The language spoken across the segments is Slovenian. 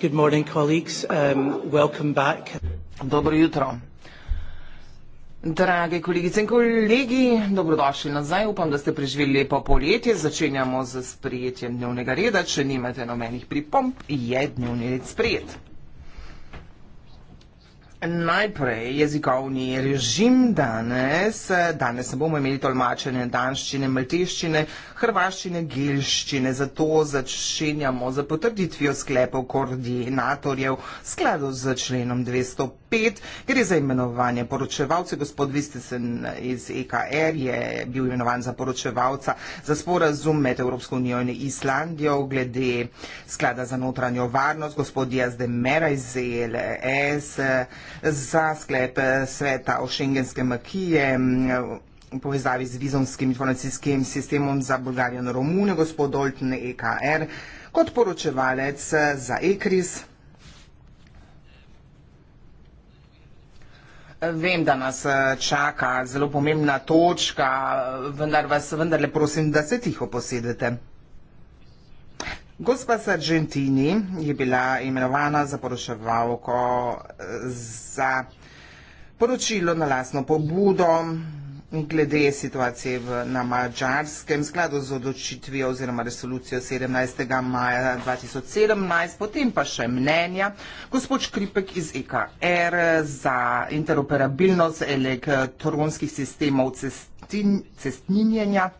Good morning, colleagues. Um, welcome back. Dobro jutro. Drage kolegice in kolegi, dobrodošli nazaj. Upam, da ste preživeli lepo poletje. Začenjamo z sprejetjem dnevnega reda. Če nimate nobenih pripomb, je dnevni red sprejet. Najprej jezikovni režim danes. Danes ne bomo imeli tolmačenja danščine, maltiščine, hrvaščine, gelščine. Zato začenjamo za potrditvijo sklepov koordinatorjev skladu z členom 205. Gre za imenovanje poročevalce. Gospod Vistesen iz EKR je bil imenovan za poročevalca za sporazum med Evropsko unijo in Islandijo glede sklada za notranjo varnost. Gospod Jazdemera iz ELS za sklep eh, sveta o šengenskem, ki je mm, v povezavi z vizomskim informacijskim sistemom za Bulgarijo in Romune, gospod Dolten EKR, kot poročevalec eh, za EKRIS. Vem, da nas eh, čaka zelo pomembna točka, vendar vas vendarle prosim, da se tiho posedete. Gospa Sargentini je bila imenovana za poroševalko eh, za poročilo na lasno pobudo glede situacije na Mačarskem skladu z odločitvijo oziroma resolucijo 17. maja 2017, potem pa še mnenja. Gospod Škripek iz EKR za interoperabilnost elektronskih sistemov cestin, cestninjenja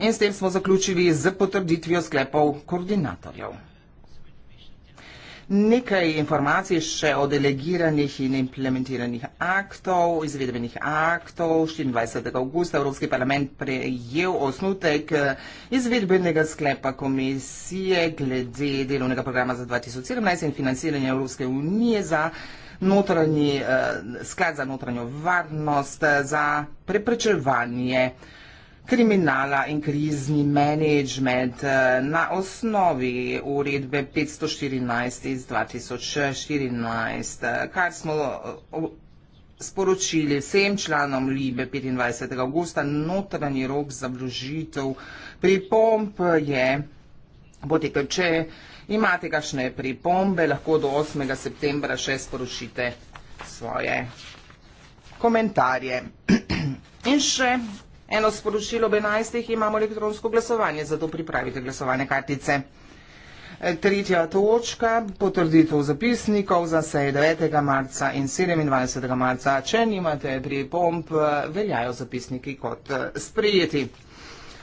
in s tem smo zaključili z potrditvijo sklepov koordinatorjev. Nekaj informacij še o delegiranih in implementiranih aktov, izvedbenih aktov. 24. augusta Evropski parlament prejel osnutek eh, izvedbenega sklepa komisije glede delovnega programa za 2017 in financiranja Evropske unije za notranji, eh, sklad za notranjo varnost eh, za preprečevanje kriminala in krizni menedžment eh, na osnovi uredbe 514 iz 2014, eh, kar smo eh, sporočili vsem članom Libe 25. augusta, notranji rok za vložitev pripomp je potekel. Če imate kakšne pripombe, lahko do 8. septembra še sporočite svoje komentarje. In še Eno sporočilo ob 11. imamo elektronsko glasovanje, zato pripravite glasovanje kartice. E, tretja točka, potrditev zapisnikov za sej 9. marca in 27. marca. Če nimate pripomp, veljajo zapisniki kot e, sprijeti.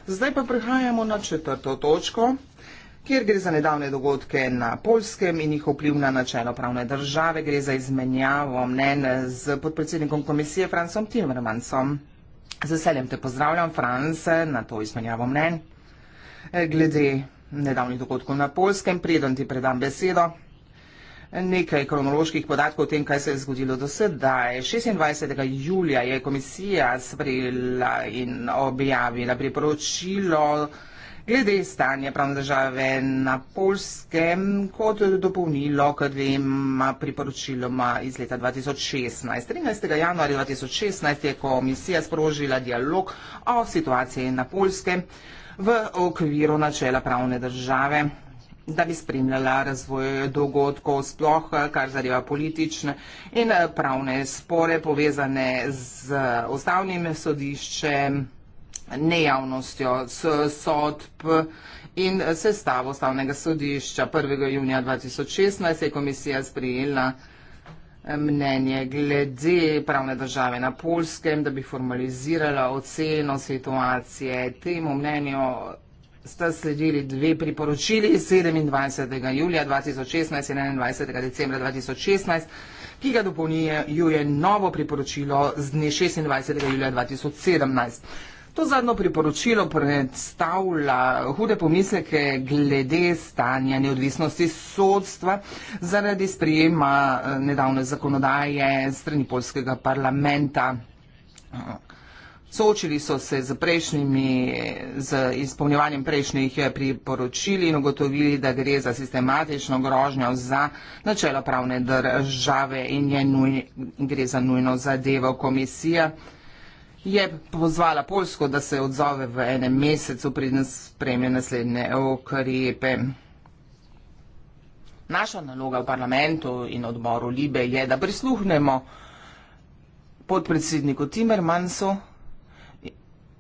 Zdaj pa prihajamo na četrto točko, kjer gre za nedavne dogodke na Poljskem in njihov vpliv na načelo pravne države. Gre za izmenjavo mnen z podpredsednikom komisije Francom Timmermansom. Z veseljem te pozdravljam, Franz, na to izmenjavo mnen. E, glede nedavnih dogodkov na Polskem, preden ti predam besedo, nekaj kronoloških podatkov o tem, kaj se je zgodilo do sedaj. 26. julija je komisija sprejela in objavila priporočilo, Glede stanja pravne države na polskem kot dopolnilo k dvema priporočiloma iz leta 2016. 13. januarja 2016 je komisija sprožila dialog o situaciji na polskem v okviru načela pravne države da bi spremljala razvoj dogodkov sploh, kar zadeva politične in pravne spore povezane z ustavnim sodiščem nejavnostjo, s sodb in sestavo ustavnega sodišča. 1. junija 2016 je komisija sprijela eh, mnenje glede pravne države na Polskem, da bi formalizirala oceno situacije. Temu mnenju sta sledili dve priporočili 27. julija 2016 in 21. decembra 2016, ki ga dopolnjuje novo priporočilo z dne 26. julija 2017. To zadnjo priporočilo predstavlja hude pomisleke glede stanja neodvisnosti sodstva zaradi sprejema eh, nedavne zakonodaje strani polskega parlamenta. Soočili so se z, prejšnjimi, z izpolnjevanjem prejšnjih priporočili in ugotovili, da gre za sistematično grožnjo za načelo pravne države in, nuj, in gre za nujno zadevo komisije je pozvala Poljsko, da se odzove v enem mesecu, preden spremlja naslednje ukrepe. Naša naloga v parlamentu in odboru Libe je, da prisluhnemo podpredsedniku Timmermansu,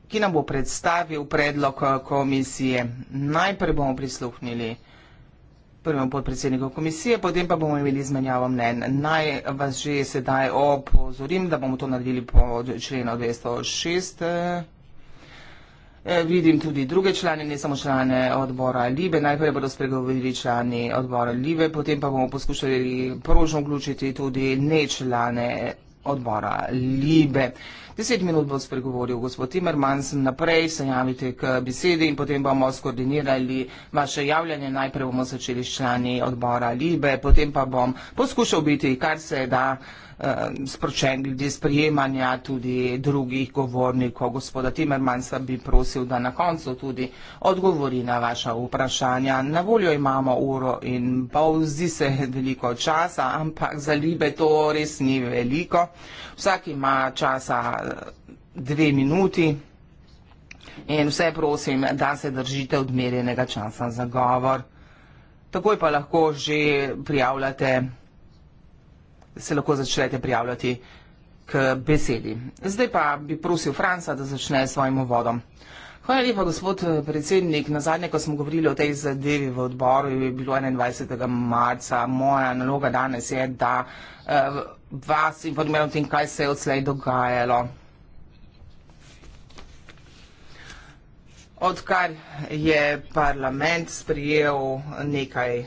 ki nam bo predstavil predlog eh, komisije. Najprej bomo prisluhnili prvem podpredsedniku komisije, potem pa bomo imeli izmenjavo mnen. Naj vas že sedaj opozorim, da bomo to naredili po členu 206. Vidim tudi druge člane, ne samo člane odbora Libe. Najprej bodo spregovorili člani odbora Libe, potem pa bomo poskušali porožno vključiti tudi ne člane odbora Libe. Deset minut bo spregovoril gospod Timmermans, naprej se javite k besedi in potem bomo skoordinirali vaše javljanje. Najprej bomo začeli s člani odbora Libe, potem pa bom poskušal biti, kar se da eh, sproščen glede sprijemanja tudi drugih govornikov. Gospoda Timmermansa bi prosil, da na koncu tudi odgovori na vaša vprašanja. Na voljo imamo uro in pol, zdi se veliko časa, ampak za Libe to res ni veliko. Vsak ima časa dve minuti. In vse prosim, da se držite odmerjenega časa za govor. Takoj pa lahko že prijavljate, se lahko začnete prijavljati k besedi. Zdaj pa bi prosil Franca, da začne svojim uvodom. Hvala lepa, gospod eh, predsednik. Na zadnje, ko smo govorili o tej zadevi v odboru, je bilo 21. marca. Moja naloga danes je, da eh, vas informiram o tem, kaj se je odslej dogajalo. odkar je parlament sprijel nekaj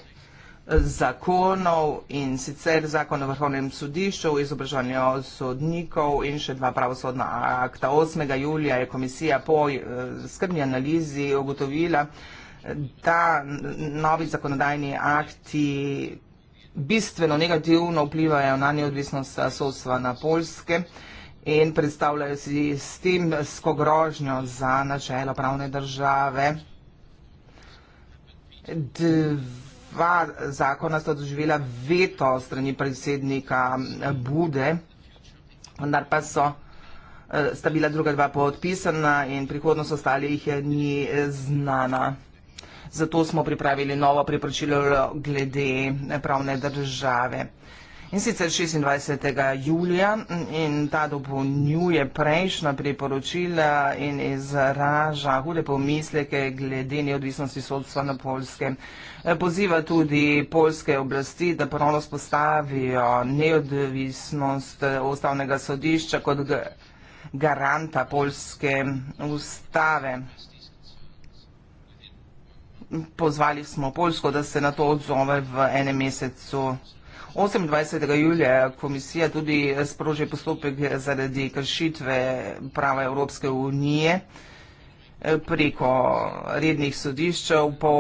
zakonov in sicer zakon o vrhovnem sodišču, o izobraževanju sodnikov in še dva pravosodna akta. 8. julija je komisija po eh, skrbni analizi ugotovila, da novi zakonodajni akti bistveno negativno vplivajo na neodvisnost sodstva na Poljske in predstavljajo si s tem sko grožnjo za načelo pravne države. Dva zakona sta doživela veto strani predsednika eh, Bude, vendar pa so eh, sta bila druga dva podpisana in prihodnost ostalih ni eh, znana. Zato smo pripravili novo priporočilo glede pravne države in sicer 26. julija mm, in ta dopolnjuje prejšnja priporočila in izraža hude pomisleke glede neodvisnosti sodstva na Polskem. E, poziva tudi polske oblasti, da ponovno spostavijo neodvisnost e, ustavnega sodišča kot garanta polske ustave. Pozvali smo Polsko, da se na to odzove v enem mesecu. 28. julija komisija tudi sproži postopek zaradi kršitve prava Evropske unije eh, preko rednih sodiščev po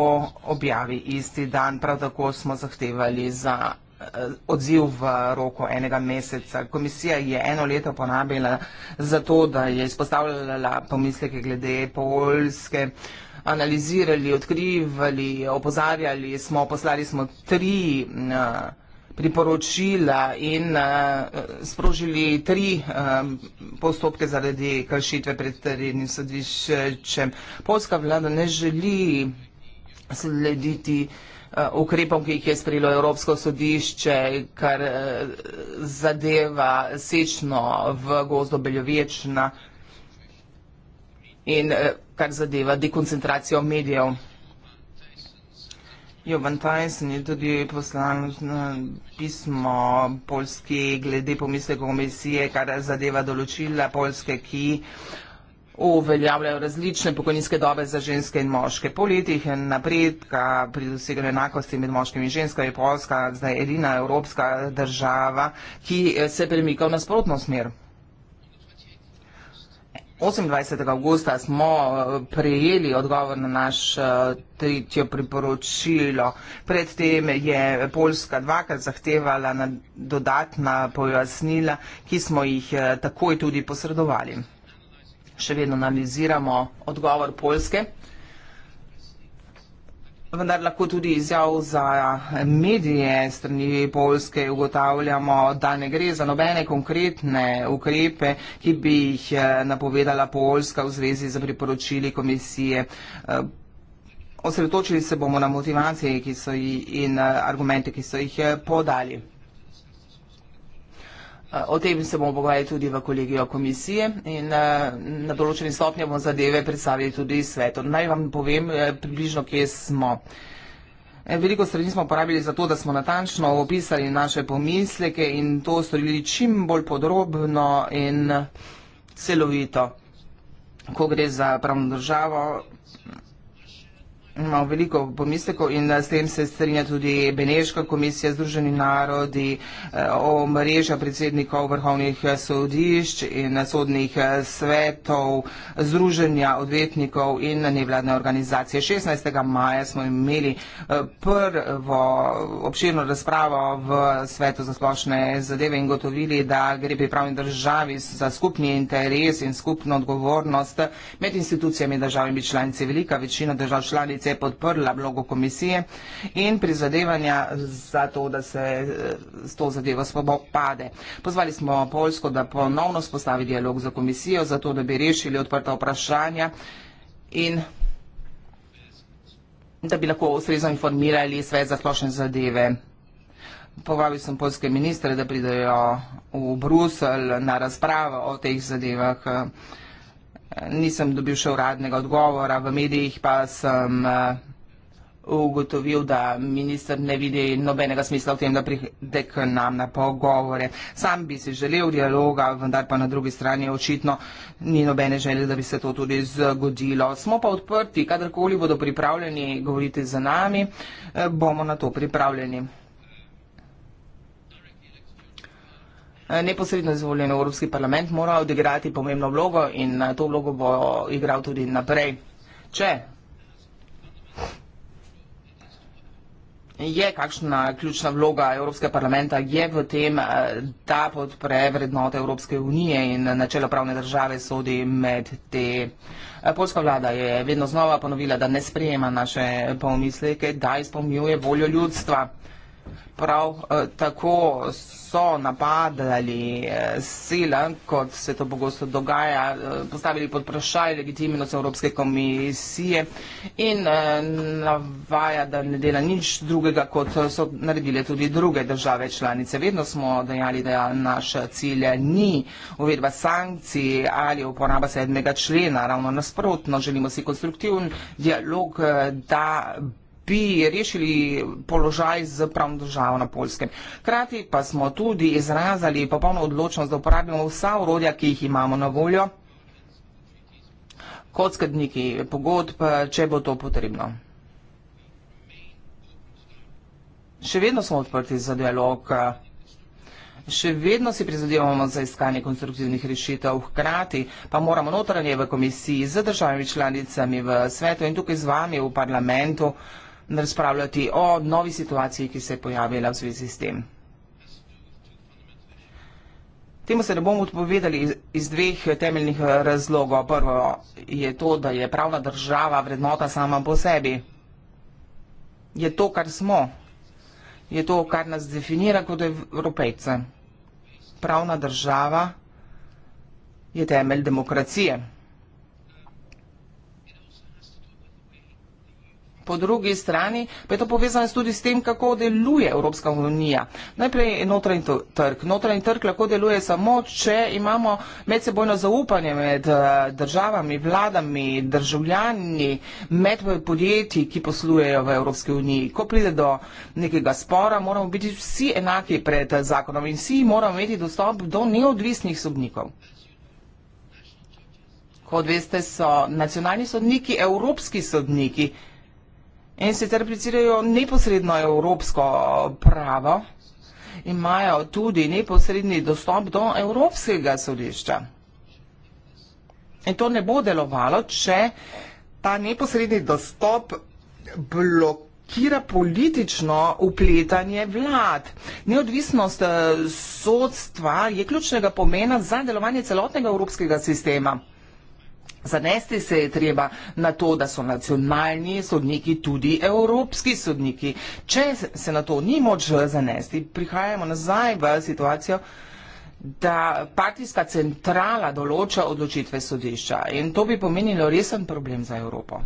objavi isti dan. Prav tako smo zahtevali za eh, odziv v roku enega meseca. Komisija je eno leto ponabila za to, da je izpostavljala pomisleke glede Poljske, analizirali, odkrivali, opozarjali smo, poslali smo tri uh, priporočila in uh, sprožili tri um, postopke zaradi kršitve pred terenim sodiščem. Polska vlada ne želi slediti eh, ukrepom, ki jih je sprejelo Evropsko sodišče, kar zadeva sečno v gozdo Beljovečna in kar zadeva dekoncentracijo medijev. Jo, Bantajsen je tudi poslal pismo Polski glede pomisle komisije, kar zadeva določila Polske, ki uveljavljajo različne pokojninske dobe za ženske in moške. Po letih napredka pri doseganju enakosti med moškimi in ženskami je Polska zdaj edina evropska država, ki se premika v nasprotno smer. 28. augusta smo eh, prejeli odgovor na naš eh, tretje priporočilo. Predtem je Poljska dvakrat zahtevala na dodatna pojasnila, ki smo jih eh, takoj tudi posredovali. Še vedno analiziramo odgovor Poljske vendar lahko tudi izjav za medije strani Polske ugotavljamo, da ne gre za nobene konkretne ukrepe, ki bi jih eh, napovedala Polska v zvezi z priporočili komisije. Eh, osredotočili se bomo na motivacije in eh, argumente, ki so jih podali. Eh, o tem se bomo pogovarjali tudi v kolegijo komisije in eh, na določeni stopnje bomo zadeve predstavili tudi svetu. Naj vam povem eh, približno, kje smo. Veliko strani smo uporabili za to, da smo natančno opisali naše pomisleke in to storili čim bolj podrobno in celovito. Ko gre za pravno državo, imamo veliko pomisleko in eh, s tem se strinja tudi Beneška komisija, Združeni narodi, eh, o mreža predsednikov vrhovnih eh, sodišč in sodnih svetov, Združenja odvetnikov in nevladne organizacije. 16. maja smo imeli prvo obširno razpravo v svetu za splošne zadeve in gotovili, da gre pri pravni državi za skupni interes in skupno odgovornost med institucijami državami članice. Velika večina držav članic SMC podprla vlogo komisije in prizadevanja za to, da se eh, s to zadevo spopade. Pozvali smo Poljsko, da ponovno spostavi dialog za komisijo, zato da bi rešili odprta vprašanja in da bi lahko ustrezno informirali sve za splošne zadeve. Povabil sem polske ministre, da pridejo v Brusel na razpravo o teh zadevah nisem dobil še uradnega odgovora, v medijih pa sem eh, ugotovil, da minister ne vidi nobenega smisla v tem, da pride k nam na pogovore. Sam bi si želel dialoga, vendar pa na drugi strani očitno ni nobene želje, da bi se to tudi zgodilo. Smo pa odprti, kadarkoli bodo pripravljeni govoriti z nami, eh, bomo na to pripravljeni. Eh, neposredno izvoljen v Evropski parlament, mora odigrati pomembno vlogo in eh, to vlogo bo igral tudi naprej. Če je kakšna ključna vloga Evropske parlamenta, je v tem, eh, da podpre vrednote Evropske unije in načelo pravne države sodi med te. Polska vlada je vedno znova ponovila, da ne sprejema naše pomisleke, da izpolnjuje voljo ljudstva. Prav eh, tako so napadali eh, sile, kot se to pogosto dogaja, eh, postavili pod vprašaj legitimnost Evropske komisije in navaja, da ne dela nič drugega, kot so naredile tudi druge države članice. Vedno smo dejali, da naš cilj ni uvedba sankcij ali uporaba sedmega člena. Ravno nasprotno želimo si konstruktivn dialog, da bi bi rešili položaj z pravno državo na Poljskem. Hkrati pa smo tudi izrazali popolno odločnost, da uporabimo vsa urodja, ki jih imamo na voljo, kockadniki, pogodb, če bo to potrebno. Še vedno smo odprti za dialog, še vedno si prizadevamo za iskanje konstruktivnih rešitev, hkrati pa moramo notranje v komisiji z državami članicami v svetu in tukaj z vami v parlamentu uh, razpravljati o novi situaciji, ki se je pojavila v zvezi s tem. Temu se ne bomo odpovedali iz dveh temeljnih razlogov. Prvo je to, da je pravna država vrednota sama po sebi. Je to, kar smo. Je to, kar nas definira kot evropejce. Pravna država je temelj demokracije. Po drugi strani pa je to povezano tudi s tem, kako deluje Evropska unija. Najprej notranji trg. Notranji trg lahko deluje samo, če imamo medsebojno zaupanje med eh, državami, vladami, državljani, med podjetji, ki poslujejo v Evropski uniji. Ko pride do nekega spora, moramo biti vsi enaki pred eh, zakonom in vsi moramo imeti dostop do neodvisnih sodnikov. Kot veste, so nacionalni sodniki, evropski sodniki In sicer aplicirajo neposredno evropsko pravo, imajo tudi neposredni dostop do Evropskega sodišča. In to ne bo delovalo, če ta neposredni dostop blokira politično upletanje vlad. Neodvisnost eh, sodstva je ključnega pomena za delovanje celotnega evropskega sistema. Zanesti se je treba na to, da so nacionalni sodniki tudi evropski sodniki. Če se na to ni moč zanesti, prihajamo nazaj v situacijo, da partijska centrala določa odločitve sodišča in to bi pomenilo resen problem za Evropo.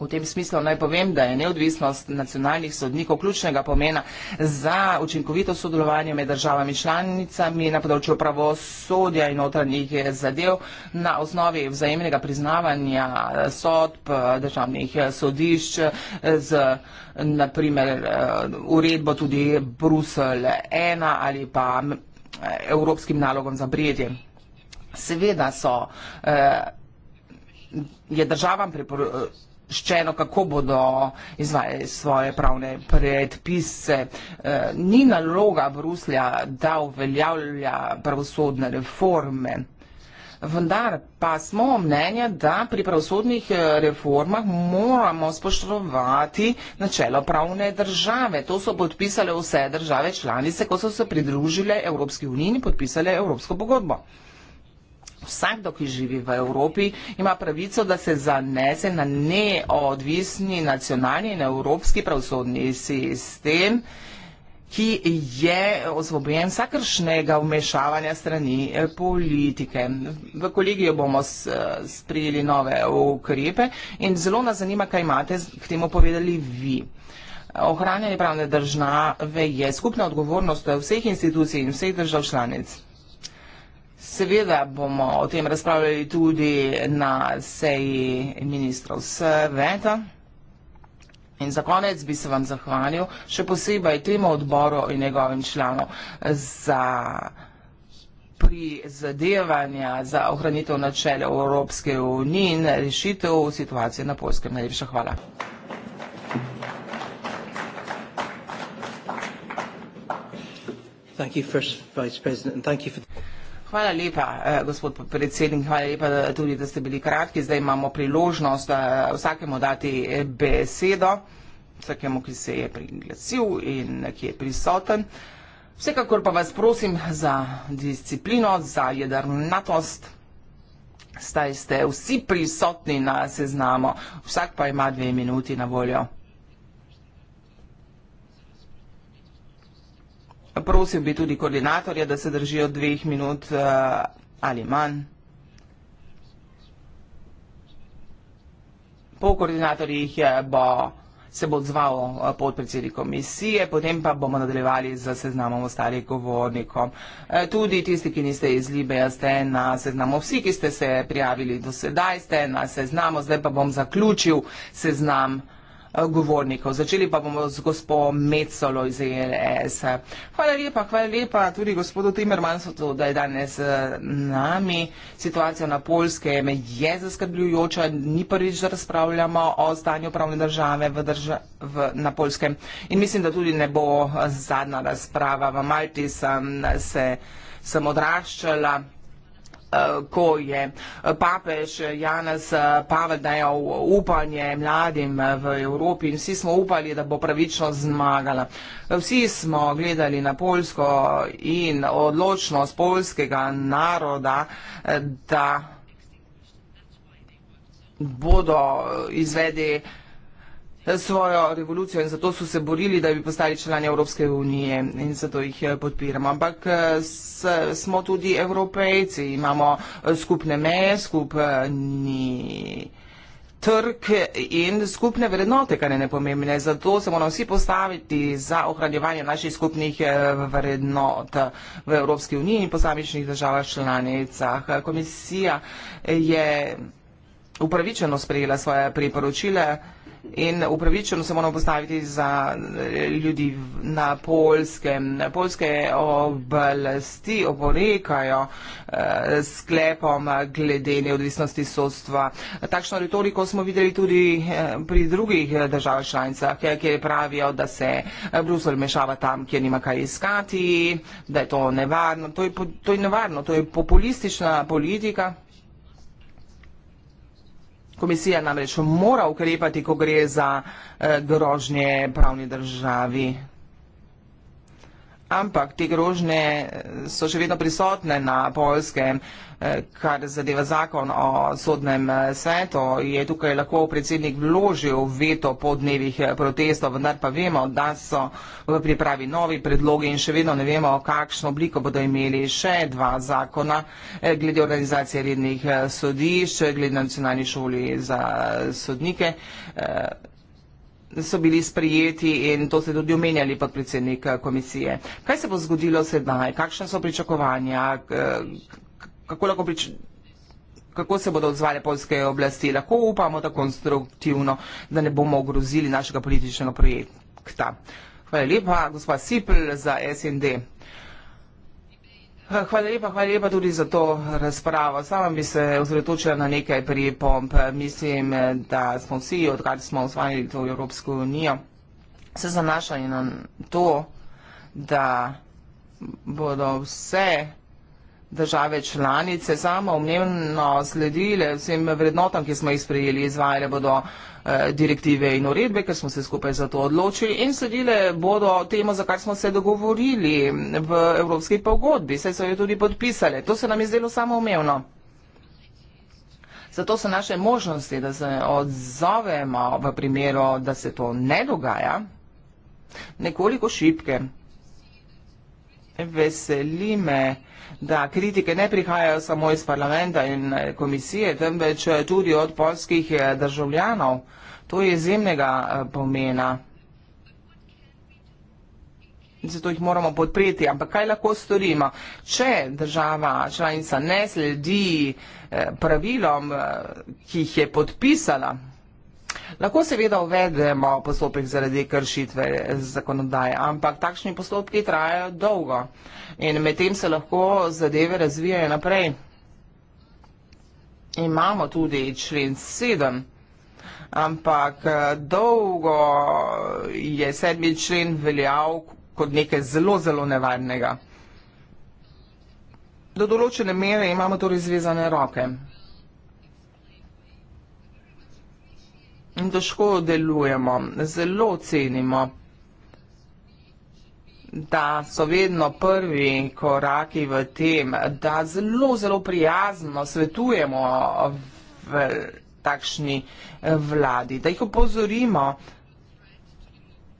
V tem smislu naj povem, da je neodvisnost nacionalnih sodnikov ključnega pomena za učinkovito sodelovanje med državami članicami na področju pravosodja in notranjih zadev na osnovi vzajemnega priznavanja sodb državnih sodišč z naprimer uredbo tudi Brusel 1 ali pa evropskim nalogom za prijetje. Seveda so, eh, je državam priporočila, obveščeno, kako bodo izvajali svoje pravne predpise. E, ni naloga Bruslja, da uveljavlja pravosodne reforme. Vendar pa smo mnenja, da pri pravosodnih e, reformah moramo spoštovati načelo pravne države. To so podpisale vse države članice, ko so se pridružile Evropski uniji in podpisale Evropsko pogodbo vsakdo, ki živi v Evropi, ima pravico, da se zanese na neodvisni nacionalni in evropski pravosodni sistem, ki je osvobojen vsakršnega vmešavanja strani eh, politike. V kolegijo bomo eh, sprijeli nove ukrepe in zelo nas zanima, kaj imate k temu povedali vi. Ohranjanje pravne države je skupna odgovornost vseh institucij in vseh držav članic. Seveda bomo o tem razpravljali tudi na seji ministrov sveta. In za konec bi se vam zahvalil še posebej temu odboru in njegovim članom za prizadevanja za ohranitev načela Evropske unije in rešitev situacije na Poljskem. Najlepša hvala. Thank you, first, Vice President, and thank you for... Hvala lepa, eh, gospod predsednik. Hvala lepa eh, tudi, da ste bili kratki. Zdaj imamo priložnost eh, vsakemu dati besedo, vsakemu, ki se je priglasil in ki je prisoten. Vsekakor pa vas prosim za disciplino, za jedrnatost. Zdaj ste vsi prisotni na seznamo. Vsak pa ima dve minuti na voljo. prosil bi tudi koordinatorja, da se držijo dveh minut eh, ali manj. Po koordinatorjih se bo odzval eh, podpredsednik komisije, potem pa bomo nadaljevali z seznamom ostalih govornikov. Eh, tudi tisti, ki niste iz Libeja, ste na seznamu. Vsi, ki ste se prijavili do sedaj, ste na seznamu. Zdaj pa bom zaključil seznam komisije govornikov. Začeli pa bomo z gospod Mecolo iz ELS. Hvala lepa, hvala lepa tudi gospodu Timermansu, da je danes eh, z nami. Situacija na Polske me je zaskrbljujoča, ni prvič, da razpravljamo o stanju pravne države v drža, v, na Polskem. In mislim, da tudi ne bo eh, zadnja razprava. V Malti sem, se, sem odraščala ko je papež Janez Pavel dajal upanje mladim v Evropi in vsi smo upali, da bo pravično zmagala. Vsi smo gledali na Poljsko in odločnost polskega naroda, da bodo izvedeli svojo revolucijo in zato so se borili, da bi postali člani Evropske unije in zato jih eh, podpiramo. Ampak eh, smo tudi evropejci, imamo eh, skupne meje, skupni trg in skupne vrednote, kar je nepomembne. Zato se moramo vsi postaviti za ohranjevanje naših skupnih vrednot v Evropski uniji in posamičnih državah članicah. Komisija je upravičeno sprejela svoje priporočile. In upravičeno se moramo postaviti za ljudi na polskem. Polske oblasti oporekajo eh, sklepom glede neodvisnosti sodstva. Takšno retoriko smo videli tudi eh, pri drugih eh, državah članicah, eh, kjer pravijo, da se Bruselj mešava tam, kjer nima kaj iskati, da je to nevarno. To je, to je nevarno, to je populistična politika. Komisija namreč mora ukrepati, ko gre za eh, grožnje pravni državi ampak te grožnje eh, so še vedno prisotne na polskem, eh, kar zadeva zakon o sodnem eh, svetu. Je tukaj lahko predsednik vložil veto po dnevih protestov, vendar pa vemo, da so v pripravi novi predlogi in še vedno ne vemo, kakšno obliko bodo imeli še dva zakona glede organizacije rednih sodišč, glede nacionalni šoli za sodnike so bili sprijeti in to ste tudi omenjali podpredsednik eh, komisije. Kaj se bo zgodilo sedaj? Kakšne so pričakovanja? Kako, prič kako se bodo odzvale polske oblasti? Lahko upamo, da konstruktivno, da ne bomo ogrozili našega političnega projekta. Hvala lepa, gospod Sipl za SND. Hvala lepa, hvala lepa tudi za to razpravo. Sama bi se ozretočila na nekaj pripomp. Mislim, da smo vsi, odkrat smo osvajali to Evropsko unijo, se zanašali na to, da bodo vse vse, države članice samo omnevno sledile vsem vrednotam, ki smo jih sprejeli, izvajale bodo eh, direktive in uredbe, ker smo se skupaj za to odločili in sledile bodo temu, za kar smo se dogovorili v evropski pogodbi, saj so jo tudi podpisale. To se nam je zdelo samo omevno. Zato so naše možnosti, da se odzovemo v primeru, da se to ne dogaja, nekoliko šipke. Veseli me, da se to ne dogaja da kritike ne prihajajo samo iz parlamenta in eh, komisije, temveč eh, tudi od polskih eh, državljanov. To je izjemnega pomena. Zato jih moramo podpreti. Ampak kaj lahko storimo? Če država članica ne sledi pravilom, ki jih je podpisala, Lahko seveda uvedemo postopek zaradi kršitve zakonodaje, ampak takšni postopki trajajo dolgo in medtem se lahko zadeve razvijajo naprej. Imamo tudi člen 7, ampak eh, dolgo je sedmi člen veljav kot nekaj zelo, zelo nevarnega. Do določene mere imamo torej zvezane roke. in težko delujemo. Zelo cenimo, da so vedno prvi koraki v tem, da zelo, zelo prijazno svetujemo v takšni eh, vladi, da jih opozorimo,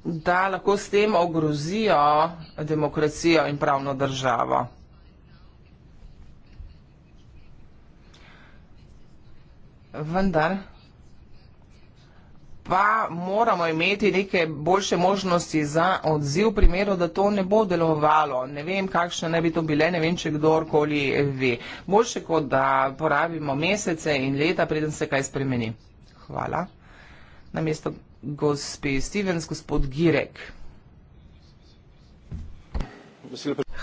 da lahko s tem ogrozijo demokracijo in pravno državo. Vendar pa moramo imeti neke boljše možnosti za odziv v primeru, da to ne bo delovalo. Ne vem, kakšne ne bi to bile, ne vem, če kdorkoli ve. Boljše kot, da porabimo mesece in leta, preden se kaj spremeni. Hvala. Na mesto gospe Stevens, gospod Girek.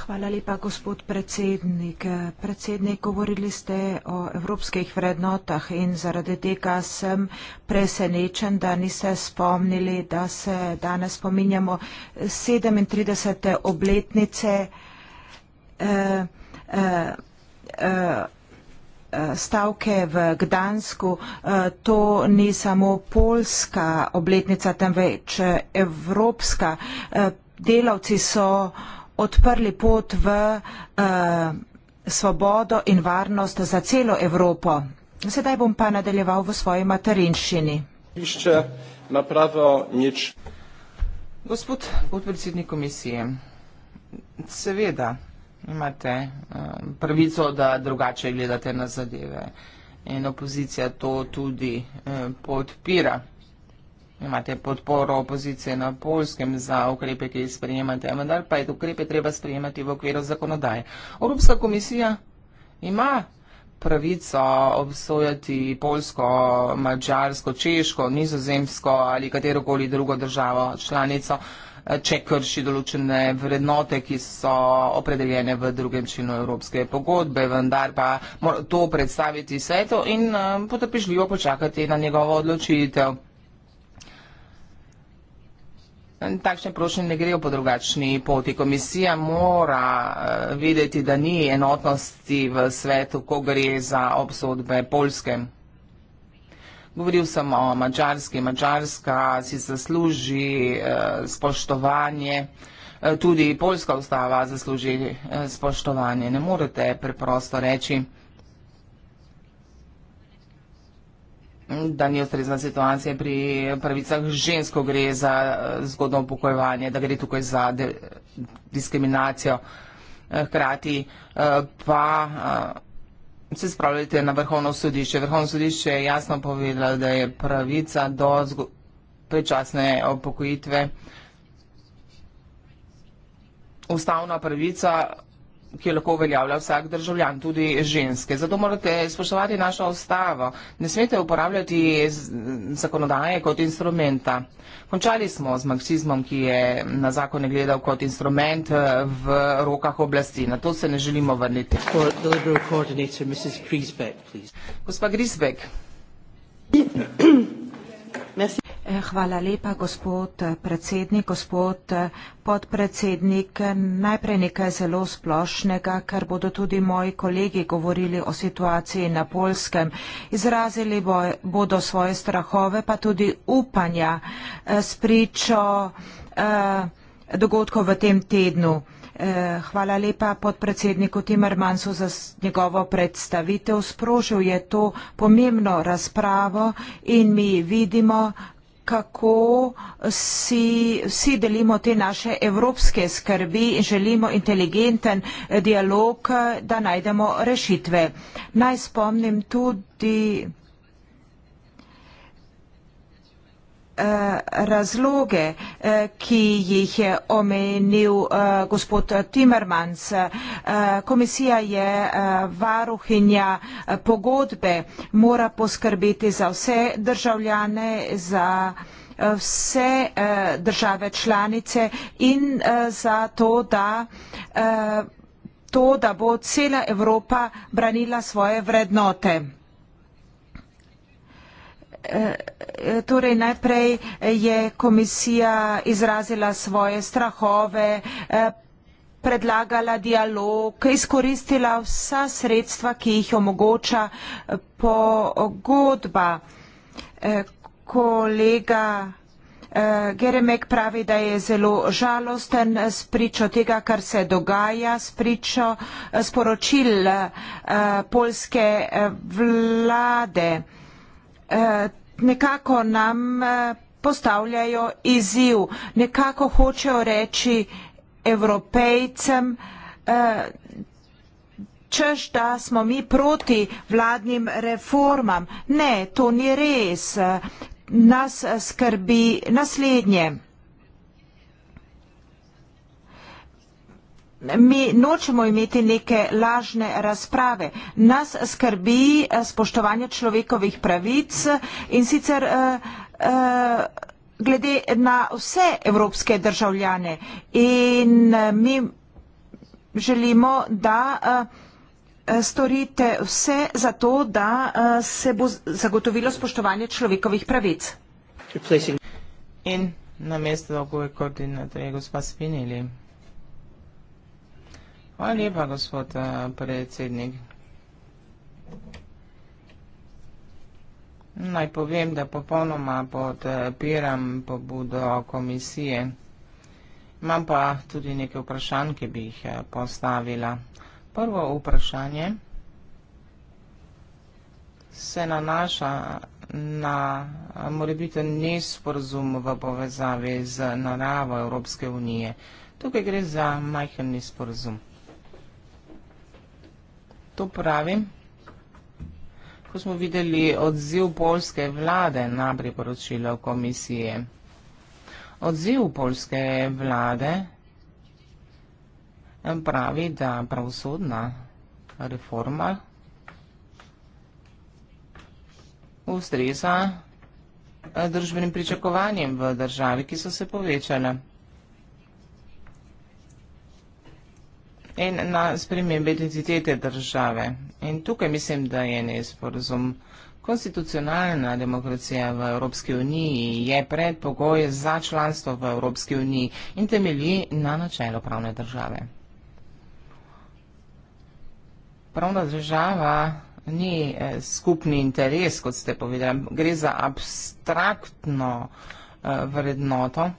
Hvala lepa, gospod predsednik. Predsednik, govorili ste o evropskih vrednotah in zaradi tega sem presenečen, da niste spomnili, da se danes spominjamo 37. obletnice eh, eh, eh, stavke v Gdansku. To ni samo polska obletnica, temveč evropska. Delavci so odprli pot v uh, svobodo in varnost za celo Evropo. Sedaj bom pa nadaljeval v svoji materinščini. Gospod podpredsednik komisije, seveda imate uh, pravico, da drugače gledate na zadeve in opozicija to tudi uh, podpira. Imate podporo opozicije na polskem za ukrepe, ki jih sprejemate, vendar pa je ukrepe treba sprejemati v okviru zakonodaje. Evropska komisija ima pravico obsojati Polsko, Mačarsko, Češko, Nizozemsko ali katerokoli drugo državo članico, če krši določene vrednote, ki so opredeljene v drugem činu Evropske pogodbe, vendar pa mora to predstaviti svetu in eh, potrpežljivo počakati na njegovo odločitev takšne prošnje ne grejo po drugačni poti. Komisija mora eh, videti, da ni enotnosti v svetu, ko gre za obsodbe Poljske. Govoril sem o Mačarski. Mačarska si zasluži eh, spoštovanje. Eh, tudi Poljska ustava zasluži spoštovanje. Ne morete preprosto reči, da ni ustrezna situacija pri pravicah žensko gre za eh, zgodno upokojevanje, da gre tukaj za diskriminacijo. Eh, hkrati eh, pa se spravljate na Vrhovno sodišče. Vrhovno sodišče je jasno povedala, da je pravica do prečasne upokojitve ustavna pravica ki jo lahko uveljavlja vsak državljan, tudi ženske. Zato morate spoštovati našo ustavo. Ne smete uporabljati zakonodaje kot instrumenta. Končali smo z marksizmom, ki je na zakone gledal kot instrument eh, v rokah oblasti. Na to se ne želimo vrniti. Gospa Grisbek. Eh, hvala lepa, gospod eh, predsednik, gospod eh, podpredsednik. Najprej nekaj zelo splošnega, ker bodo tudi moji kolegi govorili o situaciji na Polskem. Izrazili bodo svoje strahove, pa tudi upanja s pričo dogodkov v tem tednu. Hvala lepa podpredsedniku Timmermansu za njegovo predstavitev. Sprožil je to pomembno razpravo in mi vidimo, kako si vsi delimo te naše evropske skrbi in želimo inteligenten eh, dialog, eh, da najdemo rešitve. Naj spomnim tudi, Eh, razloge, eh, ki jih je omenil eh, gospod Timmermans. Komisija je varuhinja pogodbe, mora poskrbiti za vse državljane, za vse države članice in za to, da to, da bo cela Evropa branila svoje vrednote. Torej, najprej je komisija izrazila svoje strahove, eh, predlagala dialog, izkoristila vsa sredstva, ki jih omogoča eh, pogodba. Eh, kolega Geremek pravi, da je zelo žalosten s pričo tega, kar se dogaja, s pričo sporočil polske vlade. Eh, nekako nam eh, postavljajo izziv, nekako hočejo reči evropejcem, eh, češ, da smo mi proti vladnim reformam. Ne, to ni res. Nas skrbi naslednje. Mi nočemo imeti neke lažne razprave. Nas skrbi eh, spoštovanje človekovih pravic in sicer eh, eh, glede na vse evropske državljane. In mi želimo, da storite vse za to, da se bo zagotovilo spoštovanje človekovih pravic. In na mesto dolgove koordinatorje gospa Spinelli. Hvala lepa, gospod eh, predsednik. Naj povem, da popolnoma podpiram pobudo komisije. Imam pa tudi nekaj vprašanj, ki bi jih eh, postavila. Prvo vprašanje se nanaša na eh, morebiten nesporazum v povezavi z naravo Evropske unije. Tukaj gre za majhen nesporazum to pravim? Ko smo videli odziv polske vlade na priporočilo komisije. Odziv polske vlade pravi, da pravosodna reforma ustreza družbenim pričakovanjem v državi, ki so se povečale. in na spremembe identitete države. In tukaj mislim, da je nesporazum. Konstitucionalna demokracija v Evropski uniji je predpogoj za članstvo v Evropski uniji in temelji na načelu pravne države. Pravna država ni eh, skupni interes, kot ste povedali, gre za abstraktno eh, vrednoto,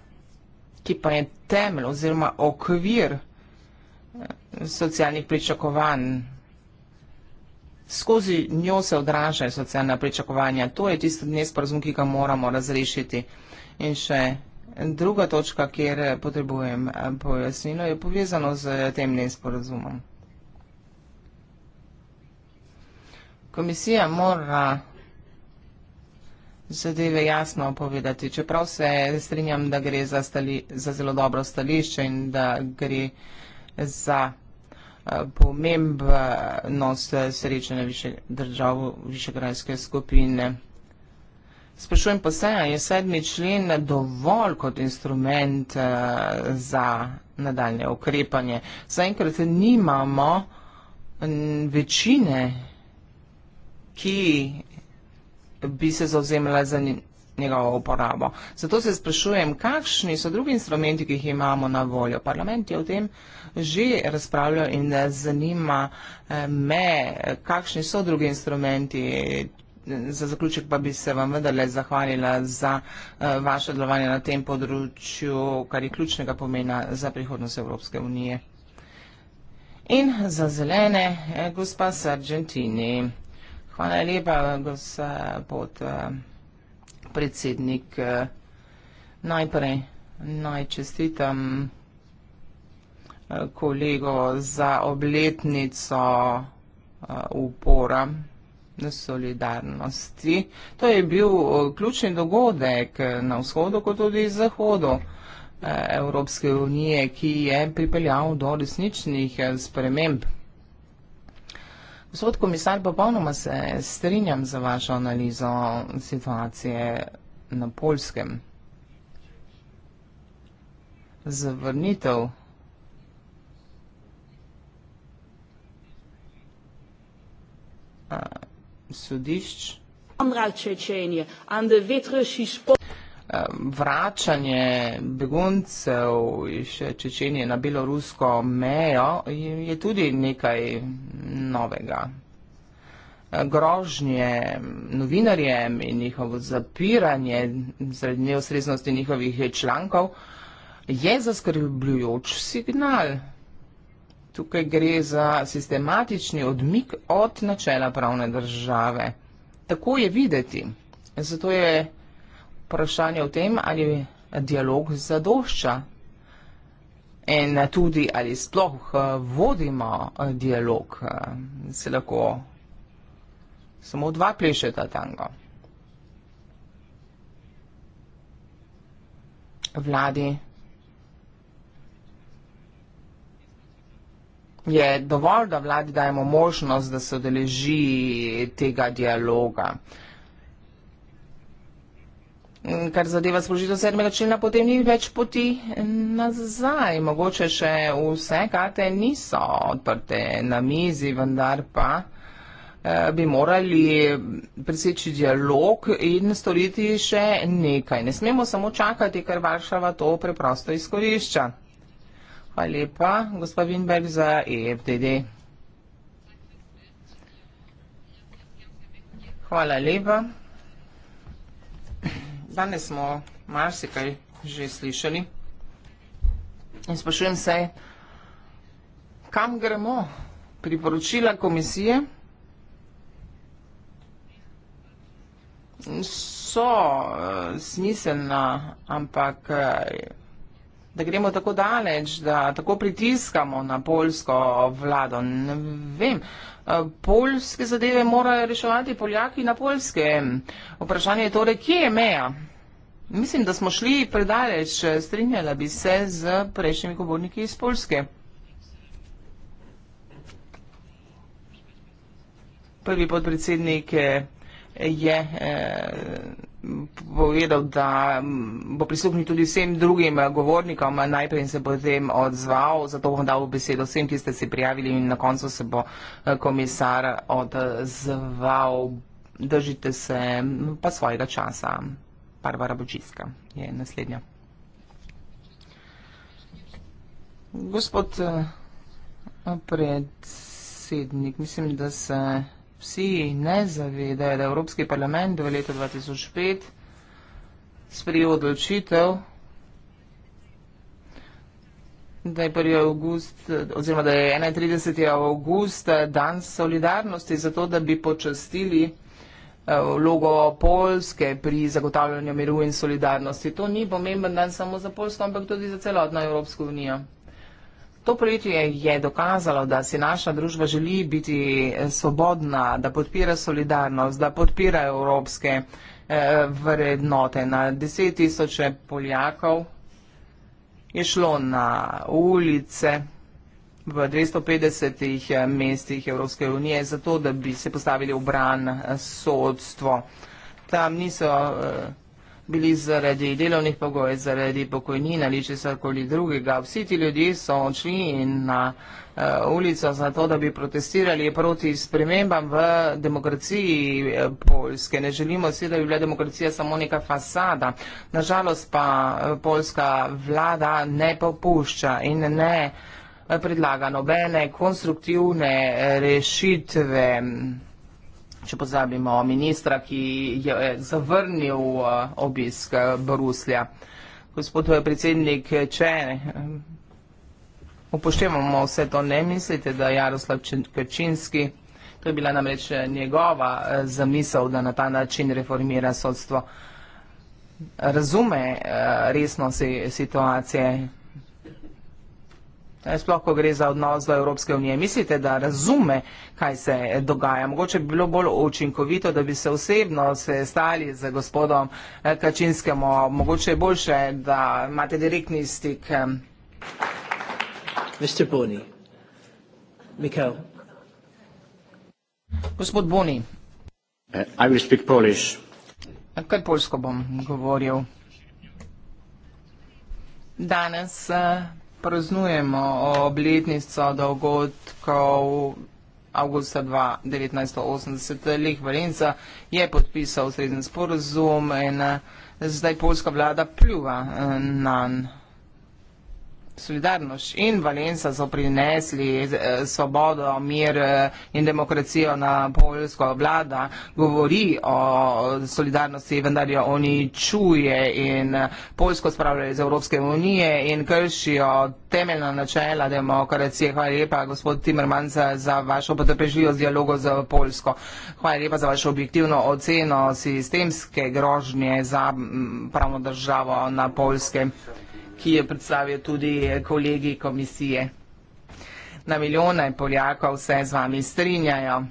ki pa je temelj oziroma okvir socialnih pričakovanj. Skozi njo se odražajo socialna pričakovanja. To je tisti nesporazum, ki ga moramo razrešiti. In še druga točka, kjer potrebujem eh, pojasnilo, je povezano z tem nesporazumom. Komisija mora zadeve jasno povedati, čeprav se strinjam, da gre za, stali, za zelo dobro stališče in da gre za pomembnost srečanja držav Višegrajske skupine. Sprašujem pa se, je sedmi člen dovolj kot instrument eh, za nadaljne ukrepanje? Zaenkrat nimamo večine, ki bi se zauzemila za njegovo uporabo. Zato se sprašujem, kakšni so drugi instrumenti, ki jih imamo na voljo. Parlament je o tem že razpravljal in eh, zanima eh, me, kakšni so drugi instrumenti. Za zaključek pa bi se vam vendarle zahvalila za eh, vaše delovanje na tem področju, kar je ključnega pomena za prihodnost Evropske unije. In za zelene, gospa Sargentini. Hvala lepa, gospod predsednik. Eh, najprej naj čestitam eh, kolego za obletnico eh, upora solidarnosti. To je bil ključni dogodek na vzhodu, kot tudi zahodu Evropske unije, ki je pripeljal do resničnih sprememb. Gospod komisar, popolnoma se strinjam za vašo analizo situacije na polskem. Zavrnitev sodišč vračanje beguncev iz Čečenije na belorusko mejo je tudi nekaj novega. Grožnje novinarjem in njihovo zapiranje zaradi neustreznosti njihovih člankov je zaskrbljujoč signal. Tukaj gre za sistematični odmik od načela pravne države. Tako je videti. Zato je vprašanje o tem, ali dialog zadošča in tudi, ali sploh eh, vodimo eh, dialog, eh, se lahko samo dva plešeta tango. Vladi je dovolj, da vladi dajemo možnost, da se odeleži tega dialoga. Mm, kar zadeva služitev sedmega člena, potem ni več poti nazaj. Mogoče še vse karte niso odprte na mizi, vendar pa eh, bi morali preseči dialog in storiti še nekaj. Ne smemo samo čakati, ker Varšava to preprosto izkorišča. Hvala lepa, gospa Winberg, za EFTD. Hvala lepa. Danes smo marsikaj že slišali in sprašujem se, kam gremo priporočila komisije. So uh, smiselna, ampak uh, da gremo tako daleč, da tako pritiskamo na polsko vlado. Ne vem. Eh, polske zadeve morajo reševati Poljaki na polske. Vprašanje je torej, kje je meja? Mislim, da smo šli predaleč, strinjala bi se z prejšnjimi govorniki iz Polske. Prvi podpredsednik eh, je, je eh, povedal, da bo prisluhnil tudi vsem drugim govornikom najprej in se potem odzval, zato bom dal besedo vsem, ki ste se prijavili in na koncu se bo eh, komisar odzval. Držite se pa svojega časa. Barbara Bočiska je naslednja. Gospod eh, predsednik, mislim, da se vsi ne zavedajo, da je Evropski parlament v letu 2005 sprijel odločitev, da je 1. august, oziroma da je 31. august dan solidarnosti, zato da bi počastili eh, vlogo Polske pri zagotavljanju miru in solidarnosti. To ni pomemben dan samo za Polsko, ampak tudi za celotno Evropsko unijo. To poletje je dokazalo, da si naša družba želi biti eh, svobodna, da podpira solidarnost, da podpira evropske eh, vrednote. Na deset tisoče Poljakov je šlo na ulice v 250 eh, mestih Evropske unije, zato da bi se postavili v bran sodstvo. Tam niso... Uh, bili zaradi delovnih pogojev, zaradi pokojnin ali česar koli drugega. Vsi ti ljudje so odšli na uh, ulico za to, da bi protestirali proti spremembam v demokraciji eh, Poljske. Ne želimo si, da bi bila demokracija samo neka fasada. Nažalost pa eh, Poljska vlada ne popušča in ne predlaga nobene konstruktivne rešitve če pozabimo, ministra, ki je eh, zavrnil eh, obisk eh, Bruslja. Gospod predsednik, če upoštevamo vse to, ne mislite, da Jaroslav Krčinski, to je bila namreč njegova zamisel, da na ta način reformira sodstvo, razume resno situacije? sploh, ko gre za odnos do Evropske unije. Mislite, da razume, kaj se dogaja? Mogoče bi bilo bolj učinkovito, da bi se osebno se stali z gospodom eh, Kačinskemu. Mogoče je boljše, da imate direktni stik. Eh. Gospod Boni. Eh, I will speak Polish. Kaj polsko bom govoril? Danes praznujemo obletnico dogodkov avgusta 1980. Leh Valenca je podpisal srednji sporozum in zdaj polska vlada pljuva eh, nanj. Solidarnost in Valenca so prinesli eh, svobodo, mir eh, in demokracijo na polsko vlada, govori o solidarnosti, vendar jo oni čuje in eh, polsko spravljajo iz Evropske unije in kršijo temeljna načela demokracije. Hvala lepa, gospod Timmermans, za vašo potrpežljivo z dialogo z Polsko. Hvala lepa za vašo objektivno oceno sistemske grožnje za pravno državo na Polske ki je predstavil tudi kolegi komisije. Na milijone Poljakov se z vami strinjajo.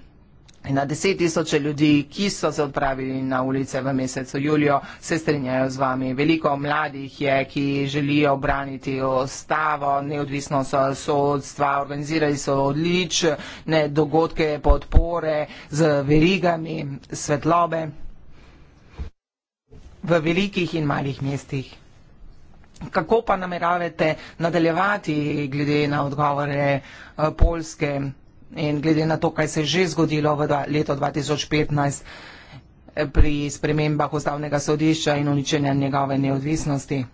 Na deset tisoče ljudi, ki so se odpravili na ulice v mesecu julijo, se strinjajo z vami. Veliko mladih je, ki želijo obraniti ostavo, neodvisno so sodstva, organizirali so odlične dogodke podpore z verigami svetlobe v velikih in malih mestih. Kako pa nameravate nadaljevati glede na odgovore eh, Poljske in glede na to, kaj se je že zgodilo v leto 2015 eh, pri spremembah ustavnega sodišča in uničenja njegove neodvisnosti?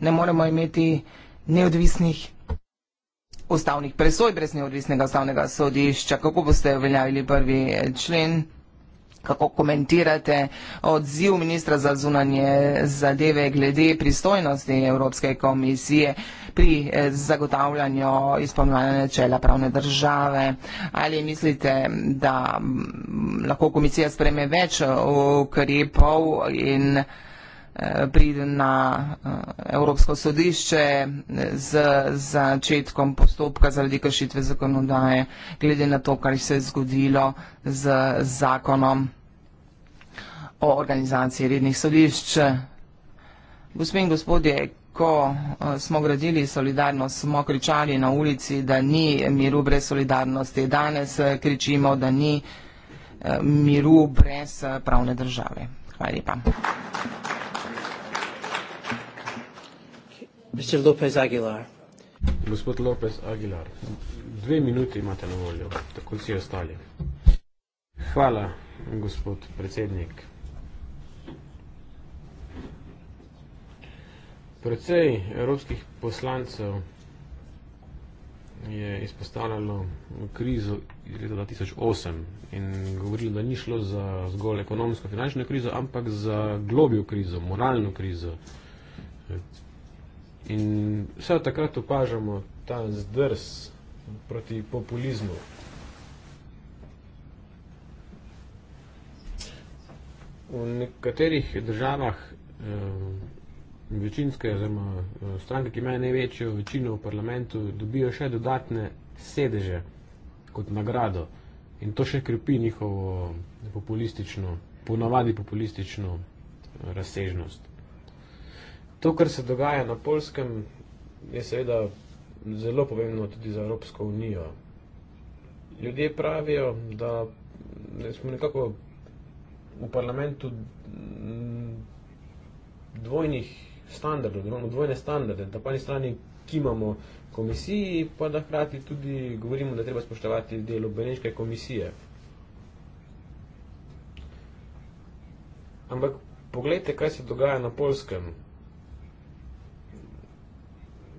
Ne moremo imeti neodvisnih ustavnih presoj brez neodvisnega ustavnega sodišča. Kako boste uveljavili prvi eh, člen? kako komentirate odziv ministra za zunanje zadeve glede pristojnosti Evropske komisije pri eh, zagotavljanju izpolnjevanja načela pravne države. Ali mislite, da mm, lahko komisija spreme več ukrepov in pride na eh, Evropsko sodišče eh, z začetkom postopka zaradi kršitve zakonodaje, glede na to, kar se je zgodilo z zakonom o organizaciji rednih sodišč. Gospe in gospodje, ko eh, smo gradili solidarnost, smo kričali na ulici, da ni miru brez solidarnosti. Danes kričimo, da ni miru brez pravne države. Hvala lepa. Thank you. Mr. Lopez Aguilar. Gospod Lopez Aguilar, dve minuti imate na voljo, tako vsi ostali. Hvala, gospod predsednik. Predvsej evropskih poslancev je izpostavljalo krizo iz leta 2008 in govorilo, da ni šlo za zgolj ekonomsko-finančno krizo, ampak za globjo krizo, moralno krizo, In vse takrat opažamo ta zdrs proti populizmu. V nekaterih državah eh, večinske, oziroma eh, stranke, ki imajo največjo večino v parlamentu, dobijo še dodatne sedeže kot nagrado. In to še krepi njihovo populistično, ponavadi populistično eh, razsežnost. To, kar se dogaja na polskem, je seveda zelo pomembno tudi za Evropsko unijo. Ljudje pravijo, da ne, smo nekako v parlamentu dvojnih standardov, da imamo dvojne standarde. Na eni strani kimamo komisiji, pa da hkrati tudi govorimo, da treba spoštovati delo Beneške komisije. Ampak poglejte, kaj se dogaja na polskem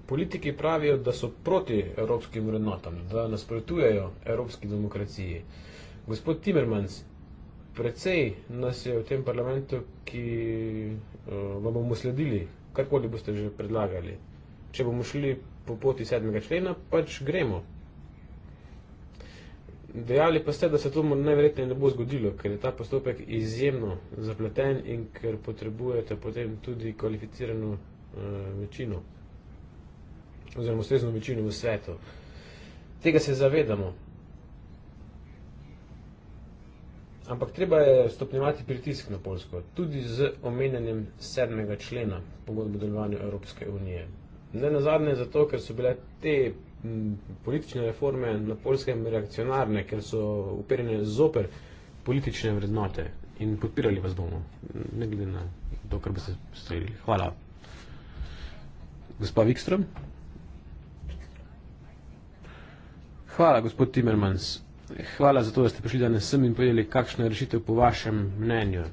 politiki pravijo, da so proti evropskim vrednotam, da nasprotujejo evropski demokraciji. Gospod Timmermans, precej nas je v tem parlamentu, ki eh, vam bomo sledili, karkoli boste že predlagali. Če bomo šli po poti sedmega člena, pač gremo. Dejali pa ste, da se to najverjetneje ne bo zgodilo, ker je ta postopek izjemno zapleten in ker potrebujete potem tudi kvalificirano uh, večino oziroma ustrezno večino v svetu. Tega se zavedamo. Ampak treba je stopnjevati pritisk na Polsko, tudi z omenjanjem sedmega člena pogodbe o delovanju Evropske unije. Ne na zadnje zato, ker so bile te m, politične reforme na Polskem reakcionarne, ker so uperjene zoper politične vrednote in podpirali vas bomo, ne glede na to, kar bi se strelili. Hvala. Gospa Vikström. Hvala, gospod Timmermans. Hvala za to, da ste prišli danes sem in povedali, kakšna je rešitev po vašem mnenju.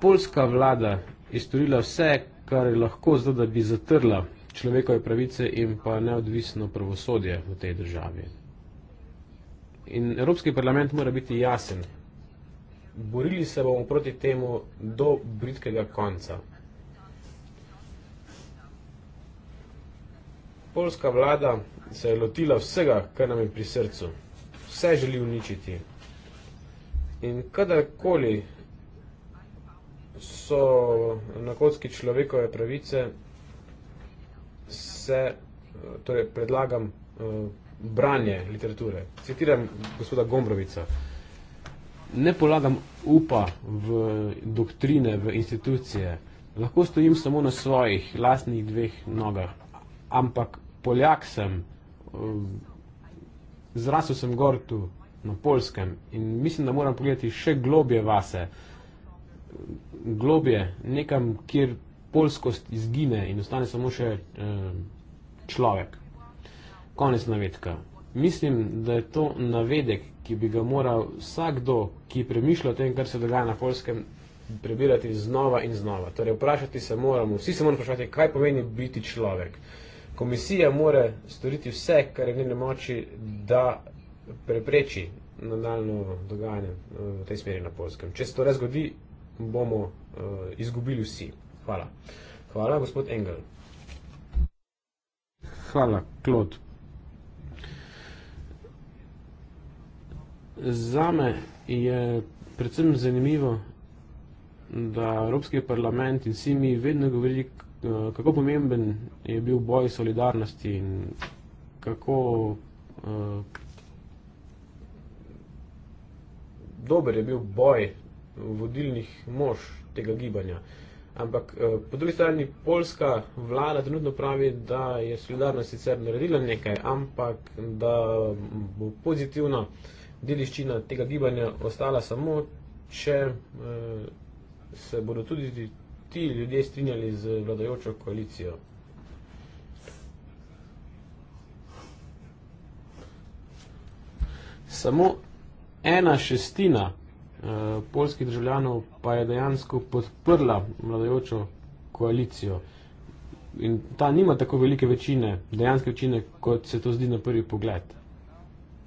Polska vlada je storila vse, kar je lahko, zato da bi zatrla človekove pravice in pa neodvisno pravosodje v tej državi. In Evropski parlament mora biti jasen. Borili se bomo proti temu do britkega konca. Poljska vlada se je lotila vsega, kar nam je pri srcu. Vse želi uničiti. In kadarkoli so na kocki človekove pravice, se torej predlagam eh, branje literature. Citiram gospoda Gombrovica. Ne polagam upa v doktrine, v institucije. Lahko stojim samo na svojih, lastnih dveh nogah. Ampak Poljak sem, um, zrasel sem gor tu na Polskem in mislim, da moram pogledati še globje vase, globje, nekam, kjer polskost izgine in ostane samo še um, človek. Konec navedka. Mislim, da je to navedek, ki bi ga moral vsakdo, ki premišlja o tem, kar se dogaja na Polskem, prebirati znova in znova. Torej, vprašati se moramo, vsi se moramo vprašati, kaj pomeni biti človek komisija mora storiti vse, kar je v njeni moči, da prepreči nadaljno eh, dogajanje eh, v tej smeri na polskem. Če se to res zgodi, bomo uh, izgubili vsi. Hvala. Hvala, gospod Engel. Hvala, Klod. Zame je predvsem zanimivo, da Evropski parlament in vsi mi vedno govorili, Eh, kako pomemben je bil boj solidarnosti in kako. Uh, dober je bil boj vodilnih mož tega gibanja. Ampak eh, po drugi strani polska vlada trenutno pravi, da je solidarnost sicer naredila nekaj, ampak da bo pozitivna deliščina tega gibanja ostala samo, če se bodo tudi ti ljudje strinjali z vladajočo koalicijo? Samo ena šestina eh, polskih državljanov pa je dejansko podprla vladajočo koalicijo. In ta nima tako velike večine, dejanske večine, kot se to zdi na prvi pogled.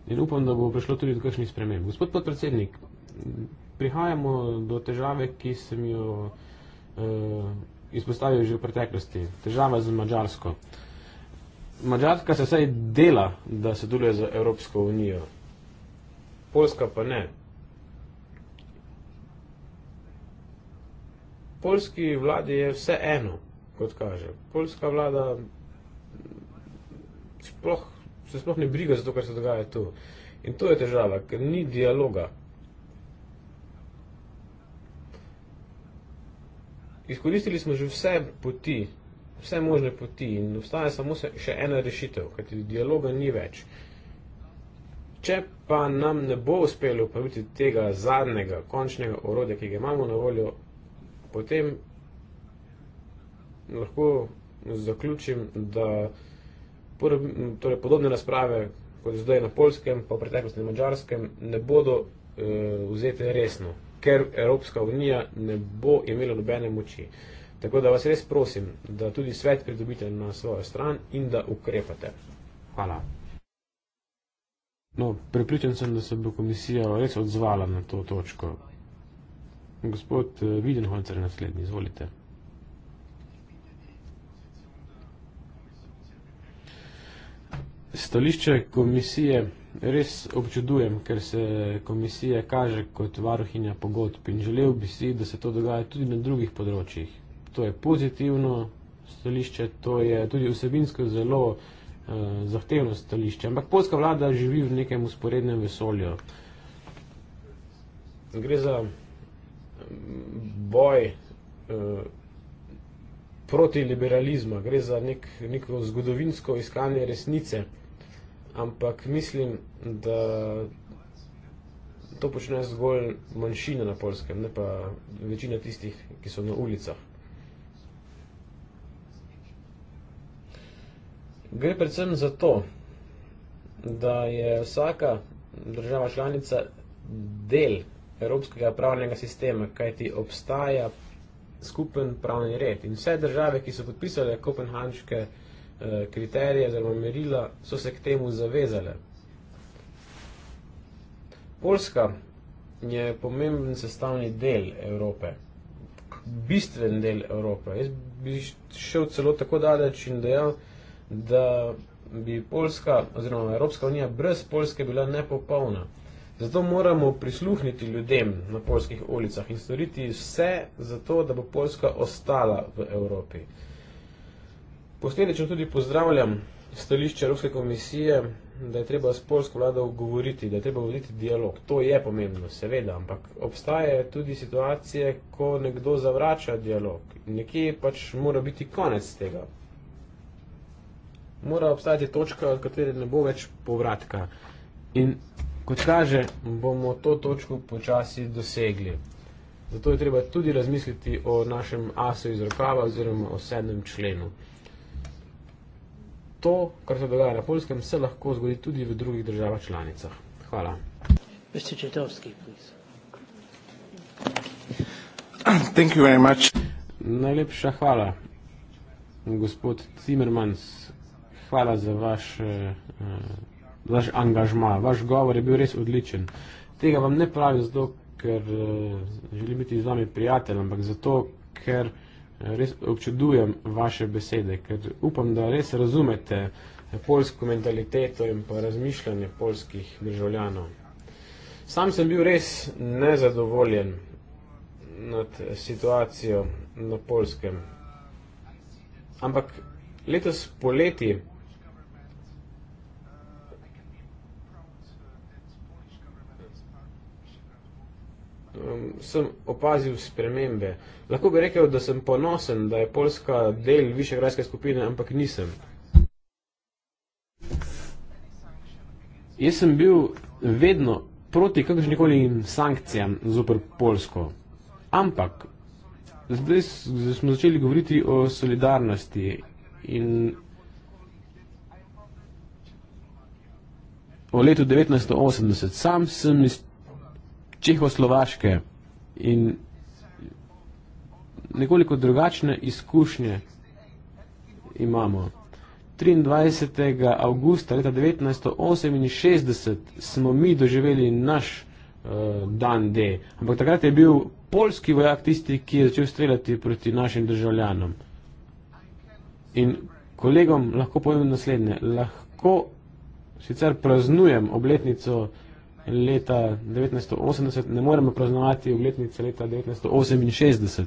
In upam, da bo prišlo tudi do kakšnih sprememb. Gospod podpredsednik, prihajamo do težave, ki sem jo. Eh, izpostavil že v preteklosti, težave z Mačarsko. Mačarska se vsaj dela, da se deluje z Evropsko unijo, Poljska pa ne. Poljski vladi je vse eno, kot kaže. Poljska vlada sploh, se sploh ne briga za to, kar se dogaja tu. In to je težava, ker ni dialoga. izkoristili smo že vse poti, vse možne poti in obstaja samo še ena rešitev, kajti dialoga ni več. Če pa nam ne bo uspelo upraviti tega zadnjega, končnega orodja, ki ga imamo na voljo, potem lahko zaključim, da torej podobne razprave, kot zdaj na polskem, pa v preteklosti na mačarskem, ne bodo uh, vzete resno ker Evropska unija ne bo imela nobene moči. Tako da vas res prosim, da tudi svet pridobite na svojo stran in da ukrepate. Hvala. No, Pripričan sem, da se bo komisija res odzvala na to točko. Gospod Videnhojcer, eh, naslednji, izvolite. Stališče komisije res občudujem, ker se komisija kaže kot varuhinja pogodb in želel bi si, da se to dogaja tudi na drugih področjih. To je pozitivno stališče, to je tudi vsebinsko zelo uh, zahtevno stališče, ampak polska vlada živi v nekem usporednem vesolju. Gre za mm, boj uh, proti liberalizma, gre za nek, neko zgodovinsko iskanje resnice ampak mislim, da to počne zgolj manjšina na polskem, ne pa večina tistih, ki so na ulicah. Gre predvsem za to, da je vsaka država članica del evropskega pravnega sistema, kajti obstaja skupen pravni red. In vse države, ki so podpisale kopenhanške Eh, kriterije oziroma merila so se k temu zavezale. Polska je pomemben sestavni del Evrope, bistven del Evrope. Jaz bi šel celo tako daleč in dejal, da bi Polska oziroma Evropska unija brez Polske bila nepopolna. Zato moramo prisluhniti ljudem na polskih ulicah in storiti vse za to, da bo Polska ostala v Evropi. Posledično tudi pozdravljam stališče Evropske komisije, da je treba s polsko vlado govoriti, da je treba voditi dialog. To je pomembno, seveda, ampak obstajajo tudi situacije, ko nekdo zavrača dialog. Nekje pač mora biti konec tega. Mora obstajati točka, od katere ne bo več povratka. In kot kaže, bomo to točko počasi dosegli. Zato je treba tudi razmisliti o našem aso iz rokava oziroma o sedmem členu to, kar se dogaja na Poljskem, se lahko zgodi tudi v drugih državah članicah. Hvala. Thank you very much. Najlepša hvala, gospod Zimmermans. Hvala za vaš, eh, vaš angažma. Vaš govor je bil res odličen. Tega vam ne pravim zato, ker eh, želim biti z vami prijatelj, ampak zato, ker eh, res občudujem vaše besede, ker upam, da res razumete polsko mentaliteto in pa razmišljanje polskih državljanov. Sam sem bil res nezadovoljen nad situacijo na polskem. Ampak letos poleti um, sem opazil spremembe. Lahko bi rekel, da sem ponosen, da je Poljska del višegrajske skupine, ampak nisem. Jaz sem bil vedno proti kakršnikoli sankcijam zoper Poljsko. Ampak zdaj smo začeli govoriti o solidarnosti in o letu 1980. Sam sem iz Čehoslovaške in nekoliko drugačne izkušnje imamo. 23. augusta leta 1968 smo mi doživeli naš uh, dan D. Ampak takrat je bil polski vojak tisti, ki je začel streljati proti našim državljanom. In kolegom lahko povem naslednje. Lahko sicer praznujem obletnico uh, leta 1980, ne moremo praznovati obletnice leta 1968.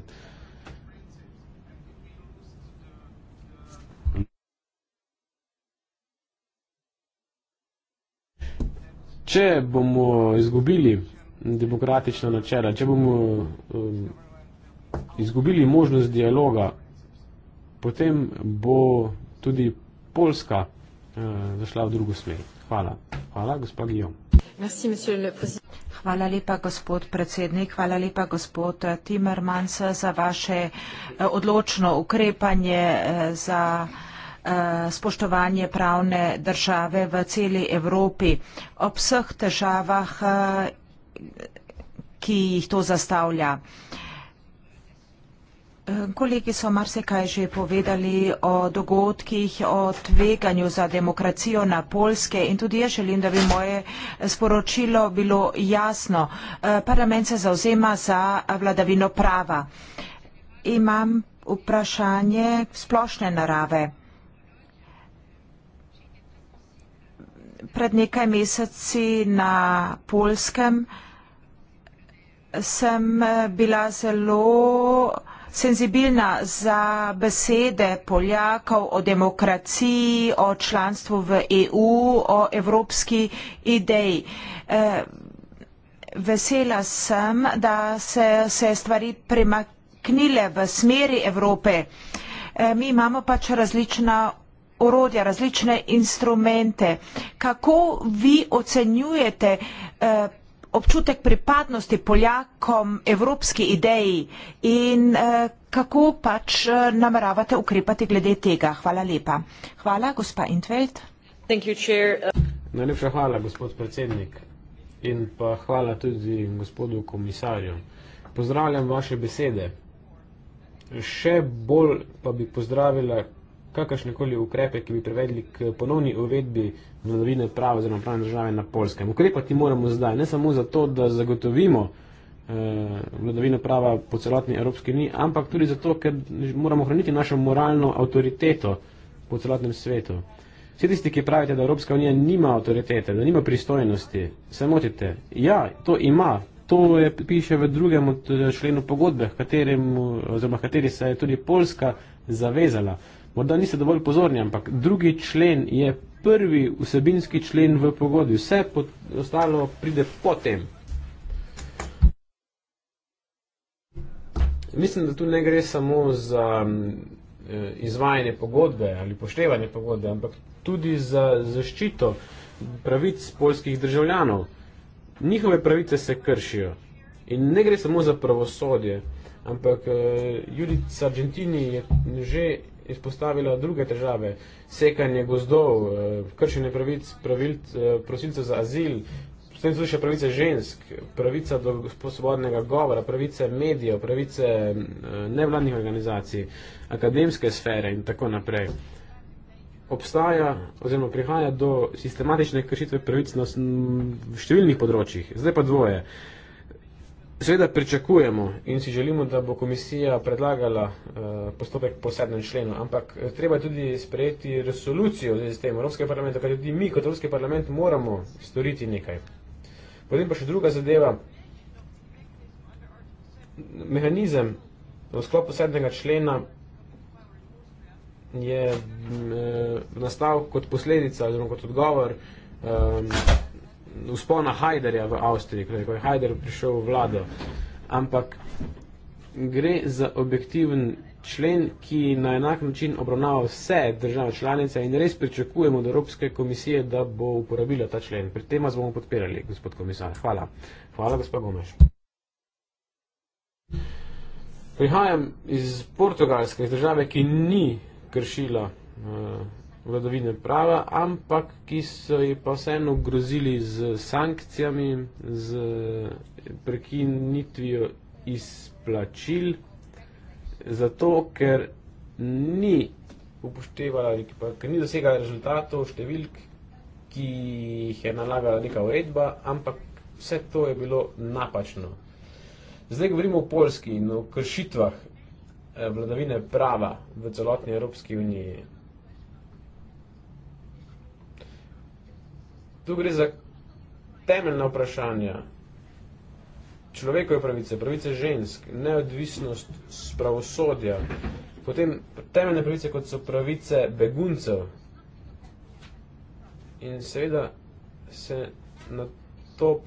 Če bomo izgubili demokratično načela, če bomo um, izgubili možnost dialoga, potem bo tudi Poljska uh, zašla v drugo smer. Hvala. Hvala, gospod Guillaume. Hvala lepa, gospod predsednik. Hvala lepa, gospod Timmermans, za vaše eh, odločno ukrepanje eh, za eh, spoštovanje pravne države v celi Evropi. Ob vseh težavah, ki jih to zastavlja. Kolegi so marsikaj že povedali o dogodkih, o tveganju za demokracijo na Polske in tudi jaz želim, da bi moje sporočilo bilo jasno. Eh, parlament se zauzema za vladavino prava. Imam vprašanje splošne narave. Pred nekaj meseci na Polskem sem eh, bila zelo vprašanje, senzibilna za besede Poljakov o demokraciji, o članstvu v EU, o evropski ideji. E, vesela sem, da se, se stvari premaknile v smeri Evrope. E, mi imamo pač različna orodja, različne instrumente. Kako vi ocenjujete e, občutek pripadnosti Poljakom evropski ideji in eh, kako pač eh, nameravate ukrepati glede tega. Hvala lepa. Hvala, gospa Intveld. Najlepša hvala, gospod predsednik. In pa hvala tudi gospodu komisarju. Pozdravljam vaše besede. Še bolj pa bi pozdravila kakršne koli ukrepe, ki bi privedli k ponovni uvedbi vladavine prava oziroma pravne države na Polskem. Ukrepati moramo zdaj, ne samo zato, da zagotovimo eh, vladavino prava po celotni Evropski uniji, ampak tudi zato, ker moramo ohraniti našo moralno avtoriteto po celotnem svetu. Vsi tisti, ki pravite, da Evropska unija nima avtoritete, da nima pristojnosti, se motite. Ja, to ima. To je, piše v drugem eh, členu pogodbe, kateremu, oziroma kateri se je tudi Poljska zavezala. Morda niste dovolj pozorni, ampak drugi člen je prvi vsebinski člen v pogodbi. Vse ostalo pride potem. Mislim, da tu ne gre samo za mm, eh, izvajanje pogodbe ali poštevanje pogodbe, ampak tudi za zaščito pravic polskih državljanov. Njihove pravice se kršijo. In ne gre samo za pravosodje, ampak eh, Judith Sargentini je že izpostavila druge države, sekanje gozdov, eh, kršenje pravic eh, prosilcev za azil, potem tudi še pravice žensk, pravica do svobodnega govora, pravice medijev, pravice mm, eh, nevladnih organizacij, akademske sfere in tako naprej. Obstaja oziroma prihaja do sistematične kršitve pravic na številnih področjih. Zdaj pa dvoje. Uh, Seveda pričakujemo in si želimo, da bo komisija predlagala uh, postopek po sedmem členu, ampak eh, treba tudi sprejeti resolucijo z tem Evropskega parlamenta, ker tudi mi kot Evropski parlament moramo storiti nekaj. Potem pa še druga zadeva, mehanizem v sklopu sedmega člena je m, eh, nastal kot posledica oziroma kot odgovor um, uspona Hajderja v Avstriji, ko je Hajder prišel v vlado, ampak gre za objektiven člen, ki na enak način obravnava vse države članice in res pričakujemo od Evropske komisije, da bo uporabila ta člen. Pri tem vas bomo podpirali, gospod komisar. Hvala. Hvala, gospod Gomeš. Prihajam iz Portugalske, iz države, ki ni kršila. Uh, vladavine prava, ampak ki so ji pa vseeno grozili z sankcijami, z prekinitvijo izplačil, zato ker ni upoštevala, pa, ker ni dosegala rezultatov, številk, ki jih je nalagala neka uredba, ampak vse to je bilo napačno. Zdaj govorimo o Polski in o kršitvah eh, vladavine prava v celotni Evropski uniji. Tu gre za temeljna vprašanja. Človekove pravice, pravice žensk, neodvisnost spravosodja, potem temeljne pravice, kot so pravice beguncev. In seveda se na to,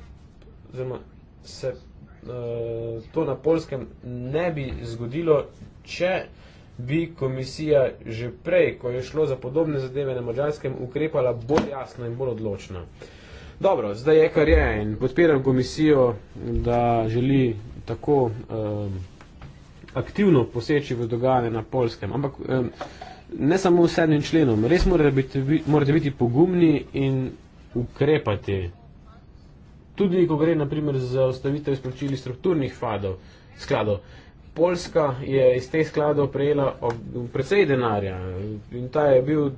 oziroma se uh, to na polskem ne bi zgodilo, če bi komisija že prej, ko je šlo za podobne zadeve na mačarskem, ukrepala bolj jasno in bolj odločno. Dobro, zdaj je kar je in podpiram komisijo, da želi tako um, aktivno poseči v dogajanje na polskem. Ampak um, ne samo v sedmim členom, res morate biti, morate biti pogumni in ukrepati. Tudi, ko gre naprimer za ostavitev izplačili strukturnih fadov, skladov. Poljska je iz teh skladov prejela precej denarja in ta je bil eh,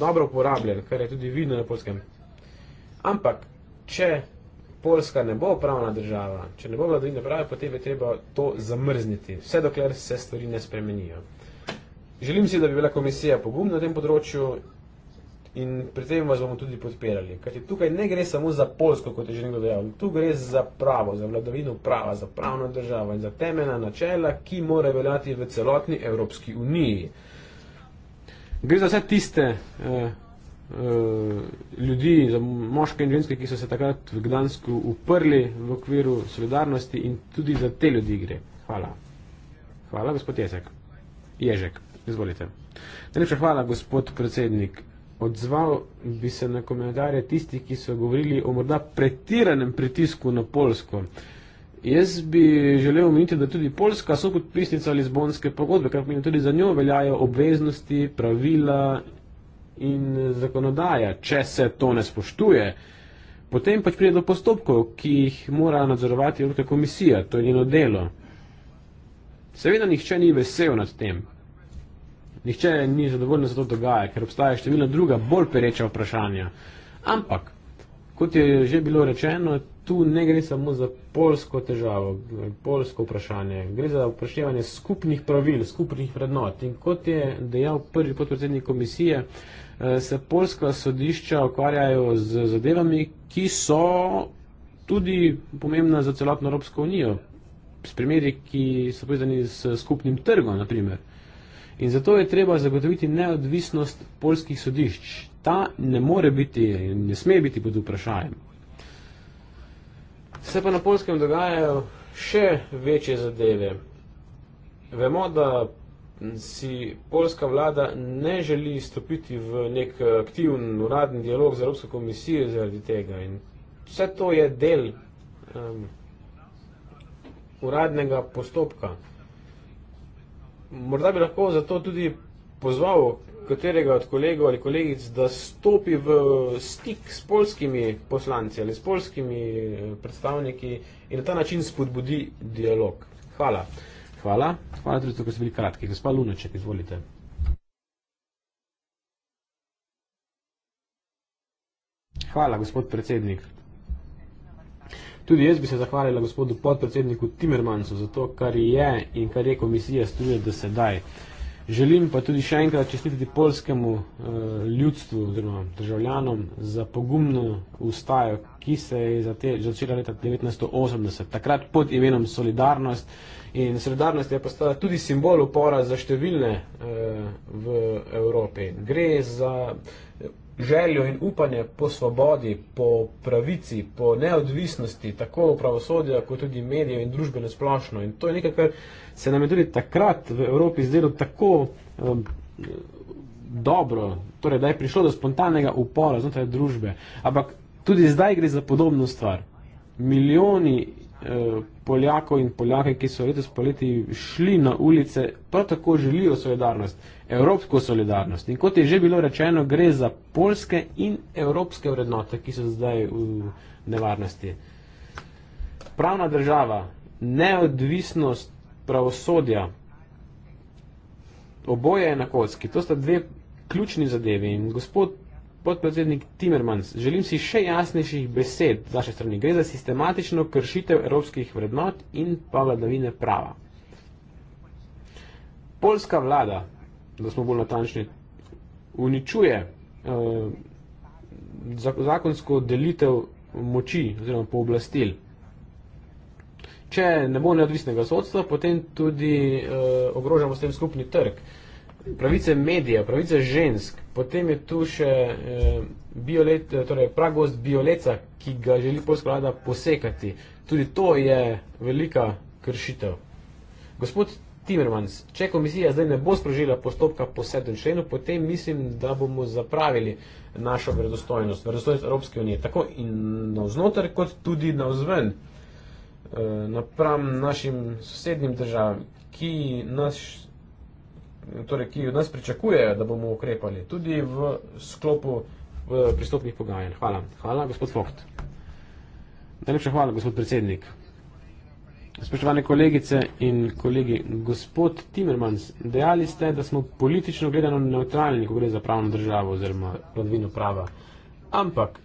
dobro uporabljen, kar je tudi vidno na polskem. Ampak, če Poljska ne bo pravna država, če ne bo vladavina prava, potem je treba to zamrzniti, vse dokler se stvari ne spremenijo. Želim si, da bi bila komisija pogumna na tem področju in pri tem vas bomo tudi podpirali. Kajti tukaj ne gre samo za Polsko, kot je že nekdo dejal, tu gre za pravo, za vladavino prava, za pravno državo in za temena načela, ki mora veljati v celotni Evropski uniji. Gre za vse tiste eh, eh, ljudi, za moške in ženske, ki so se takrat v Gdansku uprli v okviru solidarnosti in tudi za te ljudi gre. Hvala. Hvala, gospod Jezek. Ježek, izvolite. Najlepša hvala, gospod predsednik odzval bi se na komentarje tistih, ki so govorili o morda pretiranem pritisku na Polsko. Jaz bi želel omeniti, da tudi Poljska so podpisnica Lizbonske pogodbe, kar pomeni tudi za njo veljajo obveznosti, pravila in zakonodaja, če se to ne spoštuje. Potem pač pride do postopkov, ki jih mora nadzorovati Evropska komisija, to je njeno delo. Seveda nihče ni vesel nad tem, nihče ni zadovoljen, da se to dogaja, ker obstajajo številna druga, bolj pereča vprašanja. Ampak, kot je že bilo rečeno, tu ne gre samo za polsko težavo, polsko vprašanje, gre za vprašanje skupnih pravil, skupnih vrednot. In kot je dejal prvi podpredsednik komisije, eh, se polska sodišča ukvarjajo z zadevami, ki so tudi pomembna za celotno Evropsko unijo. S primeri, ki so povezani s skupnim trgom, naprimer. In zato je treba zagotoviti neodvisnost polskih sodišč. Ta ne more biti in ne sme biti pod vprašanjem. Se pa na polskem dogajajo še večje zadeve. Vemo, da si polska vlada ne želi stopiti v nek aktiven uradni dialog z Evropsko komisijo zaradi tega. In vse to je del um, uradnega postopka morda bi lahko zato tudi pozval katerega od kolegov ali kolegic, da stopi v stik s polskimi poslanci ali s polskimi eh, predstavniki in na ta način spodbudi dialog. Hvala. Hvala. Hvala tudi, ker ste bili kratki. Gospa Lunaček, izvolite. Hvala, gospod predsednik. Tudi jaz bi se zahvalila gospodu podpredsedniku Timermansu za to, kar je in kar je komisija storila do sedaj. Želim pa tudi še enkrat čestititi polskemu eh, ljudstvu oziroma državljanom za pogumno ustajo, ki se je zate, začela leta 1980, takrat pod imenom Solidarnost. In solidarnost je postala tudi simbol upora za številne eh, v Evropi. Gre za željo in upanje po svobodi, po pravici, po neodvisnosti, tako v pravosodju, kot tudi medijev in družbene splošno. In to je nekaj, kar se nam je tudi takrat v Evropi zdelo tako um, dobro, torej, da je prišlo do spontanega upora znotraj družbe. Ampak tudi zdaj gre za podobno stvar. Milijoni uh, Poljakov in Poljake, ki so letos poleti šli na ulice, prav tako želijo solidarnost, evropsko solidarnost. In kot je že bilo rečeno, gre za polske in evropske vrednote, ki so zdaj v nevarnosti. Pravna država, neodvisnost pravosodja, oboje enakotski, to sta dve ključni zadevi. In gospod Podpredsednik Timmermans, želim si še jasnejših besed z vaše strani. Gre za sistematično kršitev evropskih vrednot in pa vladavine prava. Polska vlada, da smo bolj natančni, uničuje eh, zakonsko delitev moči oziroma pooblastil. Če ne bo neodvisnega sodstva, potem tudi eh, ogrožamo s tem skupni trg. Pravice medijev, pravice žensk, Potem je tu še eh, biolet, eh, torej pragost bioleca, ki ga želi polska vlada posekati. Tudi to je velika kršitev. Gospod Timmermans, če komisija zdaj ne bo sprožila postopka po sedmem členu, potem mislim, da bomo zapravili našo verodostojnost, verodostojnost Evropske unije, tako in navznotraj, kot tudi navzven, eh, napram našim sosednjim državam, ki nas torej, ki od nas pričakujejo, da bomo ukrepali tudi v sklopu v pristopnih pogajanj. Hvala. Hvala, gospod Focht. Najlepša hvala, gospod predsednik. Spoštovane kolegice in kolegi, gospod Timmermans, dejali ste, da smo politično gledano neutralni, ko gre za pravno državo oziroma vladavino prava. Ampak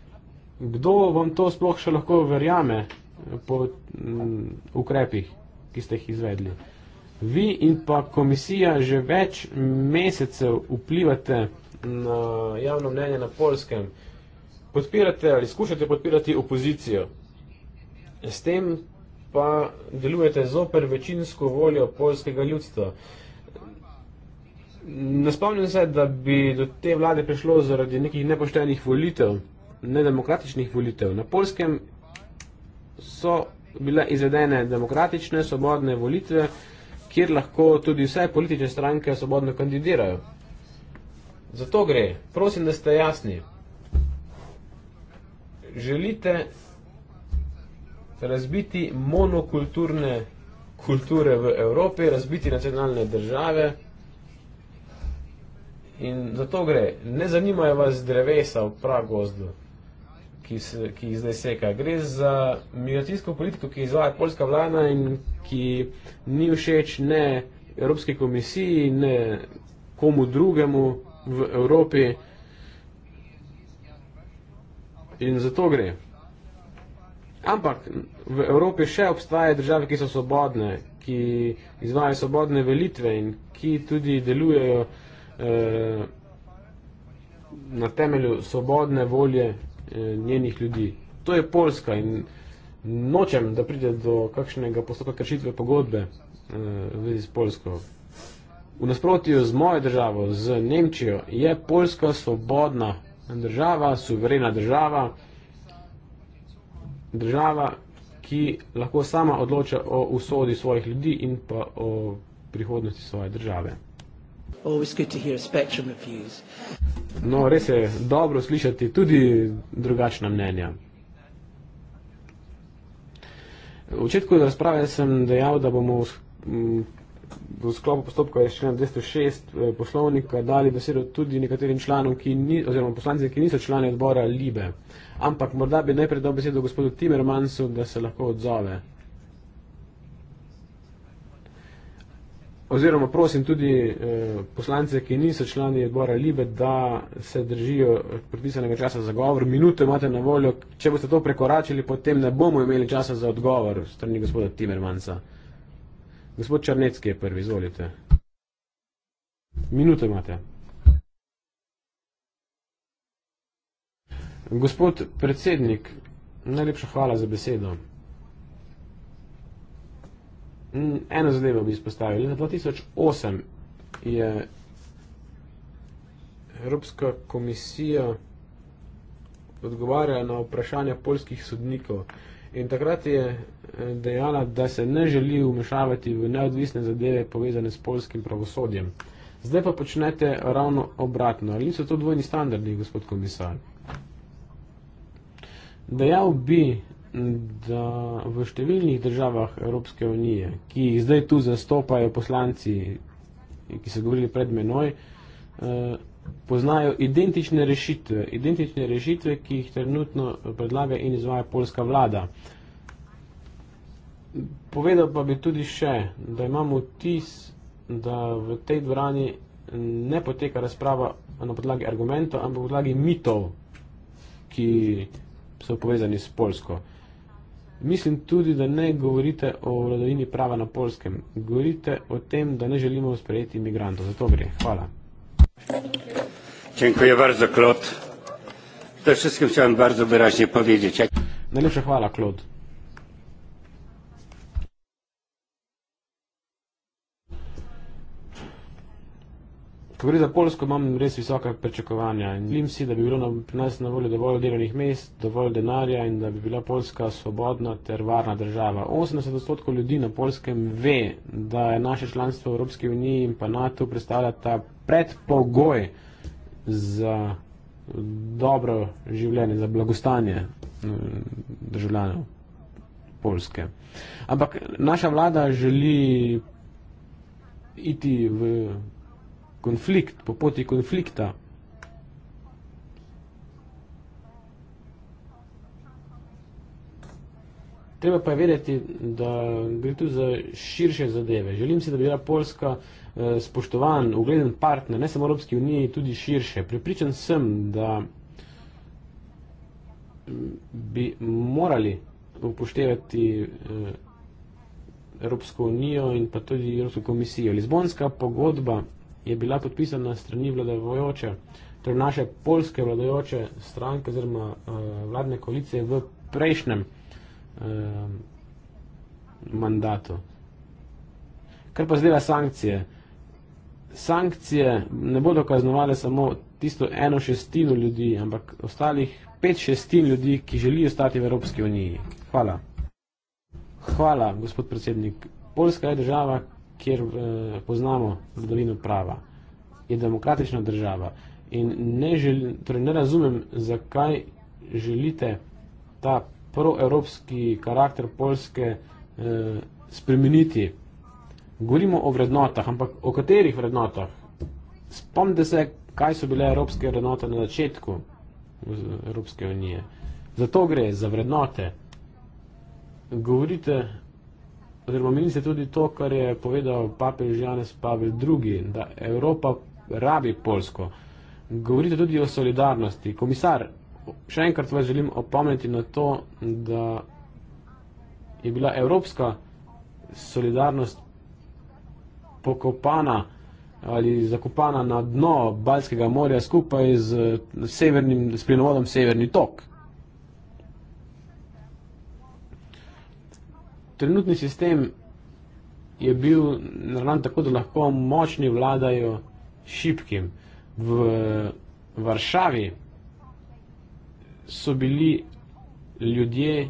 kdo vam to sploh še lahko verjame po m, mm, ukrepih, ki ste jih izvedli? Vi in pa komisija že več mesecev vplivate na javno mnenje na polskem. Podpirate ali skušate podpirati opozicijo. S tem pa delujete zoper večinsko voljo polskega ljudstva. Naspomnim se, da bi do te vlade prišlo zaradi nekih nepoštenih volitev, nedemokratičnih volitev. Na polskem so bile izvedene demokratične, svobodne volitve, kjer lahko tudi vse politične stranke svobodno kandidirajo. Zato gre, prosim, da ste jasni. Želite razbiti monokulturne kulture v Evropi, razbiti nacionalne države in zato gre. Ne zanimajo vas drevesa v pragozdu ki jih zdaj seka. Gre za migracijsko politiko, ki jo izvaja polska vlada in ki ni všeč ne Evropski komisiji, ne komu drugemu v Evropi. In zato gre. Ampak v Evropi še obstajajo države, ki so svobodne, ki izvajajo svobodne velitve in ki tudi delujejo eh, na temelju svobodne volje Eh, njenih ljudi. To je Poljska in nočem, da pride do kakšnega postopka kršitve pogodbe eh, v zvezi s Poljsko. V nasprotju z mojo državo, z Nemčijo, je Poljska svobodna država, suverena država, država, ki lahko sama odloča o usodi svojih ljudi in pa o prihodnosti svoje države. No, res je dobro slišati tudi drugačna mnenja. V začetku razprave sem dejal, da bomo v mm, sklopu postopka iz člena 206 eh, poslovnika dali besedo tudi nekaterim članom, ki ni, oziroma poslancem, ki niso člani odbora Libe. Ampak morda bi najprej dal besedo gospodu Timermansu, da se lahko odzove. oziroma prosim tudi eh, poslance, ki niso člani odbora Libe, da se držijo predpisanega časa za govor. Minute imate na voljo. Če boste to prekoračili, potem ne bomo imeli časa za odgovor strani gospoda Timermansa. Gospod Črnecki je prvi, izvolite. Minute imate. Gospod predsednik, najlepša hvala za besedo. Eno zadevo bi izpostavili. Na 2008 je Evropska komisija odgovarjala na vprašanja polskih sodnikov in takrat je eh, dejala, da se ne želi umešavati v neodvisne zadeve povezane s polskim pravosodjem. Zdaj pa počnete ravno obratno. Ali so to dvojni standardi, gospod komisar? Dejal bi, da v številnih državah Evropske unije, ki jih zdaj tu zastopajo poslanci, ki so govorili pred menoj, eh, poznajo identične rešitve, identične rešitve, ki jih trenutno predlaga in izvaja polska vlada. Povedal pa bi tudi še, da imamo vtis, da v tej dvorani ne poteka razprava na podlagi argumentov, ampak na podlagi mitov, ki so povezani s Polsko. Mislim tudi, da ne govorite o vladavini prava na polskem. Govorite o tem, da ne želimo sprejeti imigrantov. Zato gre. Hvala. Dziękuję bardzo, Klod. To wszystkim chciałem bardzo wyraźnie powiedzieć. Najlepsza chwała, Klod. Ko gre za Polsko, imam res visoka pričakovanja. Želim si, da bi bilo pri nas na voljo dovolj delovnih mest, dovolj denarja in da bi bila Polska svobodna ter varna država. 80 odstotkov ljudi na Polskem ve, da je naše članstvo v Evropski uniji in pa NATO predstavljata predpogoj za dobro življenje, za blagostanje mm, državljanov Polske. Ampak naša vlada želi iti v konflikt, po poti konflikta. Treba pa je vedeti, da gre tu za širše zadeve. Želim si, da bi bila Poljska eh, spoštovan, ugleden partner, ne samo Evropski uniji, tudi širše. Pripričan sem, da mm, bi morali upoštevati eh, Evropsko unijo in pa tudi Evropsko komisijo. Lizbonska pogodba je bila podpisana strani vladajoče, torej naše polske vladajoče stranke oziroma uh, vladne koalicije v prejšnjem uh, mandatu. Kar pa zdaj sankcije? Sankcije ne bodo kaznovale samo tisto eno šestino ljudi, ampak ostalih pet šestin ljudi, ki želijo ostati v Evropski uniji. Hvala. Hvala, gospod predsednik. Poljska je država, kjer eh, poznamo zgodovino prava, je demokratična država. In ne, želi, torej ne razumem, zakaj želite ta proevropski karakter Polske eh, spremeniti. Govorimo o vrednotah, ampak o katerih vrednotah? Spomnite se, kaj so bile evropske vrednote na začetku Evropske unije. Zato gre za vrednote. Govorite Oziroma, meni se tudi to, kar je povedal papež Janez Pavel II., da Evropa rabi Polsko. Govorite tudi o solidarnosti. Komisar, še enkrat vas želim opomniti na to, da je bila evropska solidarnost pokopana ali zakopana na dno Balskega morja skupaj z, severnim, s plinovodom Severni tok. trenutni sistem je bil naravnan tako, da lahko močni vladajo šipkim. V Varšavi so bili ljudje eh,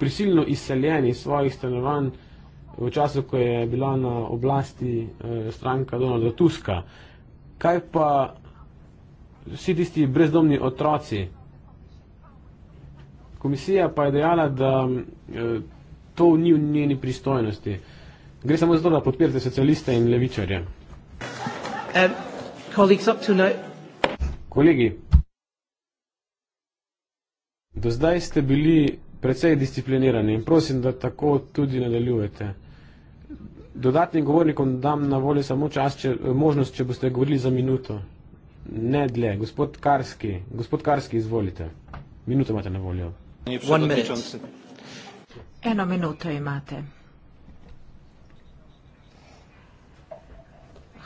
prisilno izseljeni iz svojih stanovanj v času, ko je bila na oblasti eh, stranka Donalda Tuska. Kaj pa vsi tisti brezdomni otroci, Komisija pa je dejala, da eh, to ni v njeni pristojnosti. Gre samo zato, da podpirate socialiste in levičarje. Um, no- Kolegi, do zdaj ste bili predvsej disciplinirani in prosim, da tako tudi nadaljujete. Dodatnim govornikom dam na voljo samo čas, če, eh, možnost, če boste govorili za minuto. Ne dlje. Gospod Karski, gospod Karski, izvolite. Minuto imate na voljo. Eno minuto imate.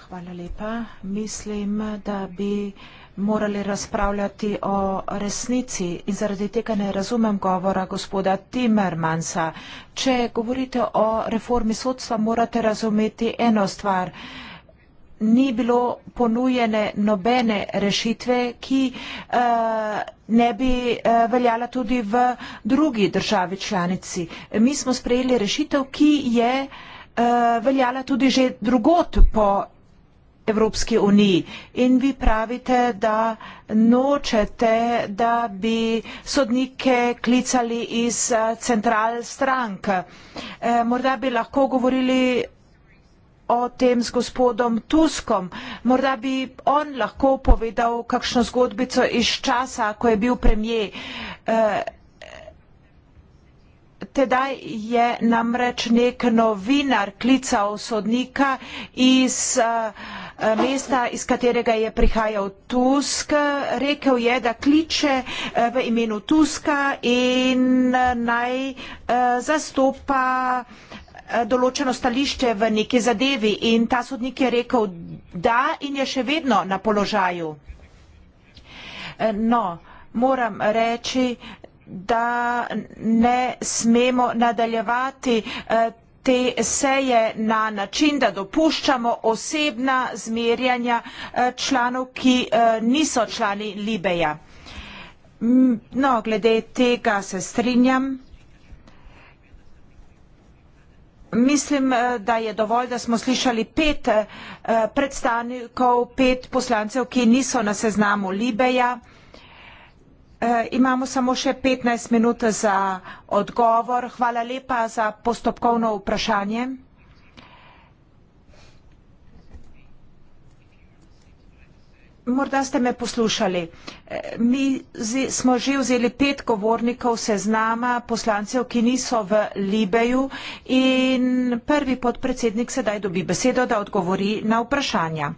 Hvala lepa. Mislim, da bi morali razpravljati o resnici in zaradi tega ne razumem govora gospoda Timmermansa. Če govorite o reformi sodstva, morate razumeti eno stvar ni bilo ponujene nobene rešitve, ki eh, ne bi eh, veljala tudi v drugi državi članici. Mi smo sprejeli rešitev, ki je eh, veljala tudi že drugot po Evropski uniji in vi pravite, da nočete, da bi sodnike klicali iz central strank. Morda bi lahko govorili o tem z gospodom Tuskom. Morda bi on lahko povedal kakšno zgodbico iz časa, ko je bil premije. Eh, tedaj je namreč nek novinar klical sodnika iz eh, mesta, iz katerega je prihajal Tusk. Rekel je, da kliče eh, v imenu Tuska in naj zastopa Eh, določeno stališče v neki zadevi in ta sodnik je rekel da in je še vedno na položaju. Eh, no, moram reči, da ne smemo nadaljevati eh, te seje na način, da dopuščamo osebna zmerjanja članov, ki niso člani Libeja. No, glede tega se strinjam. mislim, eh, da je dovolj, da smo slišali pet eh, predstavnikov, pet poslancev, ki niso na seznamu Libeja. Eh, imamo samo še 15 minut za odgovor. Hvala lepa za postopkovno vprašanje. Morda ste me poslušali. E, mi smo že vzeli pet govornikov seznama poslancev, ki niso v Libeju in prvi podpredsednik sedaj dobi besedo, da odgovori na vprašanja.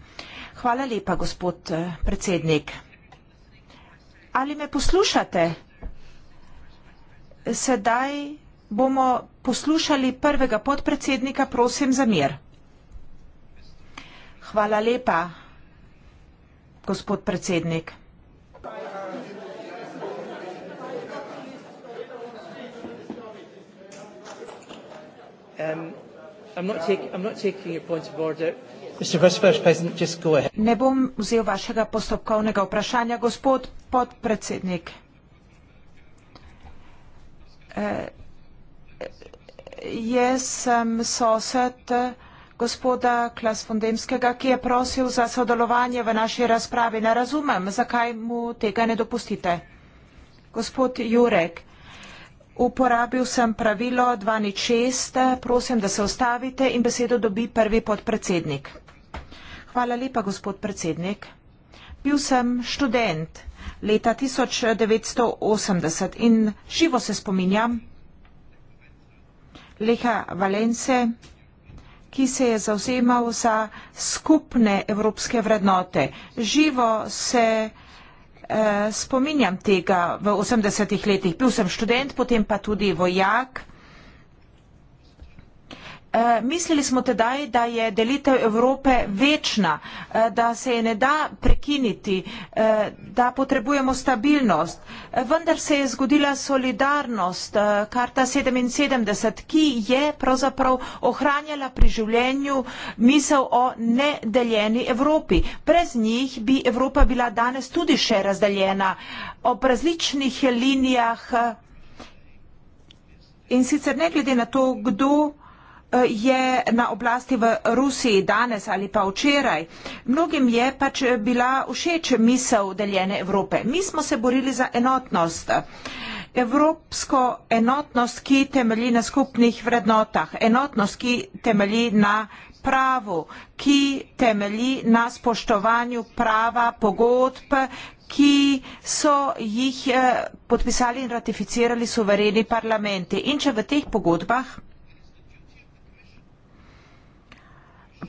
Hvala lepa, gospod e, predsednik. Ali me poslušate? Sedaj bomo poslušali prvega podpredsednika, prosim za mir. Hvala lepa gospod predsednik. Um, ne bom vzel vašega postopkovnega vprašanja, gospod podpredsednik. Eh, eh, jaz sem sosed gospoda Klasfondemskega, ki je prosil za sodelovanje v naši razpravi. Ne razumem, zakaj mu tega ne dopustite. Gospod Jurek, uporabil sem pravilo 26, prosim, da se ostavite in besedo dobi prvi podpredsednik. Hvala lepa, gospod predsednik. Bil sem študent leta 1980 in živo se spominjam Leha Valence, ki se je zauzemal za skupne evropske vrednote. Živo se eh, spominjam tega v 80-ih letih. Bil sem študent, potem pa tudi vojak. Eh, mislili smo tedaj, da je delitev Evrope večna, eh, da se je ne da prekiniti, eh, da potrebujemo stabilnost. Vendar se je zgodila solidarnost, karta 77, ki je pravzaprav ohranjala pri življenju misel o nedeljeni Evropi. Brez njih bi Evropa bila danes tudi še razdeljena ob različnih linijah. In sicer ne glede na to, kdo je na oblasti v Rusiji danes ali pa včeraj. Mnogim je pač bila všeč misel deljene Evrope. Mi smo se borili za enotnost. Evropsko enotnost, ki temelji na skupnih vrednotah, enotnost, ki temelji na pravu, ki temelji na spoštovanju prava, pogodb, ki so jih eh, podpisali in ratificirali suvereni parlamenti. In če v teh pogodbah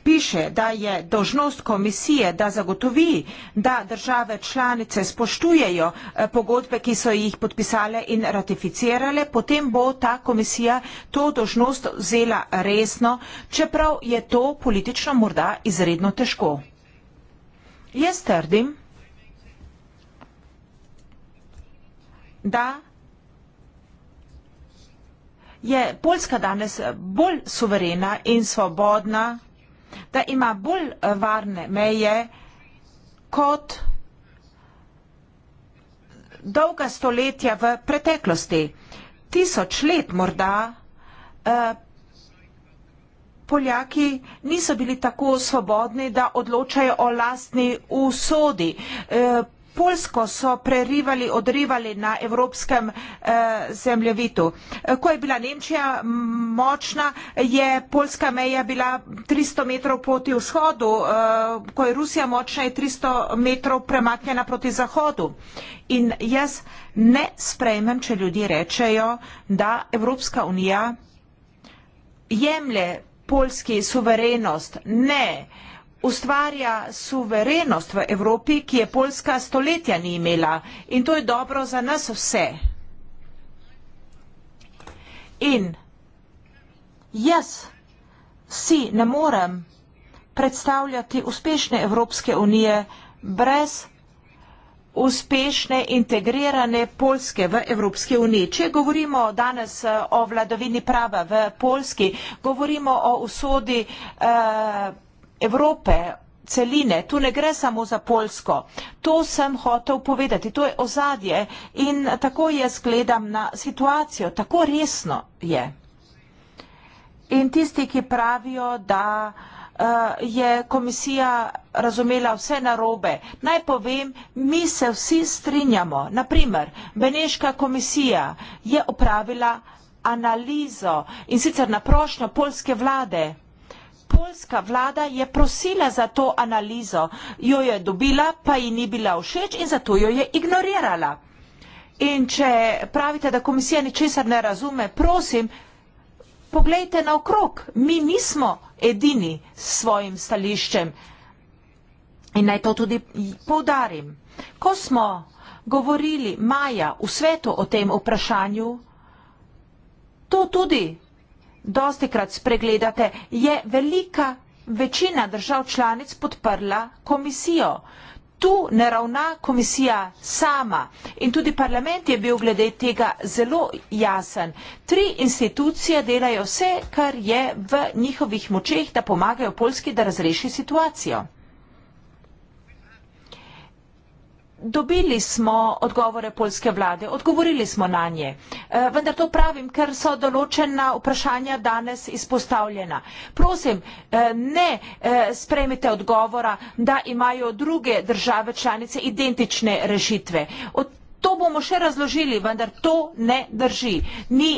piše, da je dožnost komisije, da zagotovi, da države članice spoštujejo eh, pogodbe, ki so jih podpisale in ratificirale, potem bo ta komisija to dožnost vzela resno, čeprav je to politično morda izredno težko. Jaz trdim, da je Poljska danes bolj suverena in svobodna da ima bolj eh, varne meje kot dolga stoletja v preteklosti. Tisoč let morda eh, Poljaki niso bili tako svobodni, da odločajo o lastni usodi. Eh, Polsko so prerivali, odrivali na evropskem eh, zemljevitu. Eh, ko je bila Nemčija močna, je polska meja bila 300 metrov proti vzhodu, eh, ko je Rusija močna, je 300 metrov premaknjena proti zahodu. In jaz ne sprejmem, če ljudje rečejo, da Evropska unija jemlje polski suverenost. Ne. Eh, ustvarja suverenost v Evropi, ki je Poljska stoletja ni imela in to je dobro za nas vse. In jaz si ne morem predstavljati uspešne Evropske unije brez uspešne integrirane Poljske v Evropske unije. Če govorimo danes eh, o vladovini prava v Poljski, govorimo o usodi eh, Evrope, celine, tu ne gre samo za Polsko. To sem hotel povedati, to je ozadje in tako jaz gledam na situacijo, tako resno je. In tisti, ki pravijo, da uh, je komisija razumela vse narobe, naj povem, mi se vsi strinjamo. Naprimer, Beneška komisija je opravila analizo in sicer na prošnjo polske vlade. Poljska vlada je prosila za to analizo, jo je dobila, pa ji ni bila všeč in zato jo je ignorirala. In če pravite, da komisija ničesar ne razume, prosim, pogledajte naokrog, mi nismo edini s svojim stališčem. In naj to tudi poudarim. Ko smo govorili maja v svetu o tem vprašanju, to tudi dosti krat spregledate, je velika večina držav članic podprla komisijo. Tu ne ravna komisija sama in tudi parlament je bil glede tega zelo jasen. Tri institucije delajo vse, kar je v njihovih močeh, da pomagajo Polski, da razreši situacijo. dobili smo odgovore polske vlade, odgovorili smo na nje. Eh, vendar to pravim, ker so določena vprašanja danes izpostavljena. Prosim, eh, ne eh, sprejmite odgovora, da imajo druge države članice identične rešitve. To bomo še razložili, vendar to ne drži. Ni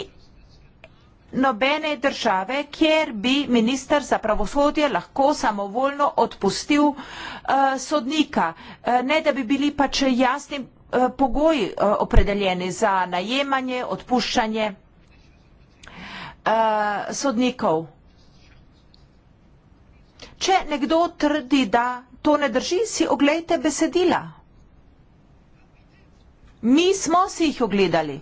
nobene države, kjer bi minister za pravosodje lahko samovoljno odpustil uh, sodnika, uh, ne da bi bili pač jasni uh, pogoji uh, opredeljeni za najemanje, odpuščanje uh, sodnikov. Če nekdo trdi, da to ne drži, si oglejte besedila. Mi smo si jih ogledali.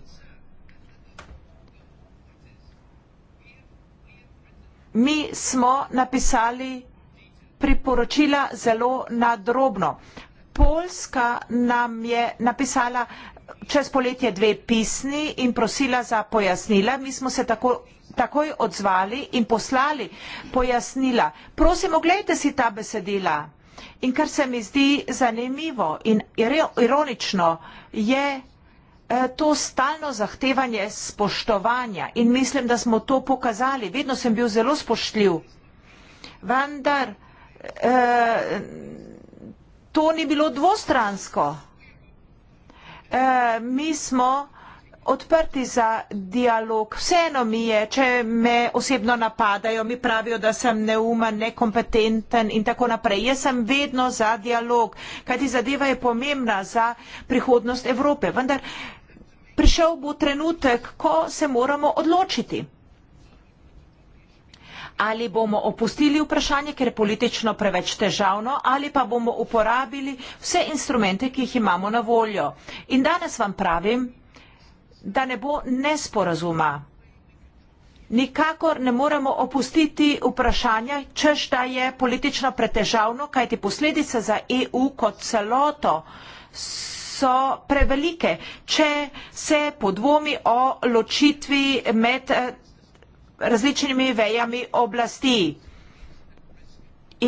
mi smo napisali priporočila zelo nadrobno. Poljska nam je napisala čez poletje dve pisni in prosila za pojasnila. Mi smo se tako, takoj odzvali in poslali pojasnila. Prosim, oglejte si ta besedila. In kar se mi zdi zanimivo in ironično, je, Eh, to stalno zahtevanje spoštovanja in mislim, da smo to pokazali. Vedno sem bil zelo spoštljiv, vendar eh, to ni bilo dvostransko. Eh, mi smo odprti za dialog. Vseeno mi je, če me osebno napadajo, mi pravijo, da sem neumen, nekompetenten in tako naprej. Jaz sem vedno za dialog, kajti zadeva je pomembna za prihodnost Evrope. Vendar, eh, prišel bo trenutek, ko se moramo odločiti. Ali bomo opustili vprašanje, ker je politično preveč težavno, ali pa bomo uporabili vse instrumente, ki jih imamo na voljo. In danes vam pravim, da ne bo nesporazuma. Nikakor ne moremo opustiti vprašanja, čež da je politično pretežavno, kajti posledice za EU kot celoto so so prevelike, če se podvomi o ločitvi med eh, različnimi vejami oblasti.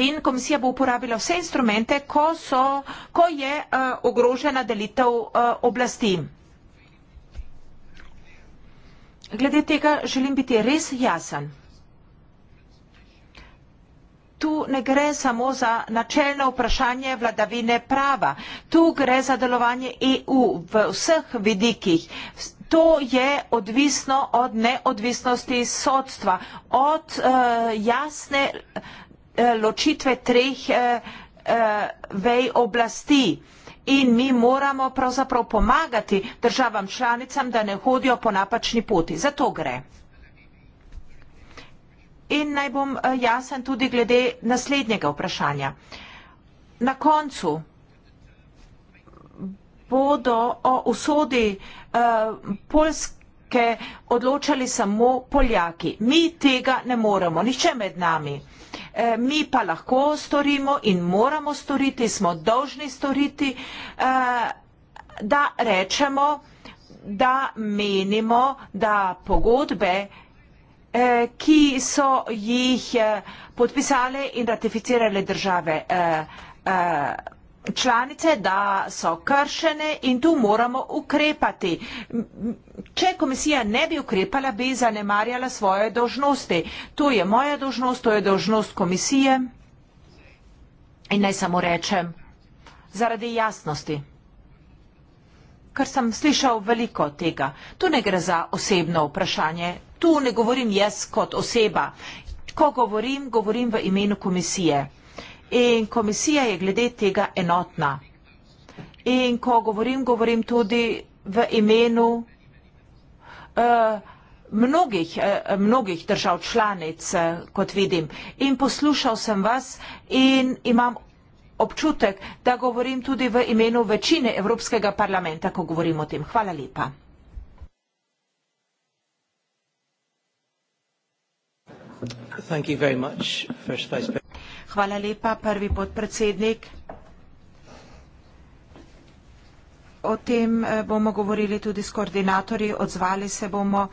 In komisija bo uporabila vse instrumente, ko, so, ko je uh, ogrožena delitev uh, oblasti. Glede tega želim biti res jasen tu ne gre samo za načelno vprašanje vladavine prava, tu gre za delovanje EU v vseh vidikih. To je odvisno od neodvisnosti sodstva, od uh, jasne uh, ločitve treh uh, uh, vej oblasti. In mi moramo pravzaprav pomagati državam članicam, da ne hodijo po napačni poti. Za to gre. In naj bom eh, jasen tudi glede naslednjega vprašanja. Na koncu bodo o usodi uh, eh, Polske odločali samo Poljaki. Mi tega ne moremo, niče med nami. E, mi pa lahko storimo in moramo storiti, smo dolžni storiti, uh, da rečemo, da menimo, da pogodbe Eh, ki so jih eh, podpisale in ratificirale države eh, članice, da so kršene in tu moramo ukrepati. Če komisija ne bi ukrepala, bi zanemarjala svoje dožnosti. To je moja dožnost, to je dožnost komisije in naj samo rečem zaradi jasnosti, ker sem slišal veliko tega. Tu ne gre za osebno vprašanje, Tu ne govorim jaz kot oseba. Ko govorim, govorim v imenu komisije. In komisija je glede tega enotna. In ko govorim, govorim tudi v imenu uh, mnogih, uh, mnogih držav članic, uh, kot vidim. In poslušal sem vas in imam občutek, da govorim tudi v imenu večine Evropskega parlamenta, ko govorim o tem. Hvala lepa. Hvala lepa, prvi podpredsednik. O tem eh, bomo govorili tudi s koordinatorji, odzvali se bomo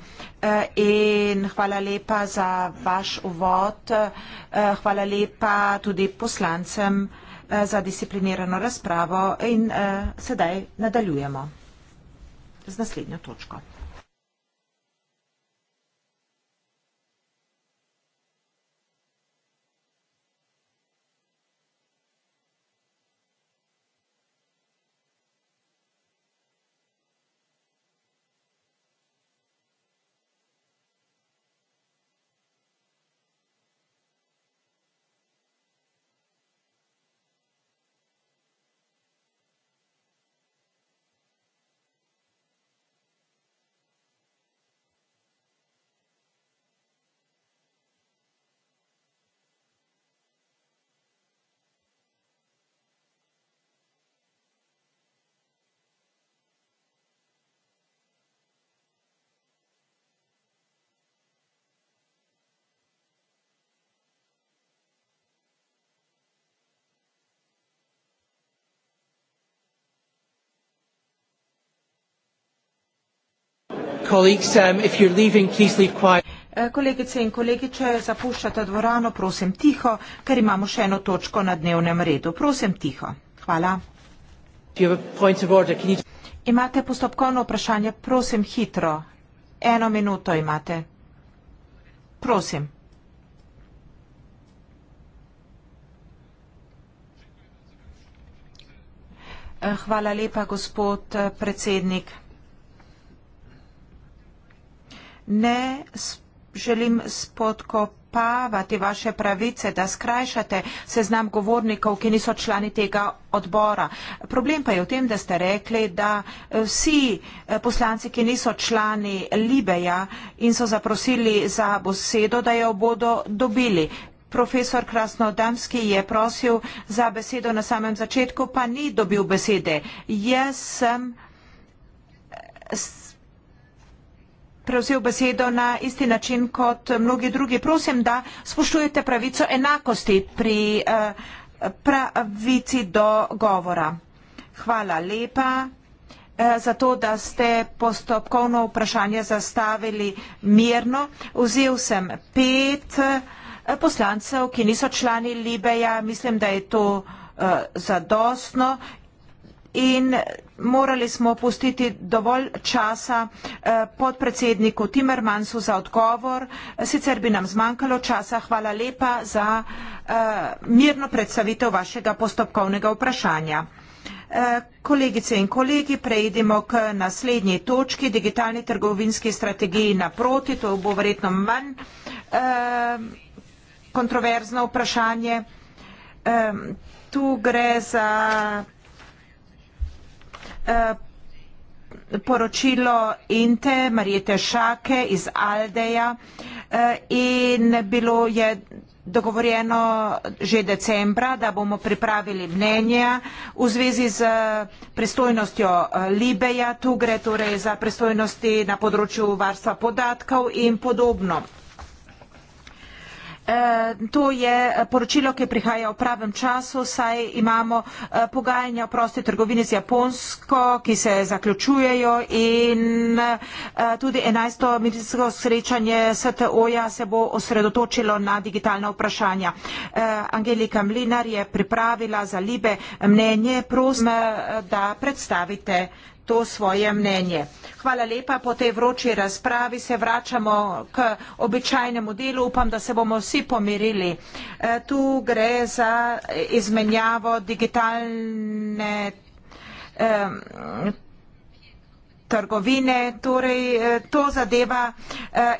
eh, in hvala lepa za vaš uvod, eh, hvala lepa tudi poslancem za disciplinirano razpravo in sedaj nadaljujemo z naslednjo točko. colleagues, um, if you're leaving, please leave quiet. Eh, kolegice in kolegi, če zapuščate dvorano, prosim tiho, ker imamo še eno točko na dnevnem redu. Prosim tiho. Hvala. Imate postopkovno vprašanje? Prosim hitro. Eno minuto imate. Prosim. Eh, hvala lepa, gospod eh, predsednik ne želim spodkopavati vaše pravice, da skrajšate seznam govornikov, ki niso člani tega odbora. Problem pa je v tem, da ste rekli, da eh, vsi eh, poslanci, ki niso člani Libeja in so zaprosili za besedo, da jo bodo dobili. Profesor Krasnodamski je prosil za besedo na samem začetku, pa ni dobil besede. Jaz sem eh, prevzel besedo na isti način kot mnogi drugi. Prosim, da spoštujete pravico enakosti pri eh, pravici do govora. Hvala lepa eh, za to, da ste postopkovno vprašanje zastavili mirno. Vzel sem pet eh, poslancev, ki niso člani Libeja. Mislim, da je to zadostno. In morali smo pustiti dovolj časa eh, podpredsedniku Timmermansu za odgovor, sicer bi nam zmanjkalo časa. Hvala lepa za eh, mirno predstavitev vašega postopkovnega vprašanja. Eh, kolegice in kolegi, prejdimo k naslednji točki, digitalni trgovinski strategiji naproti, to bo verjetno manj kontroverzno vprašanje. Tu gre za Eh, poročilo Inte Marijete Šake iz Aldeja eh, in bilo je dogovorjeno že decembra, da bomo pripravili mnenja v zvezi z pristojnostjo eh, Libeja, tu gre torej za pristojnosti na področju varstva podatkov in podobno. Eh, to je poročilo, ki prihaja v pravem času, saj imamo eh, pogajanja o prosti trgovini z Japonsko, ki se zaključujejo in eh, tudi 11. ministrsko srečanje STO-ja se bo osredotočilo na digitalna vprašanja. Angelika Mlinar je pripravila za Libe mnenje, prosim, da predstavite to svoje mnenje. Hvala lepa, po tej vroči razpravi se vračamo k običajnemu delu. Upam, da se bomo vsi pomirili. E, tu gre za izmenjavo digitalne e, trgovine, torej e, to zadeva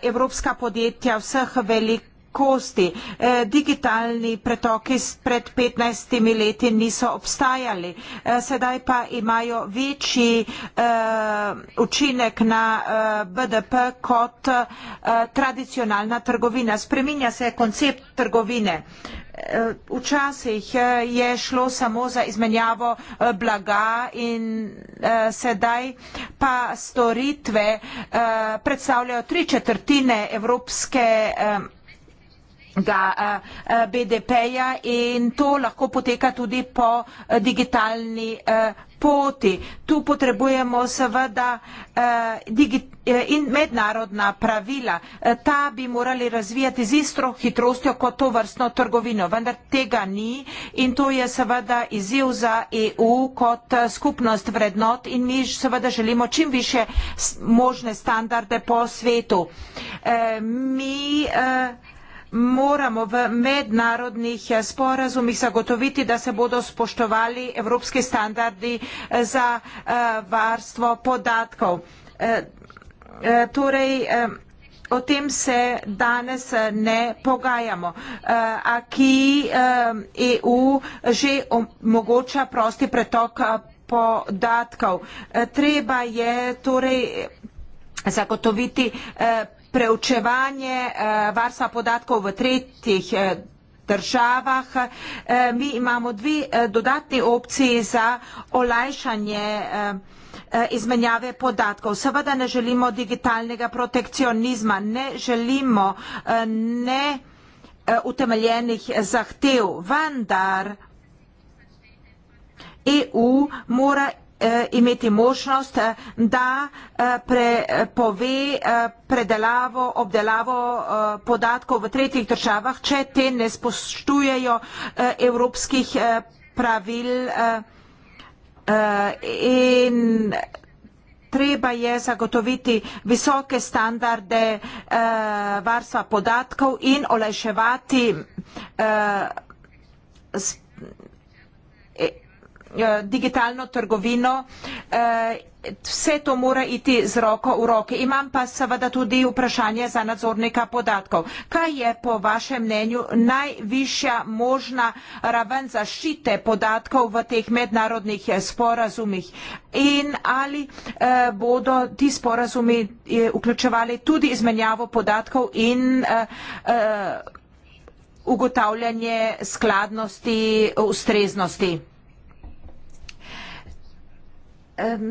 evropska podjetja vseh velik kosti. E, digitalni pretoki pred 15 leti niso obstajali, e, sedaj pa imajo večji e, učinek na e, BDP kot e, tradicionalna trgovina. Spreminja se koncept trgovine. E, včasih e, je šlo samo za izmenjavo e, blaga in sedaj pa storitve predstavljajo tri četrtine evropske Eh, eh, BDP-ja in to lahko poteka tudi po eh, digitalni poti. Tu potrebujemo seveda in mednarodna pravila. Ta bi morali razvijati z istro hitrostjo kot to vrstno trgovino, vendar tega ni in to je seveda izziv za EU kot skupnost vrednot in mi seveda želimo čim više možne standarde po svetu. Mi moramo v mednarodnih eh, sporazumih zagotoviti, da se bodo spoštovali evropski standardi eh, za eh, varstvo podatkov. Torej, o tem se danes ne pogajamo. Aki EU e že omogoča prosti pretok podatkov. Treba je torej zagotoviti preučevanje eh, varstva podatkov v tretjih eh, državah. Eh, mi imamo dve dodatni opciji za olajšanje izmenjave podatkov. Seveda ne želimo digitalnega protekcionizma, ne želimo ne utemeljenih zahtev, vendar EU mora Eh, imeti možnost, eh, da eh, prepove predelavo, obdelavo podatkov v tretjih državah, če te ne spoštujejo evropskih pravil in treba je zagotoviti visoke standarde varstva podatkov in olajševati Eh, digitalno trgovino. Eh, vse to mora iti z roko v roke. Imam pa seveda tudi vprašanje za nadzornika podatkov. Kaj je po vašem mnenju najvišja možna raven zaščite podatkov v teh mednarodnih eh, sporazumih in ali eh, bodo ti sporazumi eh, vključevali tudi izmenjavo podatkov in eh, eh, ugotavljanje skladnosti, ustreznosti?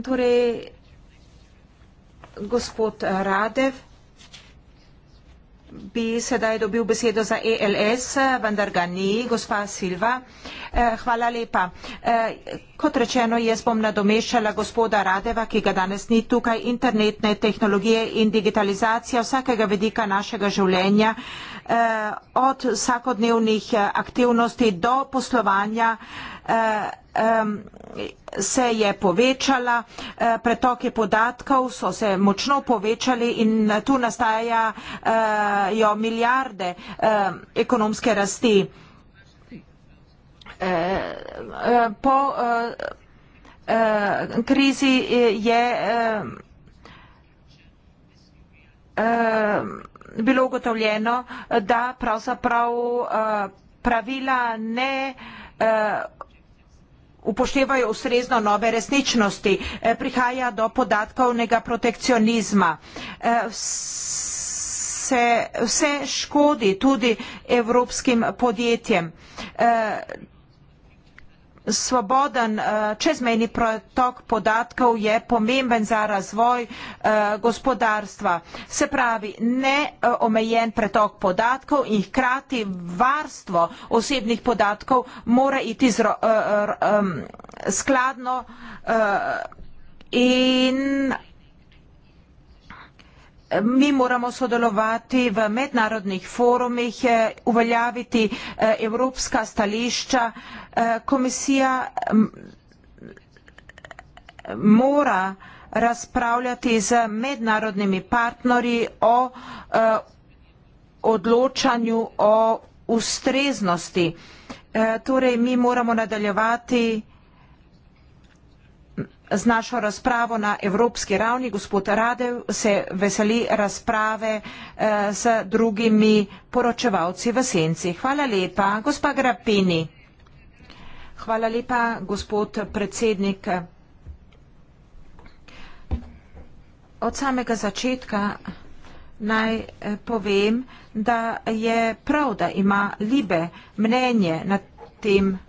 Torej, gospod Radev bi sedaj dobil besedo za ELS, vendar ga ni, gospa Silva. E, hvala lepa. E, kot rečeno, jaz bom nadomeščala gospoda Radeva, ki ga danes ni tukaj, internetne tehnologije in digitalizacija vsakega vedika našega življenja, e, od vsakodnevnih aktivnosti do poslovanja se je povečala, eh, pretoke podatkov so se močno povečali in tu nastajajo eh, milijarde ekonomske rasti. Eh, po krizi je bilo ugotovljeno, da pravzaprav pravila ne upoštevajo ustrezno nove resničnosti. Eh, prihaja do podatkovnega protekcionizma. Eh, vse, vse škodi tudi evropskim podjetjem. Eh, Svoboden eh, čezmejni protok podatkov je pomemben za razvoj eh, gospodarstva. Se pravi, neomejen eh, pretok podatkov in hkrati varstvo osebnih podatkov mora iti skladno in Mi moramo sodelovati v mednarodnih forumih, eh, uveljaviti eh, evropska stališča. Eh, komisija mora razpravljati z mednarodnimi partnerji o odločanju o ustreznosti. Torej, mi moramo nadaljevati z našo razpravo na evropski ravni. Gospod Radev se veseli razprave eh, s drugimi poročevalci v senci. Hvala lepa. Gospa Grapini. Hvala lepa, gospod predsednik. Od samega začetka naj eh, povem, da je prav, da ima Libe mnenje na tem področju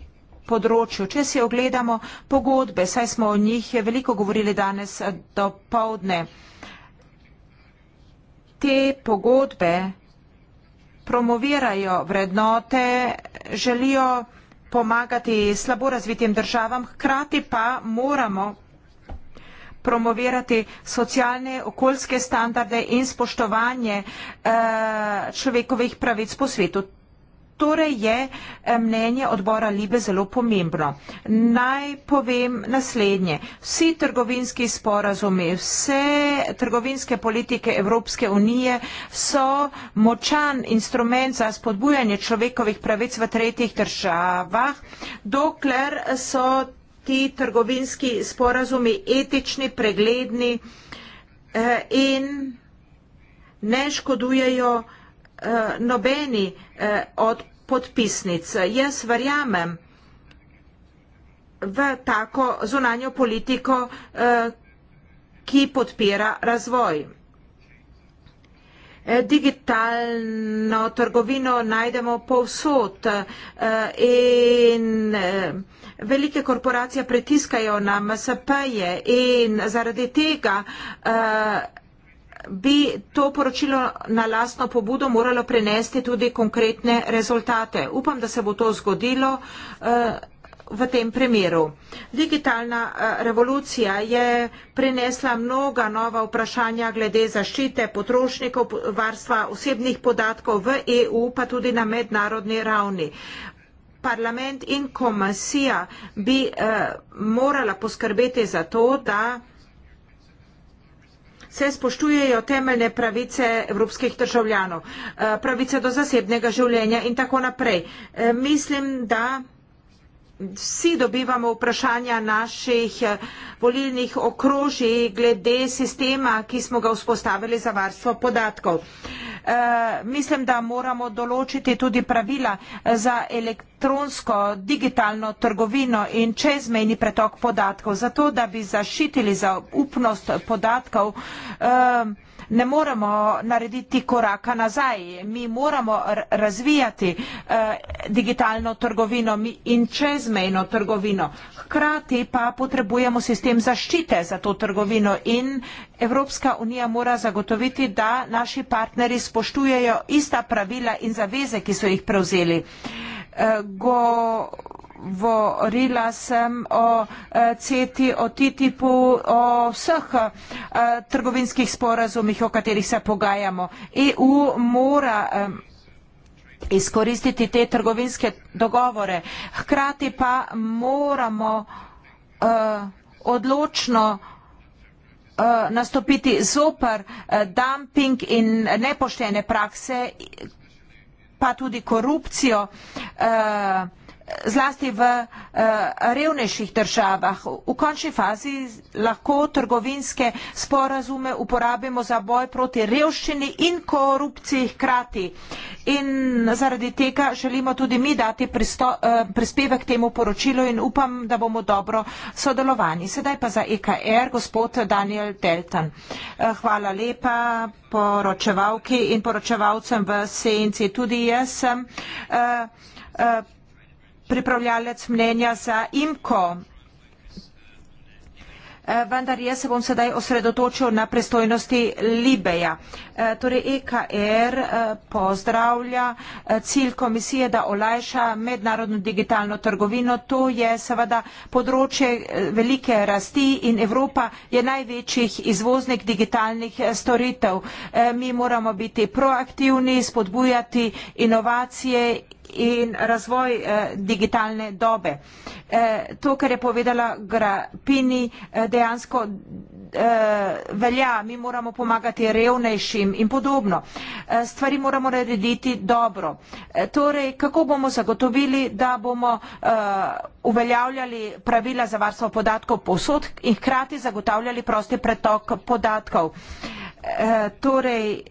področju. Če si ogledamo pogodbe, saj smo o njih veliko govorili danes eh, do povdne, te pogodbe promovirajo vrednote, želijo pomagati slabo razvitim državam, hkrati pa moramo promovirati socialne, okoljske standarde in spoštovanje eh, človekovih pravic po svetu. Torej je eh, mnenje odbora Libe zelo pomembno. Naj povem naslednje. Vsi trgovinski sporazumi, vse trgovinske politike Evropske unije so močan instrument za spodbujanje človekovih pravic v tretjih državah, dokler so ti trgovinski sporazumi etični, pregledni eh, in ne škodujejo. Eh, nobeni eh, od podpisnic. Jaz verjamem v tako zunanjo politiko, eh, ki podpira razvoj. Digitalno trgovino najdemo povsod in velike korporacije pritiskajo na MSP-je in zaradi tega bi to poročilo na lastno pobudo moralo prenesti tudi konkretne rezultate. Upam, da se bo to zgodilo eh, v tem primeru. Digitalna eh, revolucija je prinesla mnoga nova vprašanja glede zaščite potrošnikov, varstva osebnih podatkov v EU, pa tudi na mednarodni ravni. Parlament in komisija bi eh, morala poskrbeti za to, da se spoštujejo temeljne pravice evropskih državljanov, eh, pravice do zasebnega življenja in tako naprej. Eh, mislim, da vsi dobivamo vprašanja naših eh, volilnih okrožij glede sistema, ki smo ga vzpostavili za varstvo podatkov. Uh, mislim, da moramo določiti tudi pravila eh, za elektronsko digitalno trgovino in čezmejni pretok podatkov, zato da bi zašitili zaupnost podatkov. Uh, ne moremo narediti koraka nazaj. Mi moramo razvijati eh, digitalno trgovino in čezmejno trgovino. Hkrati pa potrebujemo sistem zaščite za to trgovino in Evropska unija mora zagotoviti, da naši partneri spoštujejo ista pravila in zaveze, ki so jih prevzeli. Eh, go govorila sem o eh, CETI, o TTIP-u, o vseh eh, trgovinskih sporazumih, o katerih se pogajamo. EU mora eh, izkoristiti te trgovinske dogovore. Hkrati pa moramo odločno nastopiti zoper dumping in nepoštene prakse, pa tudi korupcijo, zlasti v eh, revnejših državah. V končni fazi lahko trgovinske sporazume uporabimo za boj proti revščini in korupciji hkrati. In zaradi tega želimo tudi mi dati eh, prispevek temu poročilu in upam, da bomo dobro sodelovani. Sedaj pa za EKR, gospod Daniel Deltan. Eh, hvala lepa poročevalki in poročevalcem v senci. Tudi jaz sem pripravljalec mnenja za IMKO. Eh, vendar jaz se bom sedaj osredotočil na prestojnosti Libeja. Eh, torej EKR eh, pozdravlja cilj komisije, da olajša mednarodno digitalno trgovino. To je seveda področje velike rasti in Evropa je največjih izvoznik digitalnih storitev. Mi moramo biti proaktivni, spodbujati inovacije in razvoj eh, digitalne dobe. Eh, to, kar je povedala Grapini, eh, dejansko velja, mi moramo pomagati revnejšim in podobno. Stvari moramo narediti dobro. Torej, kako bomo zagotovili, da bomo uveljavljali pravila za varstvo podatkov posod in hkrati zagotavljali prosti pretok podatkov? Torej,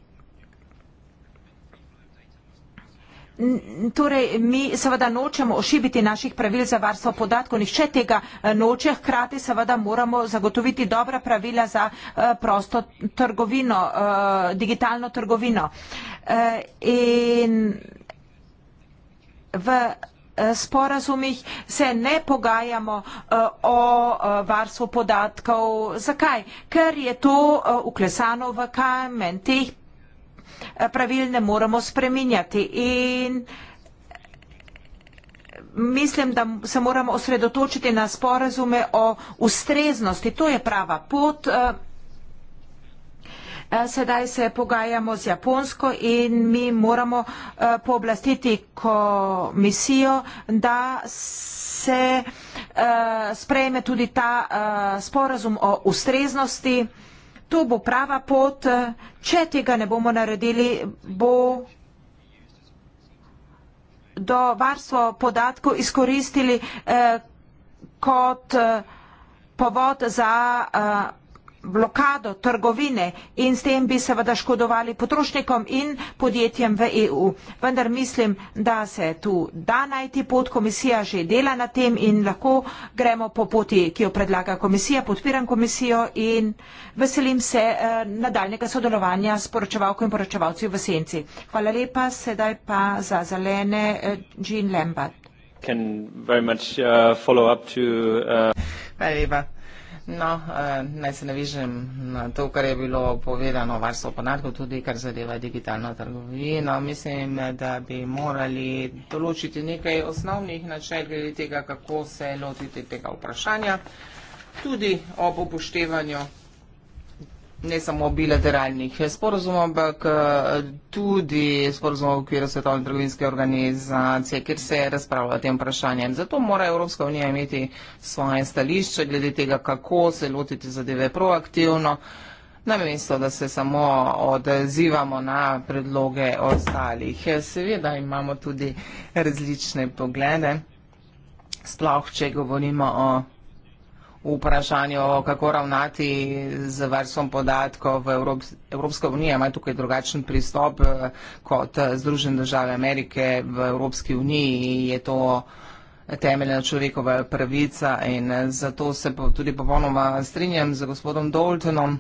Torej, mi seveda nočemo ošibiti naših pravil za varstvo podatkov, nihče tega eh, noče, hkrati seveda moramo zagotoviti dobra pravila za eh, prosto trgovino, eh, digitalno trgovino. In v sporazumih se ne pogajamo o varstvu podatkov. Zakaj? Ker je to uklesano v kamen. Teh pravil ne moremo spreminjati. In mislim, da se moramo osredotočiti na sporazume o ustreznosti. To je prava pot. Eh, eh, sedaj se pogajamo z Japonsko in mi moramo eh, pooblastiti komisijo, da se sprejme tudi ta sporazum o ustreznosti to bo prava pot, če tega ne bomo naredili, bo do varstvo podatkov izkoristili eh, kot eh, povod za eh, blokado trgovine in s tem bi seveda škodovali potrošnikom in podjetjem v EU. Vendar mislim, da se tu da najti pot, komisija že dela na tem in lahko gremo po poti, ki jo predlaga komisija. Podpiram komisijo in veselim se eh, nadaljnega sodelovanja s poročevalko in poročevalci v Senci. Hvala lepa, sedaj pa za zelene eh, Jean Lambert. Can very much uh, follow up to. Uh... Hvala lepa. No, eh, naj se ne vižem na to, kar je bilo povedano o varstvu podatkov, tudi kar zadeva digitalno trgovino. Mislim, da bi morali določiti nekaj osnovnih načel glede tega, kako se lotiti tega vprašanja, tudi ob upoštevanju ne samo bilateralnih sporozumov, ampak eh, tudi sporozumov v okviru Svetovne trgovinske organizacije, kjer se razpravlja o tem vprašanju. Zato mora Evropska unija imeti svoje stališče glede tega, kako se lotiti zadeve proaktivno, namesto da se samo odzivamo na predloge ostalih. Seveda imamo tudi različne poglede, sploh če govorimo o v vprašanju, kako ravnati z varstvom podatkov. Evropska unija ima tukaj drugačen pristop eh, kot eh, Združene države Amerike v Evropski uniji. Je to temeljna človekova pravica in eh, zato se tudi popolnoma strinjam z gospodom Daltonom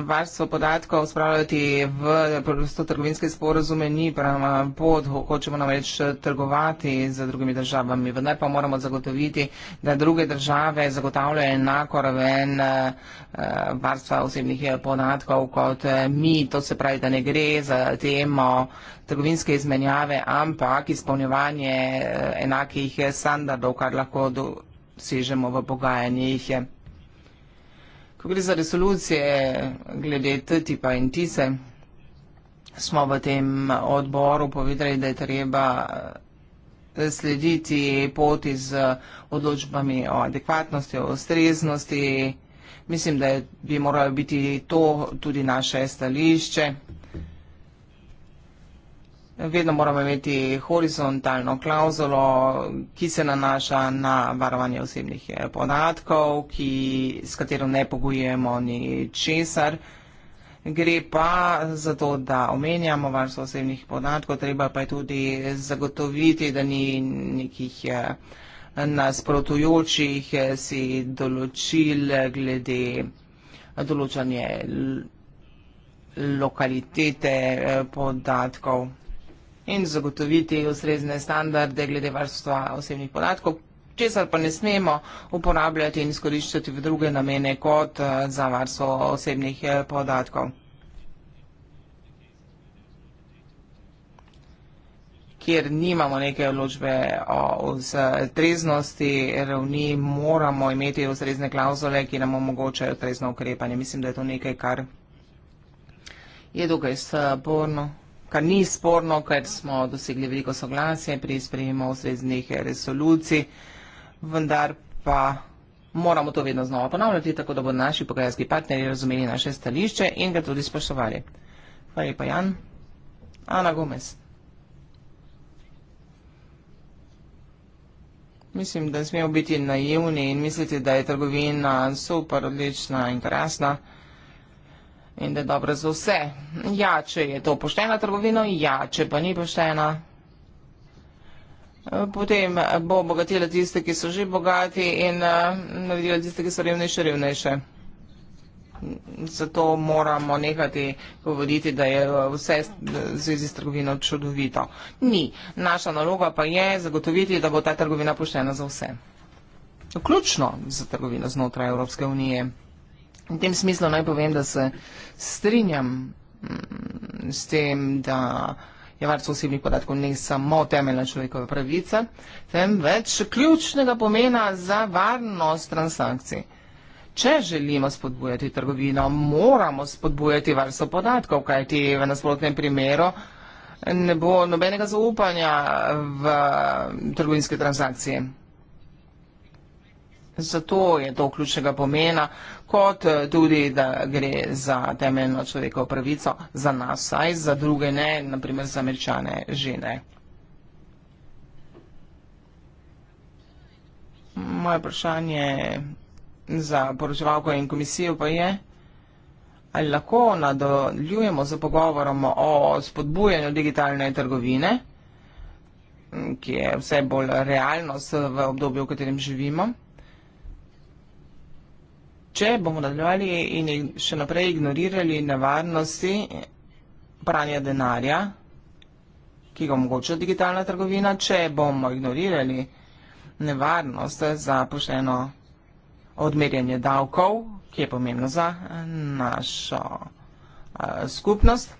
varstvo podatkov spravljati v prosto trgovinske sporozume ni prava pot, hočemo nam reč trgovati z drugimi državami, vendar pa moramo zagotoviti, da druge države zagotavljajo enako raven eh, varstva osebnih eh, podatkov kot eh, mi, to se pravi, da ne gre za temo trgovinske izmenjave, ampak izpolnjevanje enakih standardov, kar lahko sežemo v pogajanjih. Ko gre za resolucije glede TTIP-a in TISE, smo v tem odboru povedali, da je treba eh, slediti poti z odločbami o adekvatnosti, o ustreznosti. Mislim, da bi moralo biti to tudi naše stališče vedno moramo imeti horizontalno klauzulo, ki se nanaša na varovanje osebnih eh, podatkov, ki, s katero ne pogujemo ni česar. Gre pa za to, da omenjamo varstvo osebnih podatkov, treba pa je tudi zagotoviti, da ni nekih eh, nasprotujočih eh, si določil glede določanje lokalitete podatkov in zagotoviti ustrezne standarde glede varstva osebnih podatkov, česar pa ne smemo uporabljati in izkoriščati v druge namene kot eh, za varstvo osebnih eh, podatkov. kjer nimamo neke odločbe o treznosti ravni, moramo imeti ustrezne klauzole, ki nam omogočajo trezno ukrepanje. Mislim, da je to nekaj, kar je dokaj sporno kar ni sporno, ker smo dosegli veliko soglasje pri sprejemu ustreznih resolucij, vendar pa moramo to vedno znova ponavljati, tako da bodo naši pogajalski partnerji razumeli naše stališče in ga tudi spoštovali. Hvala lepa, Jan. Ana Gomez. Mislim, da smemo biti naivni in misliti, da je trgovina super, odlična in krasna in da je dobro za vse. Ja, če je to poštena trgovina, ja, če pa ni poštena. Eh, potem eh, bo bogatila tiste, ki so že bogati in eh, naredila tiste, ki so revnejše, revnejše. Zato moramo nekati povoditi, da je vse v zvezi s trgovino čudovito. Ni. Naša naloga pa je zagotoviti, da bo ta trgovina poštena za vse. Vključno za trgovino znotraj Evropske unije. V tem smislu naj povem, da se strinjam mm, s tem, da je varstvo osebnih podatkov ne samo temeljna človekova pravica, temveč ključnega pomena za varnost transakcij. Če želimo spodbujati trgovino, moramo spodbujati varstvo podatkov, kajti v nasprotnem primeru ne bo nobenega zaupanja v trgovinske transakcije. Zato je to ključnega pomena, kot eh, tudi, da gre za temeljno človekovo pravico, za nas vsaj, za druge ne, naprimer za američane že ne. Moje vprašanje za poročevalko in komisijo pa je, ali lahko nadaljujemo za pogovorom o spodbujanju digitalne trgovine, ki je vse bolj realnost v obdobju, v katerem živimo. Če bomo nadaljevali in še naprej ignorirali nevarnosti pranja denarja, ki ga omogoča digitalna trgovina, če bomo ignorirali nevarnost za pošteno odmerjanje davkov, ki je pomembno za našo uh, skupnost,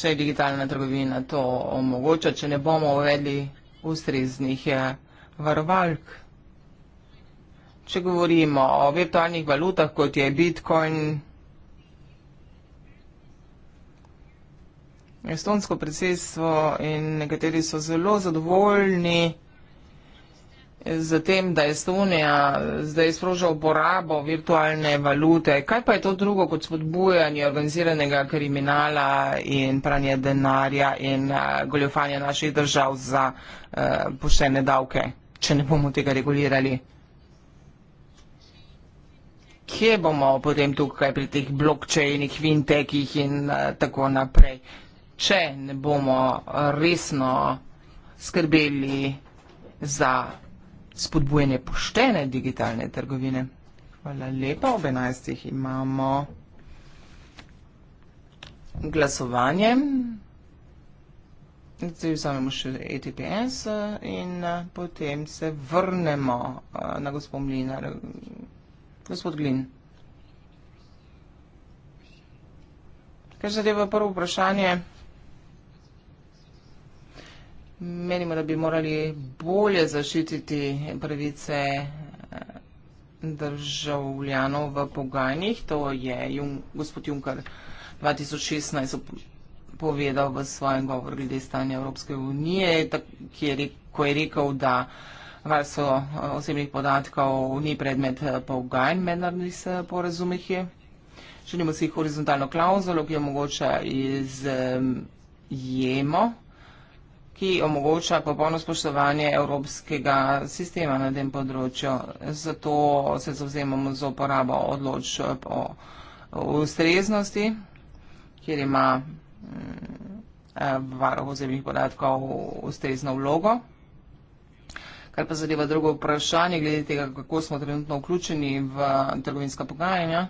če digitalna trgovina to omogoča, če ne bomo uvedli ustreznih uh, varovalk. Če govorimo o virtualnih valutah, kot je Bitcoin, estonsko predsedstvo in nekateri so zelo zadovoljni z tem, da Estonija zdaj sproža uporabo virtualne valute. Kaj pa je to drugo kot spodbujanje organiziranega kriminala in pranje denarja in eh, goljofanje naših držav za uh, poštene davke? če ne bomo tega regulirali. Kje bomo potem tukaj pri teh blockchainih, fintechih in uh, tako naprej, če ne bomo resno skrbeli za spodbujanje poštene digitalne trgovine? Hvala lepa. Ob 11. imamo glasovanje. Zdaj vzamemo še ATPS e eh, in eh, potem se vrnemo eh, na gospod Mlinar. Gospod Glin. Kaj zadeva prvo vprašanje? Menimo, da bi morali bolje zaščititi pravice državljanov v pogajanjih. To je gospod Junkar 2016 upravljal povedal v svojem govoru glede stanja Evropske unije, ki je rekel, ko je rekel, da varstvo eh, osebnih podatkov ni predmet eh, pogajanj mednarodnih eh, porazumih. Želimo si horizontalno klauzulo, ki omogoča izjemo, ki omogoča popolno spoštovanje evropskega sistema na tem področju. Zato se zavzemamo za uporabo odločb o ustreznosti, kjer ima varuh eh, osebnih podatkov ustrezno vlogo. Kar pa zadeva drugo vprašanje, glede tega, kako smo trenutno vključeni v trgovinska pogajanja.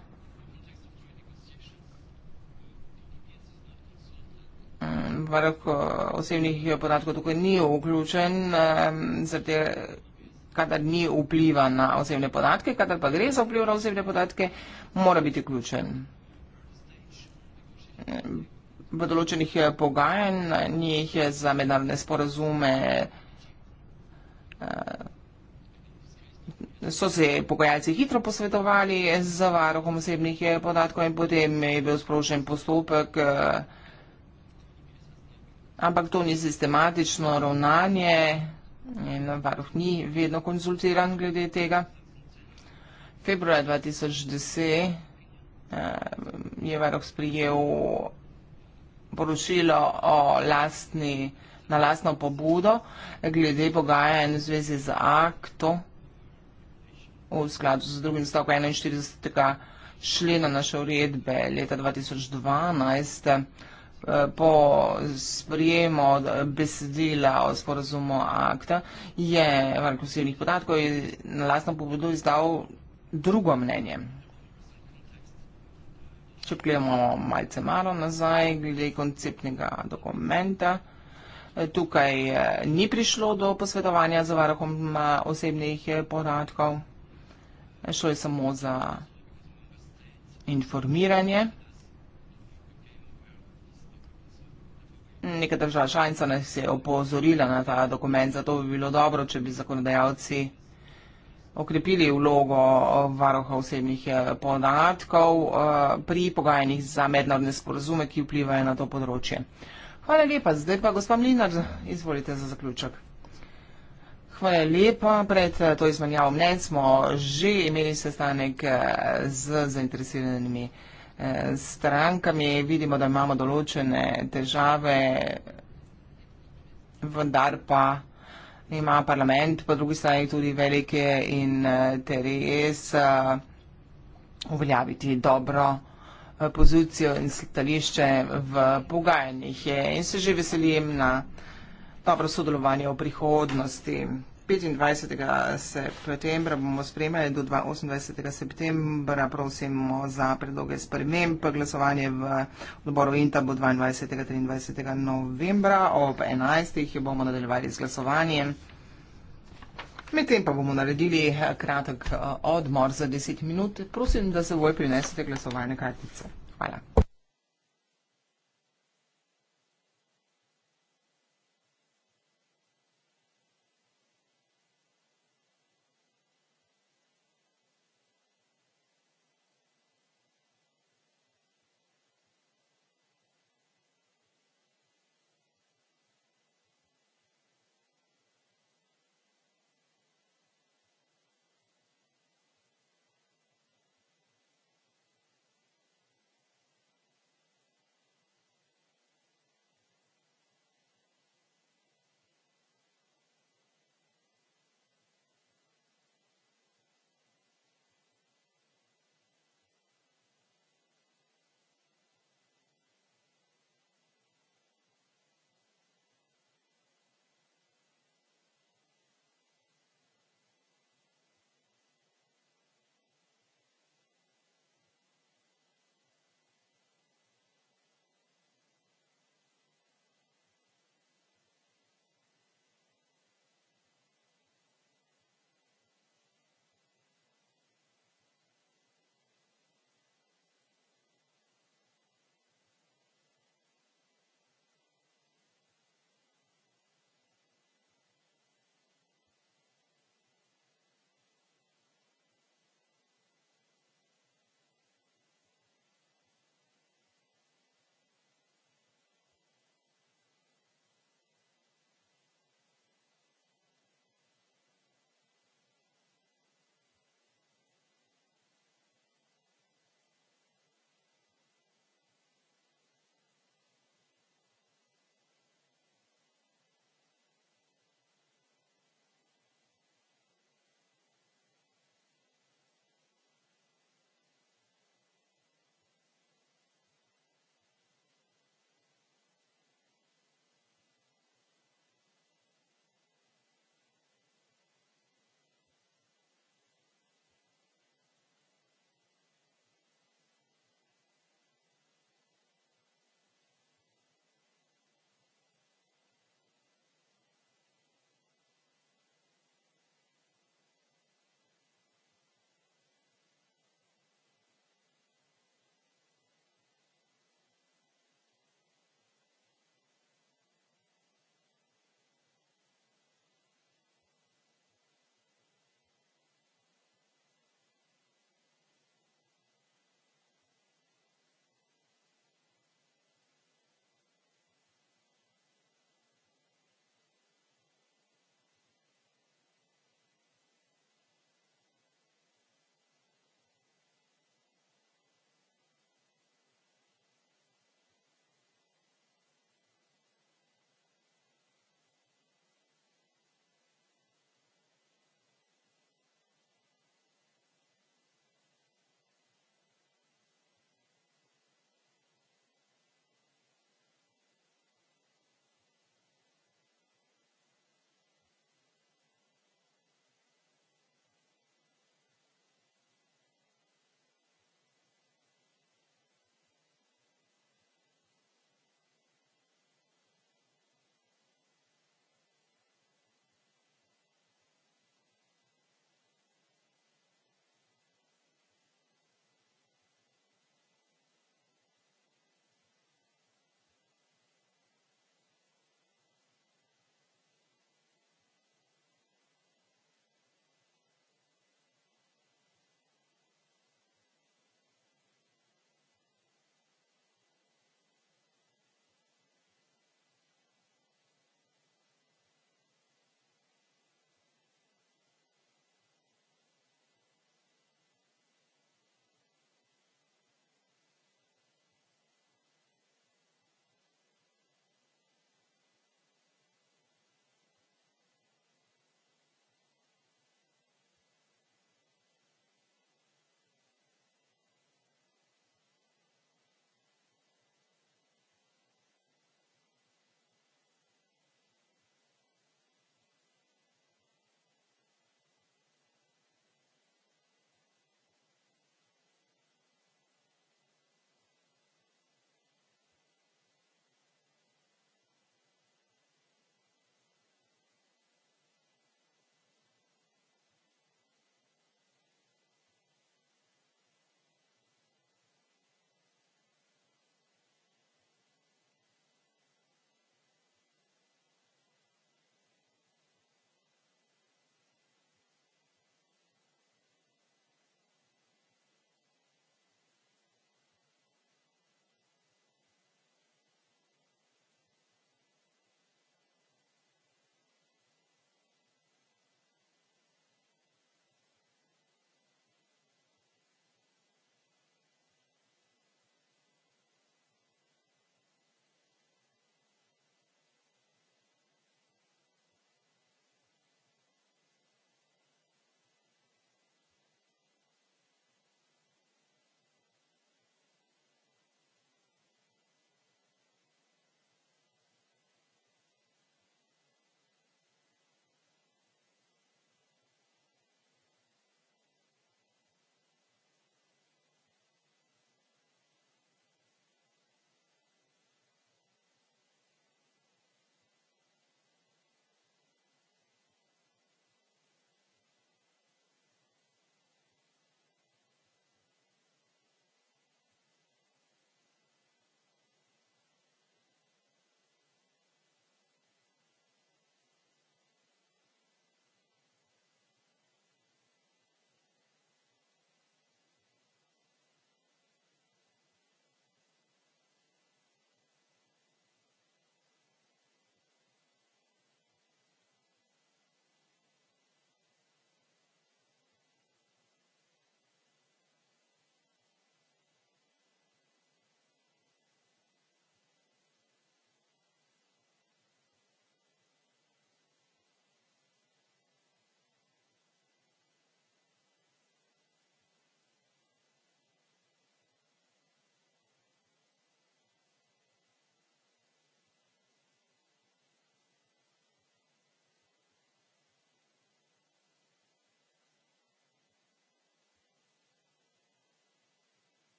Mm, varuh eh, osebnih podatkov tukaj ni vključen, kadar ni vpliva na osebne podatke, kadar pa gre za vpliv na osebne podatke, mora biti vključen v določenih eh, pogajanjih za mednarodne sporazume eh, so se pogajalci hitro posvetovali z varohom osebnih eh, podatkov in potem je bil sprožen postopek, ampak to ni sistematično ravnanje in varoh ni vedno konzultiran glede tega. Februar 2010 je varoh sprijel vsega, poročilo o lastni, na lastno pobudo glede pogajanj v zvezi z akto v skladu z drugim stavko 41. člena naše uredbe leta 2012 eh, po sprejemu besedila o sporazumu akta je varko vseljnih podatkov na lastno pobudo izdal drugo mnenje. Če gledamo malce malo nazaj, glede konceptnega dokumenta, eh, tukaj eh, ni prišlo do posvetovanja z varohom eh, osebnih podatkov, šlo je samo za informiranje. Neka država članica nas je opozorila na ta dokument, zato bi bilo dobro, če bi zakonodajalci vsega, okrepili vlogo eh, varoha osebnih eh, podatkov eh, pri pogajanjih za mednarodne sporozume, ki vplivajo na to področje. Hvala lepa. Zdaj pa gospod Mlinar, izvolite za zaključek. Hvala lepa. Pred to izmenjavo mnen smo že imeli sestanek z zainteresiranimi strankami. Vidimo, da imamo določene težave, vendar pa ima parlament, po drugi strani tudi velike in teres eh, uveljaviti dobro eh, pozicijo in stališče v pogajanjih. In se že veselim na dobro sodelovanje v prihodnosti. 25. septembra bomo spremljali do 28. septembra, prosimo za predloge sprememb. Glasovanje v odboru INTA bo 22. 23. novembra, ob 11. bomo nadaljevali z glasovanjem. Medtem pa bomo naredili kratek eh, odmor za 10 minut. Prosim, da se voj prinesete glasovalne kartice. Hvala.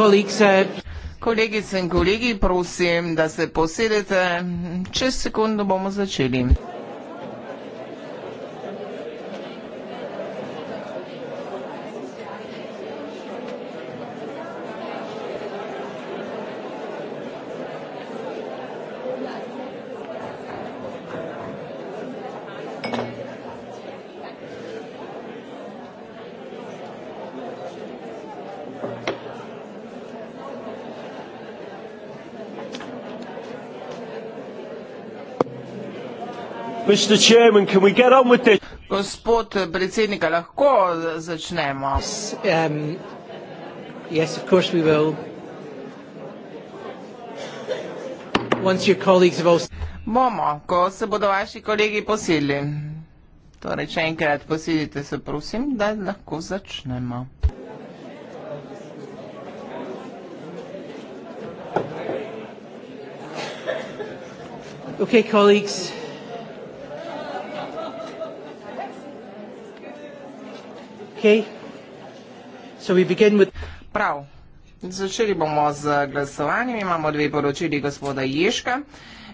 Uh, Kolegice in kolegi, prosim, da se posedete. Čez sekundu bomo začeli. Gospod predsednik, lahko začnemo? Um, yes, of course we will. Once your colleagues have all... Bomo, ko se bodo vaši kolegi posili. Torej, če enkrat posilite se, prosim, da lahko začnemo. Okay, colleagues, Prav. Začeli bomo z glasovanjem. Imamo dve poročili gospoda Ješka.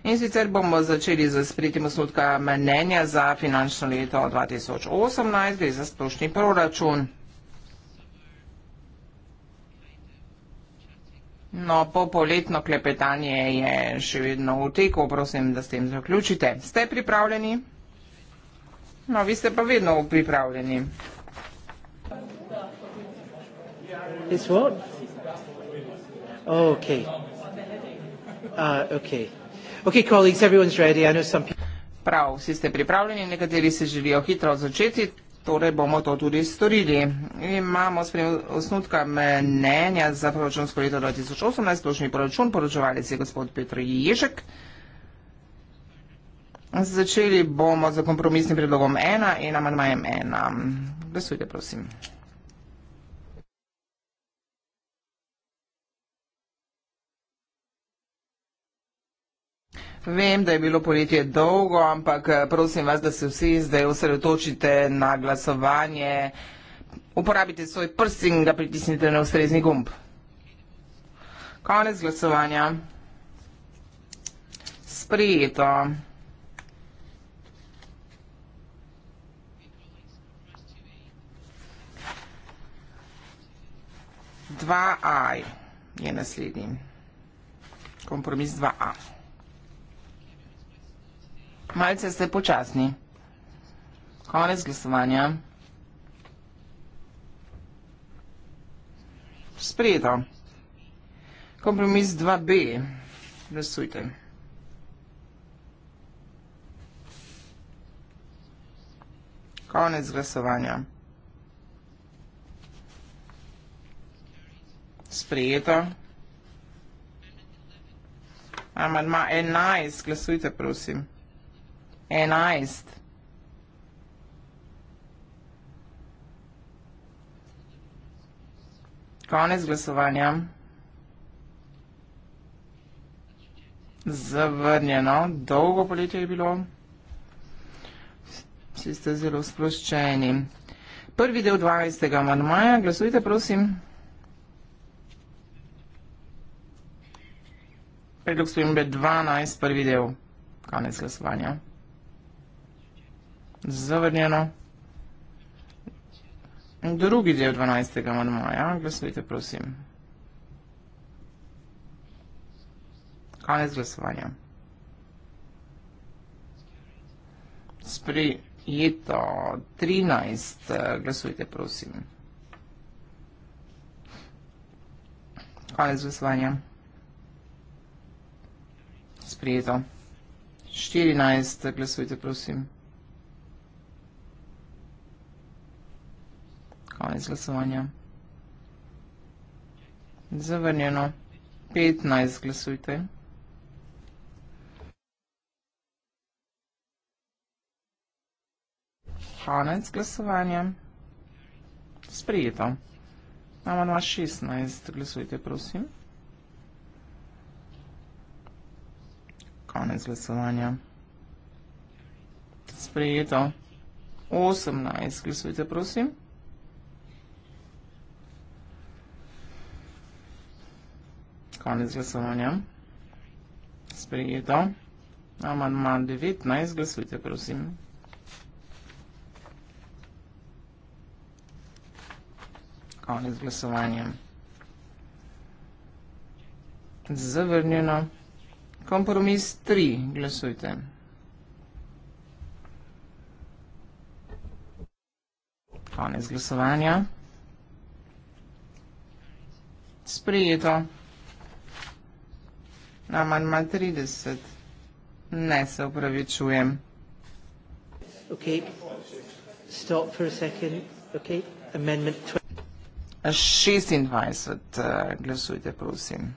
In sicer bomo začeli z spritim osnutka mnenja za finančno leto 2018, gre za splošni proračun. No, popoletno klepetanje je še vedno v teku, prosim, da s tem zaključite. Ste pripravljeni? No, vi ste pa vedno pripravljeni. It's what? Oh, okay. Uh, okay. Okay, colleagues, everyone's ready. I know some people. Prav, vsi ste pripravljeni, nekateri se želijo hitro začeti, torej bomo to tudi storili. Imamo spremljiv osnutka mnenja za proračunsko leto 2018, točni proračun, poročevalec je gospod Petro Ježek. Začeli bomo z kompromisnim predlogom 1 in amandmajem 1. Besujte, prosim. Vem, da je bilo poletje dolgo, ampak eh, prosim vas, da se vsi zdaj osredotočite na glasovanje. Uporabite svoj prst in ga pritisnite na ustrezni gumb. Konec glasovanja. Sprijeto. Dva aj je naslednji. Kompromis dva aj. Malce ste počasni. Konec glasovanja. Sprejeto. Kompromis 2B. Glasujte. Konec glasovanja. Sprejeto. Amadma 11. Glasujte, prosim. Sprejeto enajst. Konec glasovanja. Zavrnjeno, dolgo poletje je bilo. Vsi ste zelo sploščeni. Prvi del 12. manmaja, glasujte prosim. Predlog spremembe 12, prvi del, konec glasovanja. Zavrnjeno. Drugi del 12. manmaja. Glasujte, prosim. Kanec glasovanja. Sprejeto. 13. Glasujte, prosim. Kanec glasovanja. Sprejeto. 14. Glasujte, prosim. Sprejeto. konec glasovanja. Zavrnjeno. 15 glasujte. Konec glasovanja. Sprijeto. Namo 16 glasujte, prosim. Konec glasovanja. Sprijeto. 18 glasujte, prosim. Sprijeto. koniec głosowania. Sprejmy to. Amendment 19, głosujcie, prosim. Koniec głosowania. Zawrniono. Kompromis 3, głosujcie. Koniec głosowania. Sprejmy to. Na manj manj 30. Ne se upravičujem. Ok. Stop for a second. Ok. Amendment 26 eh, glasujte, prosim.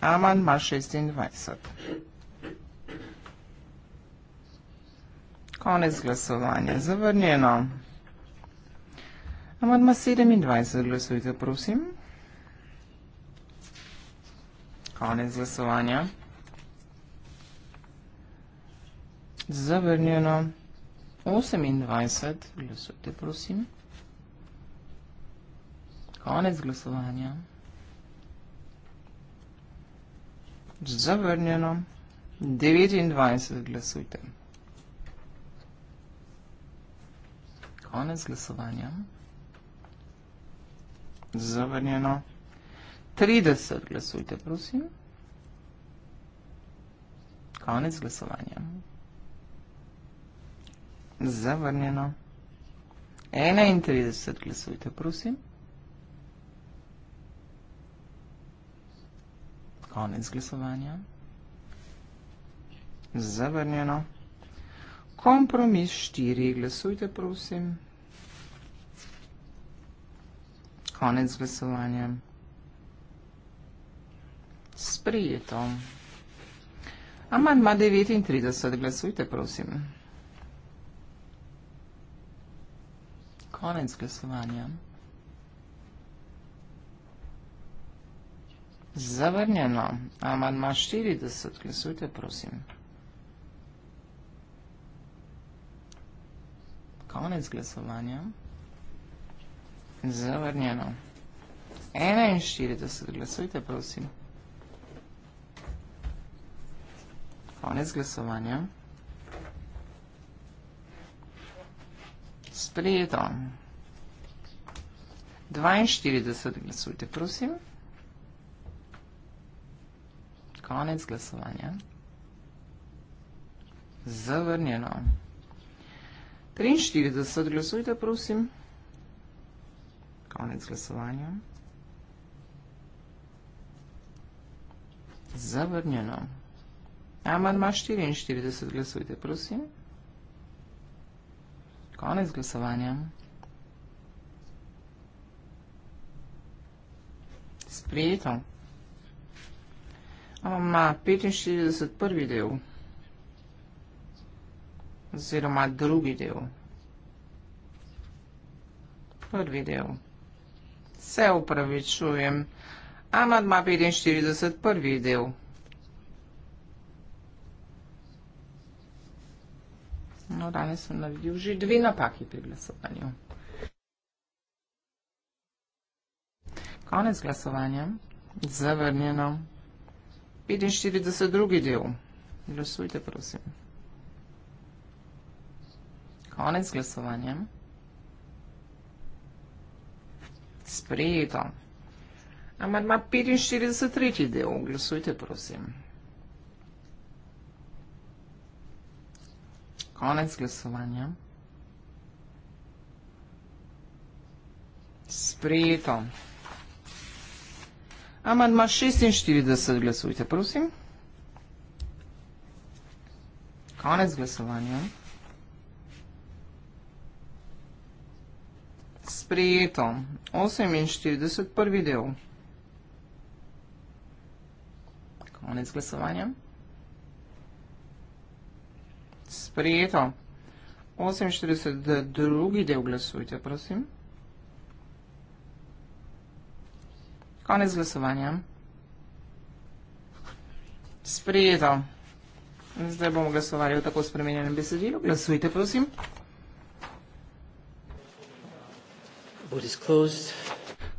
Aman ima 26. Konec glasovanja. Zavrnjeno. Aman ima 27 glasujte, prosim. Aman ima 27 glasujte, prosim. konec glasovanja. Zavrnjeno 28, glasujte prosim. Konec glasovanja. Zavrnjeno 29, glasujte. Konec glasovanja. Zavrnjeno 29. 30 glasujte, prosim. Konec glasovanja. Zavrnjeno. 31 glasujte, prosim. Konec glasovanja. Zavrnjeno. Kompromis 4 glasujte, prosim. Konec glasovanja. Konec glasovanja sprejeto. Amandma 39, glasujte, prosim. Konec glasovanja. Zavrnjeno. Amandma 40, glasujte, prosim. Konec glasovanja. Zavrnjeno. 41, glasujte, prosim. Zavrnjeno. Konec glasovanja. Sprejeto. 42 glasujte, prosim. Konec glasovanja. Zavrnjeno. 43 glasujte, prosim. Konec glasovanja. Zavrnjeno. Zavrnjeno. Amandma 44, glasujte, prosim. Konec glasovanja. Sprejeto. Amandma 45, prvi del. Oziroma drugi del. Prvi del. Se upravičujem. Amandma 45, prvi del. Prvi del. No, danes sem naredil že dve napaki pri glasovanju. Konec glasovanja. Zavrnjeno. 45. del. Glasujte, prosim. Konec glasovanja. Sprejeto. Amar ima 45. del. Glasujte, prosim. konec glasovanja. Sprejeto. Amand ima 46, glasujte, prosim. Konec glasovanja. Sprejeto. 48, prvi del. Konec glasovanja. Sprejeto. Sprejeto. 48. Drugi del glasujte, prosim. Konec glasovanja. Sprejeto. Zdaj bomo glasovali v tako spremenjenem besedilu. Glasujte, prosim.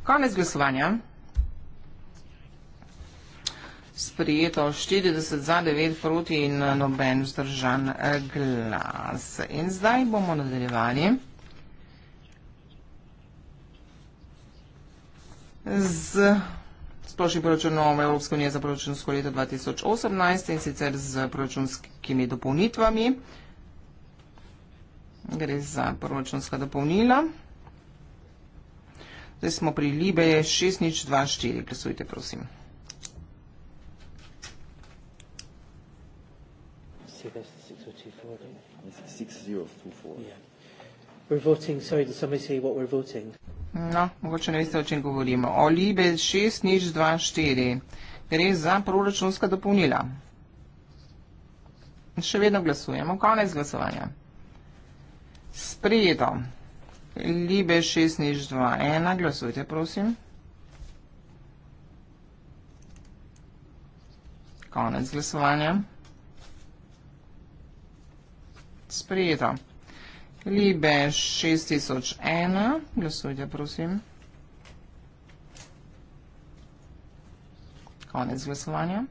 Konec glasovanja sprijeto 40 za 9 proti in eh, noben vzdržan eh, glas. In zdaj bomo nadaljevali z splošnim proračunom Evropske unije za proračunsko leto 2018 in sicer z proračunskimi dopolnitvami. Gre za proračunska dopolnila. Zdaj smo pri Libeje 6.24. Glasujte, prosim. see this, 6024. 6024. Yeah. We're voting, sorry, did somebody say what we're voting? No, mogoče ne veste, o čem govorimo. O Libe 6024. Gre za proračunska dopolnila. Še vedno glasujemo. Konec glasovanja. Sprejeto. Libe 6021. Glasujte, prosim. Konec glasovanja sprejeta. Libe 6001, glasujte prosim. Konec glasovanja.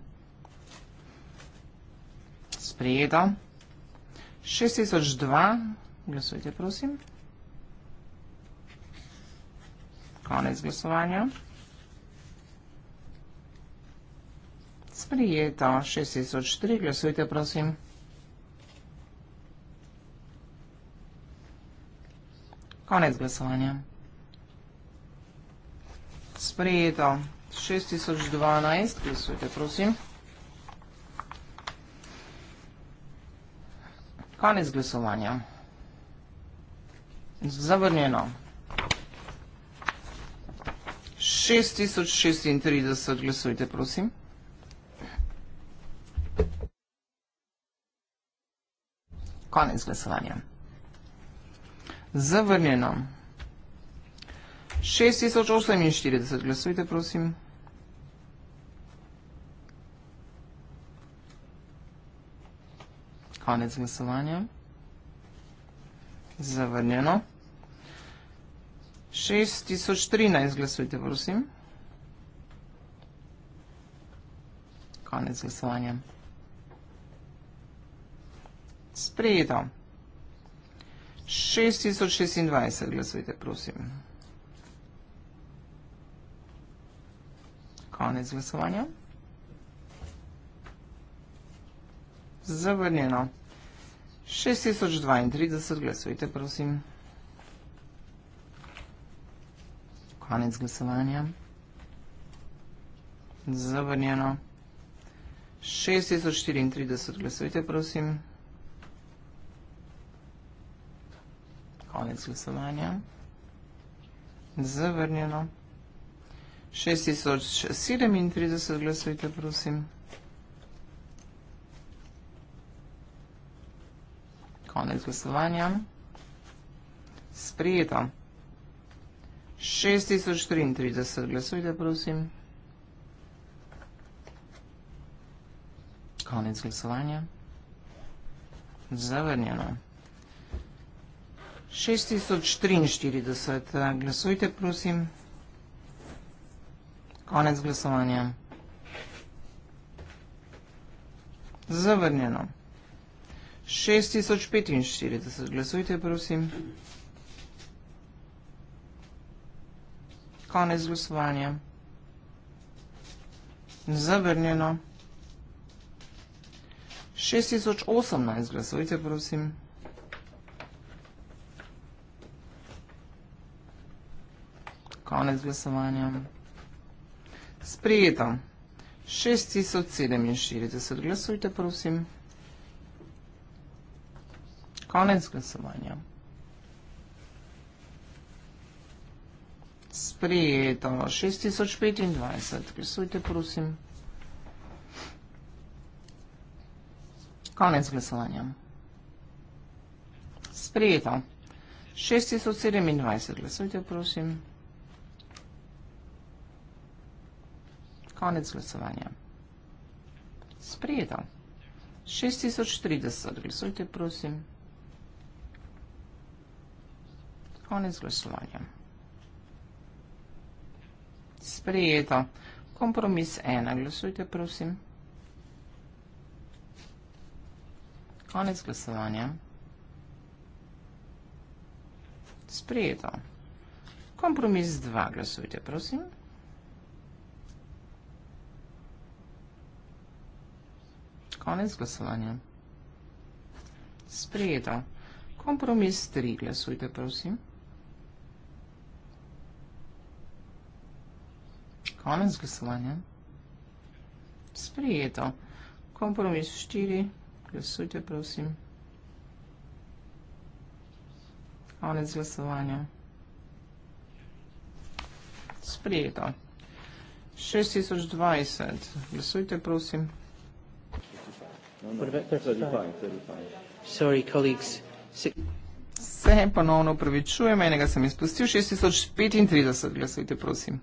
Sprejeta. 6002, glasujte prosim. Konec glasovanja. Sprijeto 6003, glasujte prosim. Konec glasovanja. Sprejeto. 6012. Glasujte, prosim. Konec glasovanja. Zavrnjeno. 6036. Glasujte, prosim. Konec glasovanja. Zavrnjena. 6048, glasujte, prosim. Konec glasovanja. Zavrnjeno. 6013, glasujte, prosim. Konec glasovanja. Sprejeto. 6014. 6026, glasujte, prosim. Konec glasovanja. Zavrnjeno. 6032, glasujte, prosim. Konec glasovanja. Zavrnjeno. 6034, glasujte, prosim. Zavrnjeno. 6034, glasujte, prosim. konec glasovanja. Zavrnjeno. 6037 glasujte, prosim. Konec glasovanja. Sprijeto. 6034 glasujte, prosim. Konec glasovanja. Zavrnjeno. 6038 glasujte, prosim. 6043. Glasujte, prosim. Konec glasovanja. Zavrnjeno. 6045. Glasujte, prosim. Konec glasovanja. Zavrnjeno. 6018. Glasujte, prosim. Zavrnjeno. konec glasovanja. Sprijeto. 6047. Glasujte, prosim. Konec glasovanja. Sprijeto. 6025. Glasujte, prosim. Konec glasovanja. Sprijeto. 6027. Glasujte, prosim. Sprijeto. 6027. Glasujte, prosim. konec glasovanja. Sprejeto. 6030. Glasujte, prosim. Konec glasovanja. Sprejeto. Kompromis 1. Glasujte, prosim. Konec glasovanja. Sprejeto. Kompromis 2. Glasujte, prosim. Konec glasovanja. Sprejeto. Kompromis 3. Glasujte, prosim. Konec glasovanja. Sprejeto. Kompromis 4. Glasujte, prosim. Konec glasovanja. Sprejeto. 6020. Glasujte, prosim. Sprejeto. No, no, What about 35? Sorry, colleagues. Se ponovno upravičujem, enega sem izpustil, 6035 glasujte, prosim.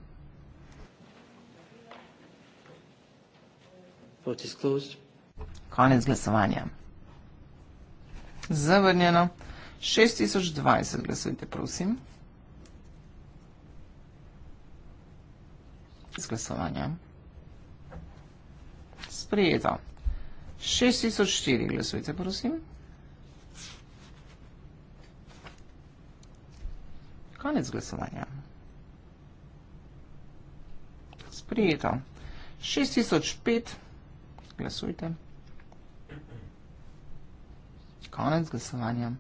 Konec glasovanja. Zavrnjeno. 6020 glasujte, prosim. Z glasovanja. Sprijeto. 6004, glasujte, prosim. Konec glasovanja. Sprijeto. 6005, glasujte. Konec glasovanja.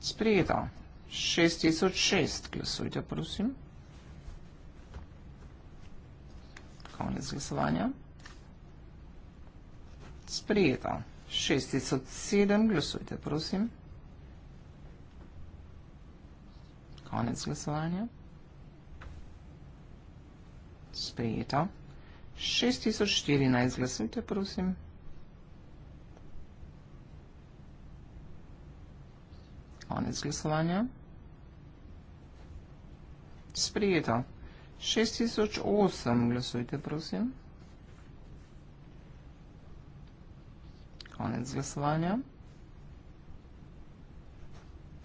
Sprijeto. 6006, glasujte, prosim. Konec glasovanja. Sprijeto sprejeta. 607, glasujte, prosim. Konec glasovanja. Sprejeta. 6014, glasujte, prosim. Konec glasovanja. Sprejeta. 6008, glasujte, prosim. 6008, glasujte, prosim. Konec glasovanja.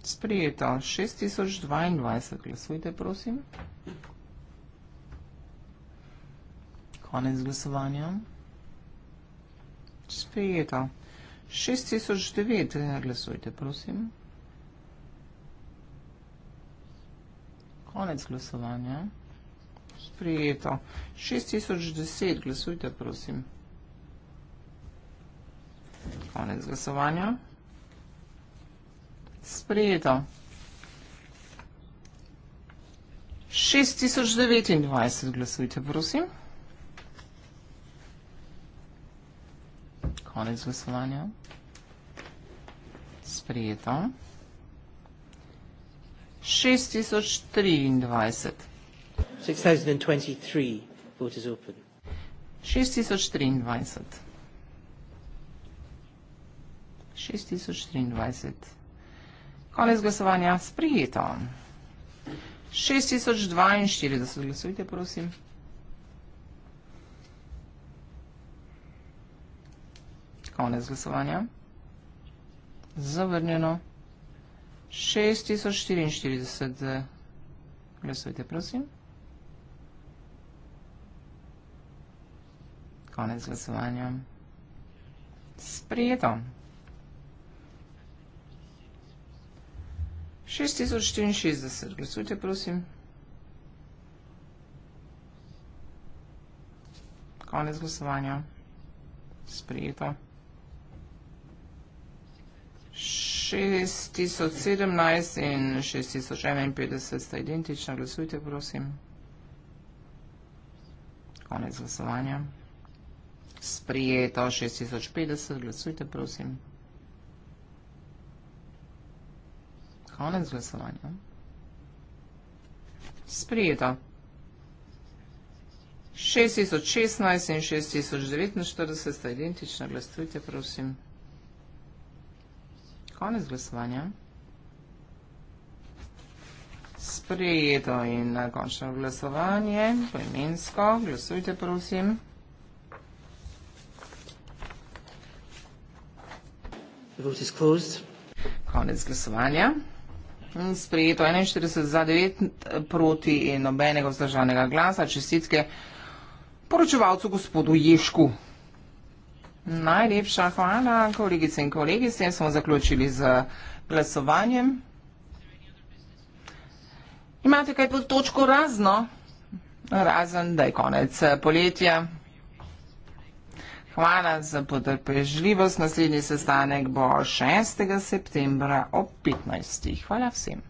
Sprijeto 6022. Glasujte, prosim. Konec glasovanja. Sprijeto 6009. Glasujte, prosim. Konec glasovanja. Sprijeto 6010. Glasujte, prosim. Glasujte, prosim. Konec glasovanja. Sprejeto. 6029 glasujte, prosim. Konec glasovanja. Sprejeto. 6023. 6023. 6023. 6023. Konec glasovanja sprijeto. 6042, glasujte, prosim. Konec glasovanja. Zavrnjeno. 6044, glasujte, prosim. Konec glasovanja. Sprijeto. 6064, glasujte prosim. Konec glasovanja. Sprejeto. 6017 in 6051 sta identična, glasujte prosim. Konec glasovanja. Sprijeto 6050, glasujte prosim. konec glasovanja. Sprijeta. 6016 in 6049 sta identična, glasujte, prosim. Konec glasovanja. Sprijeto in končno glasovanje, poimensko, glasujte, prosim. Konec glasovanja. Konec glasovanja sprejeto 41 za 9 proti in nobenega vzdržanega glasa. Čestitke poročevalcu gospodu Ješku. Najlepša hvala, kolegice in kolegi. S tem smo zaključili z glasovanjem. Imate kaj pod točko razno? Razen, da je konec poletja hvala za potrpežljivost. Naslednji sestanek bo 6. septembra ob 15. Hvala vsem.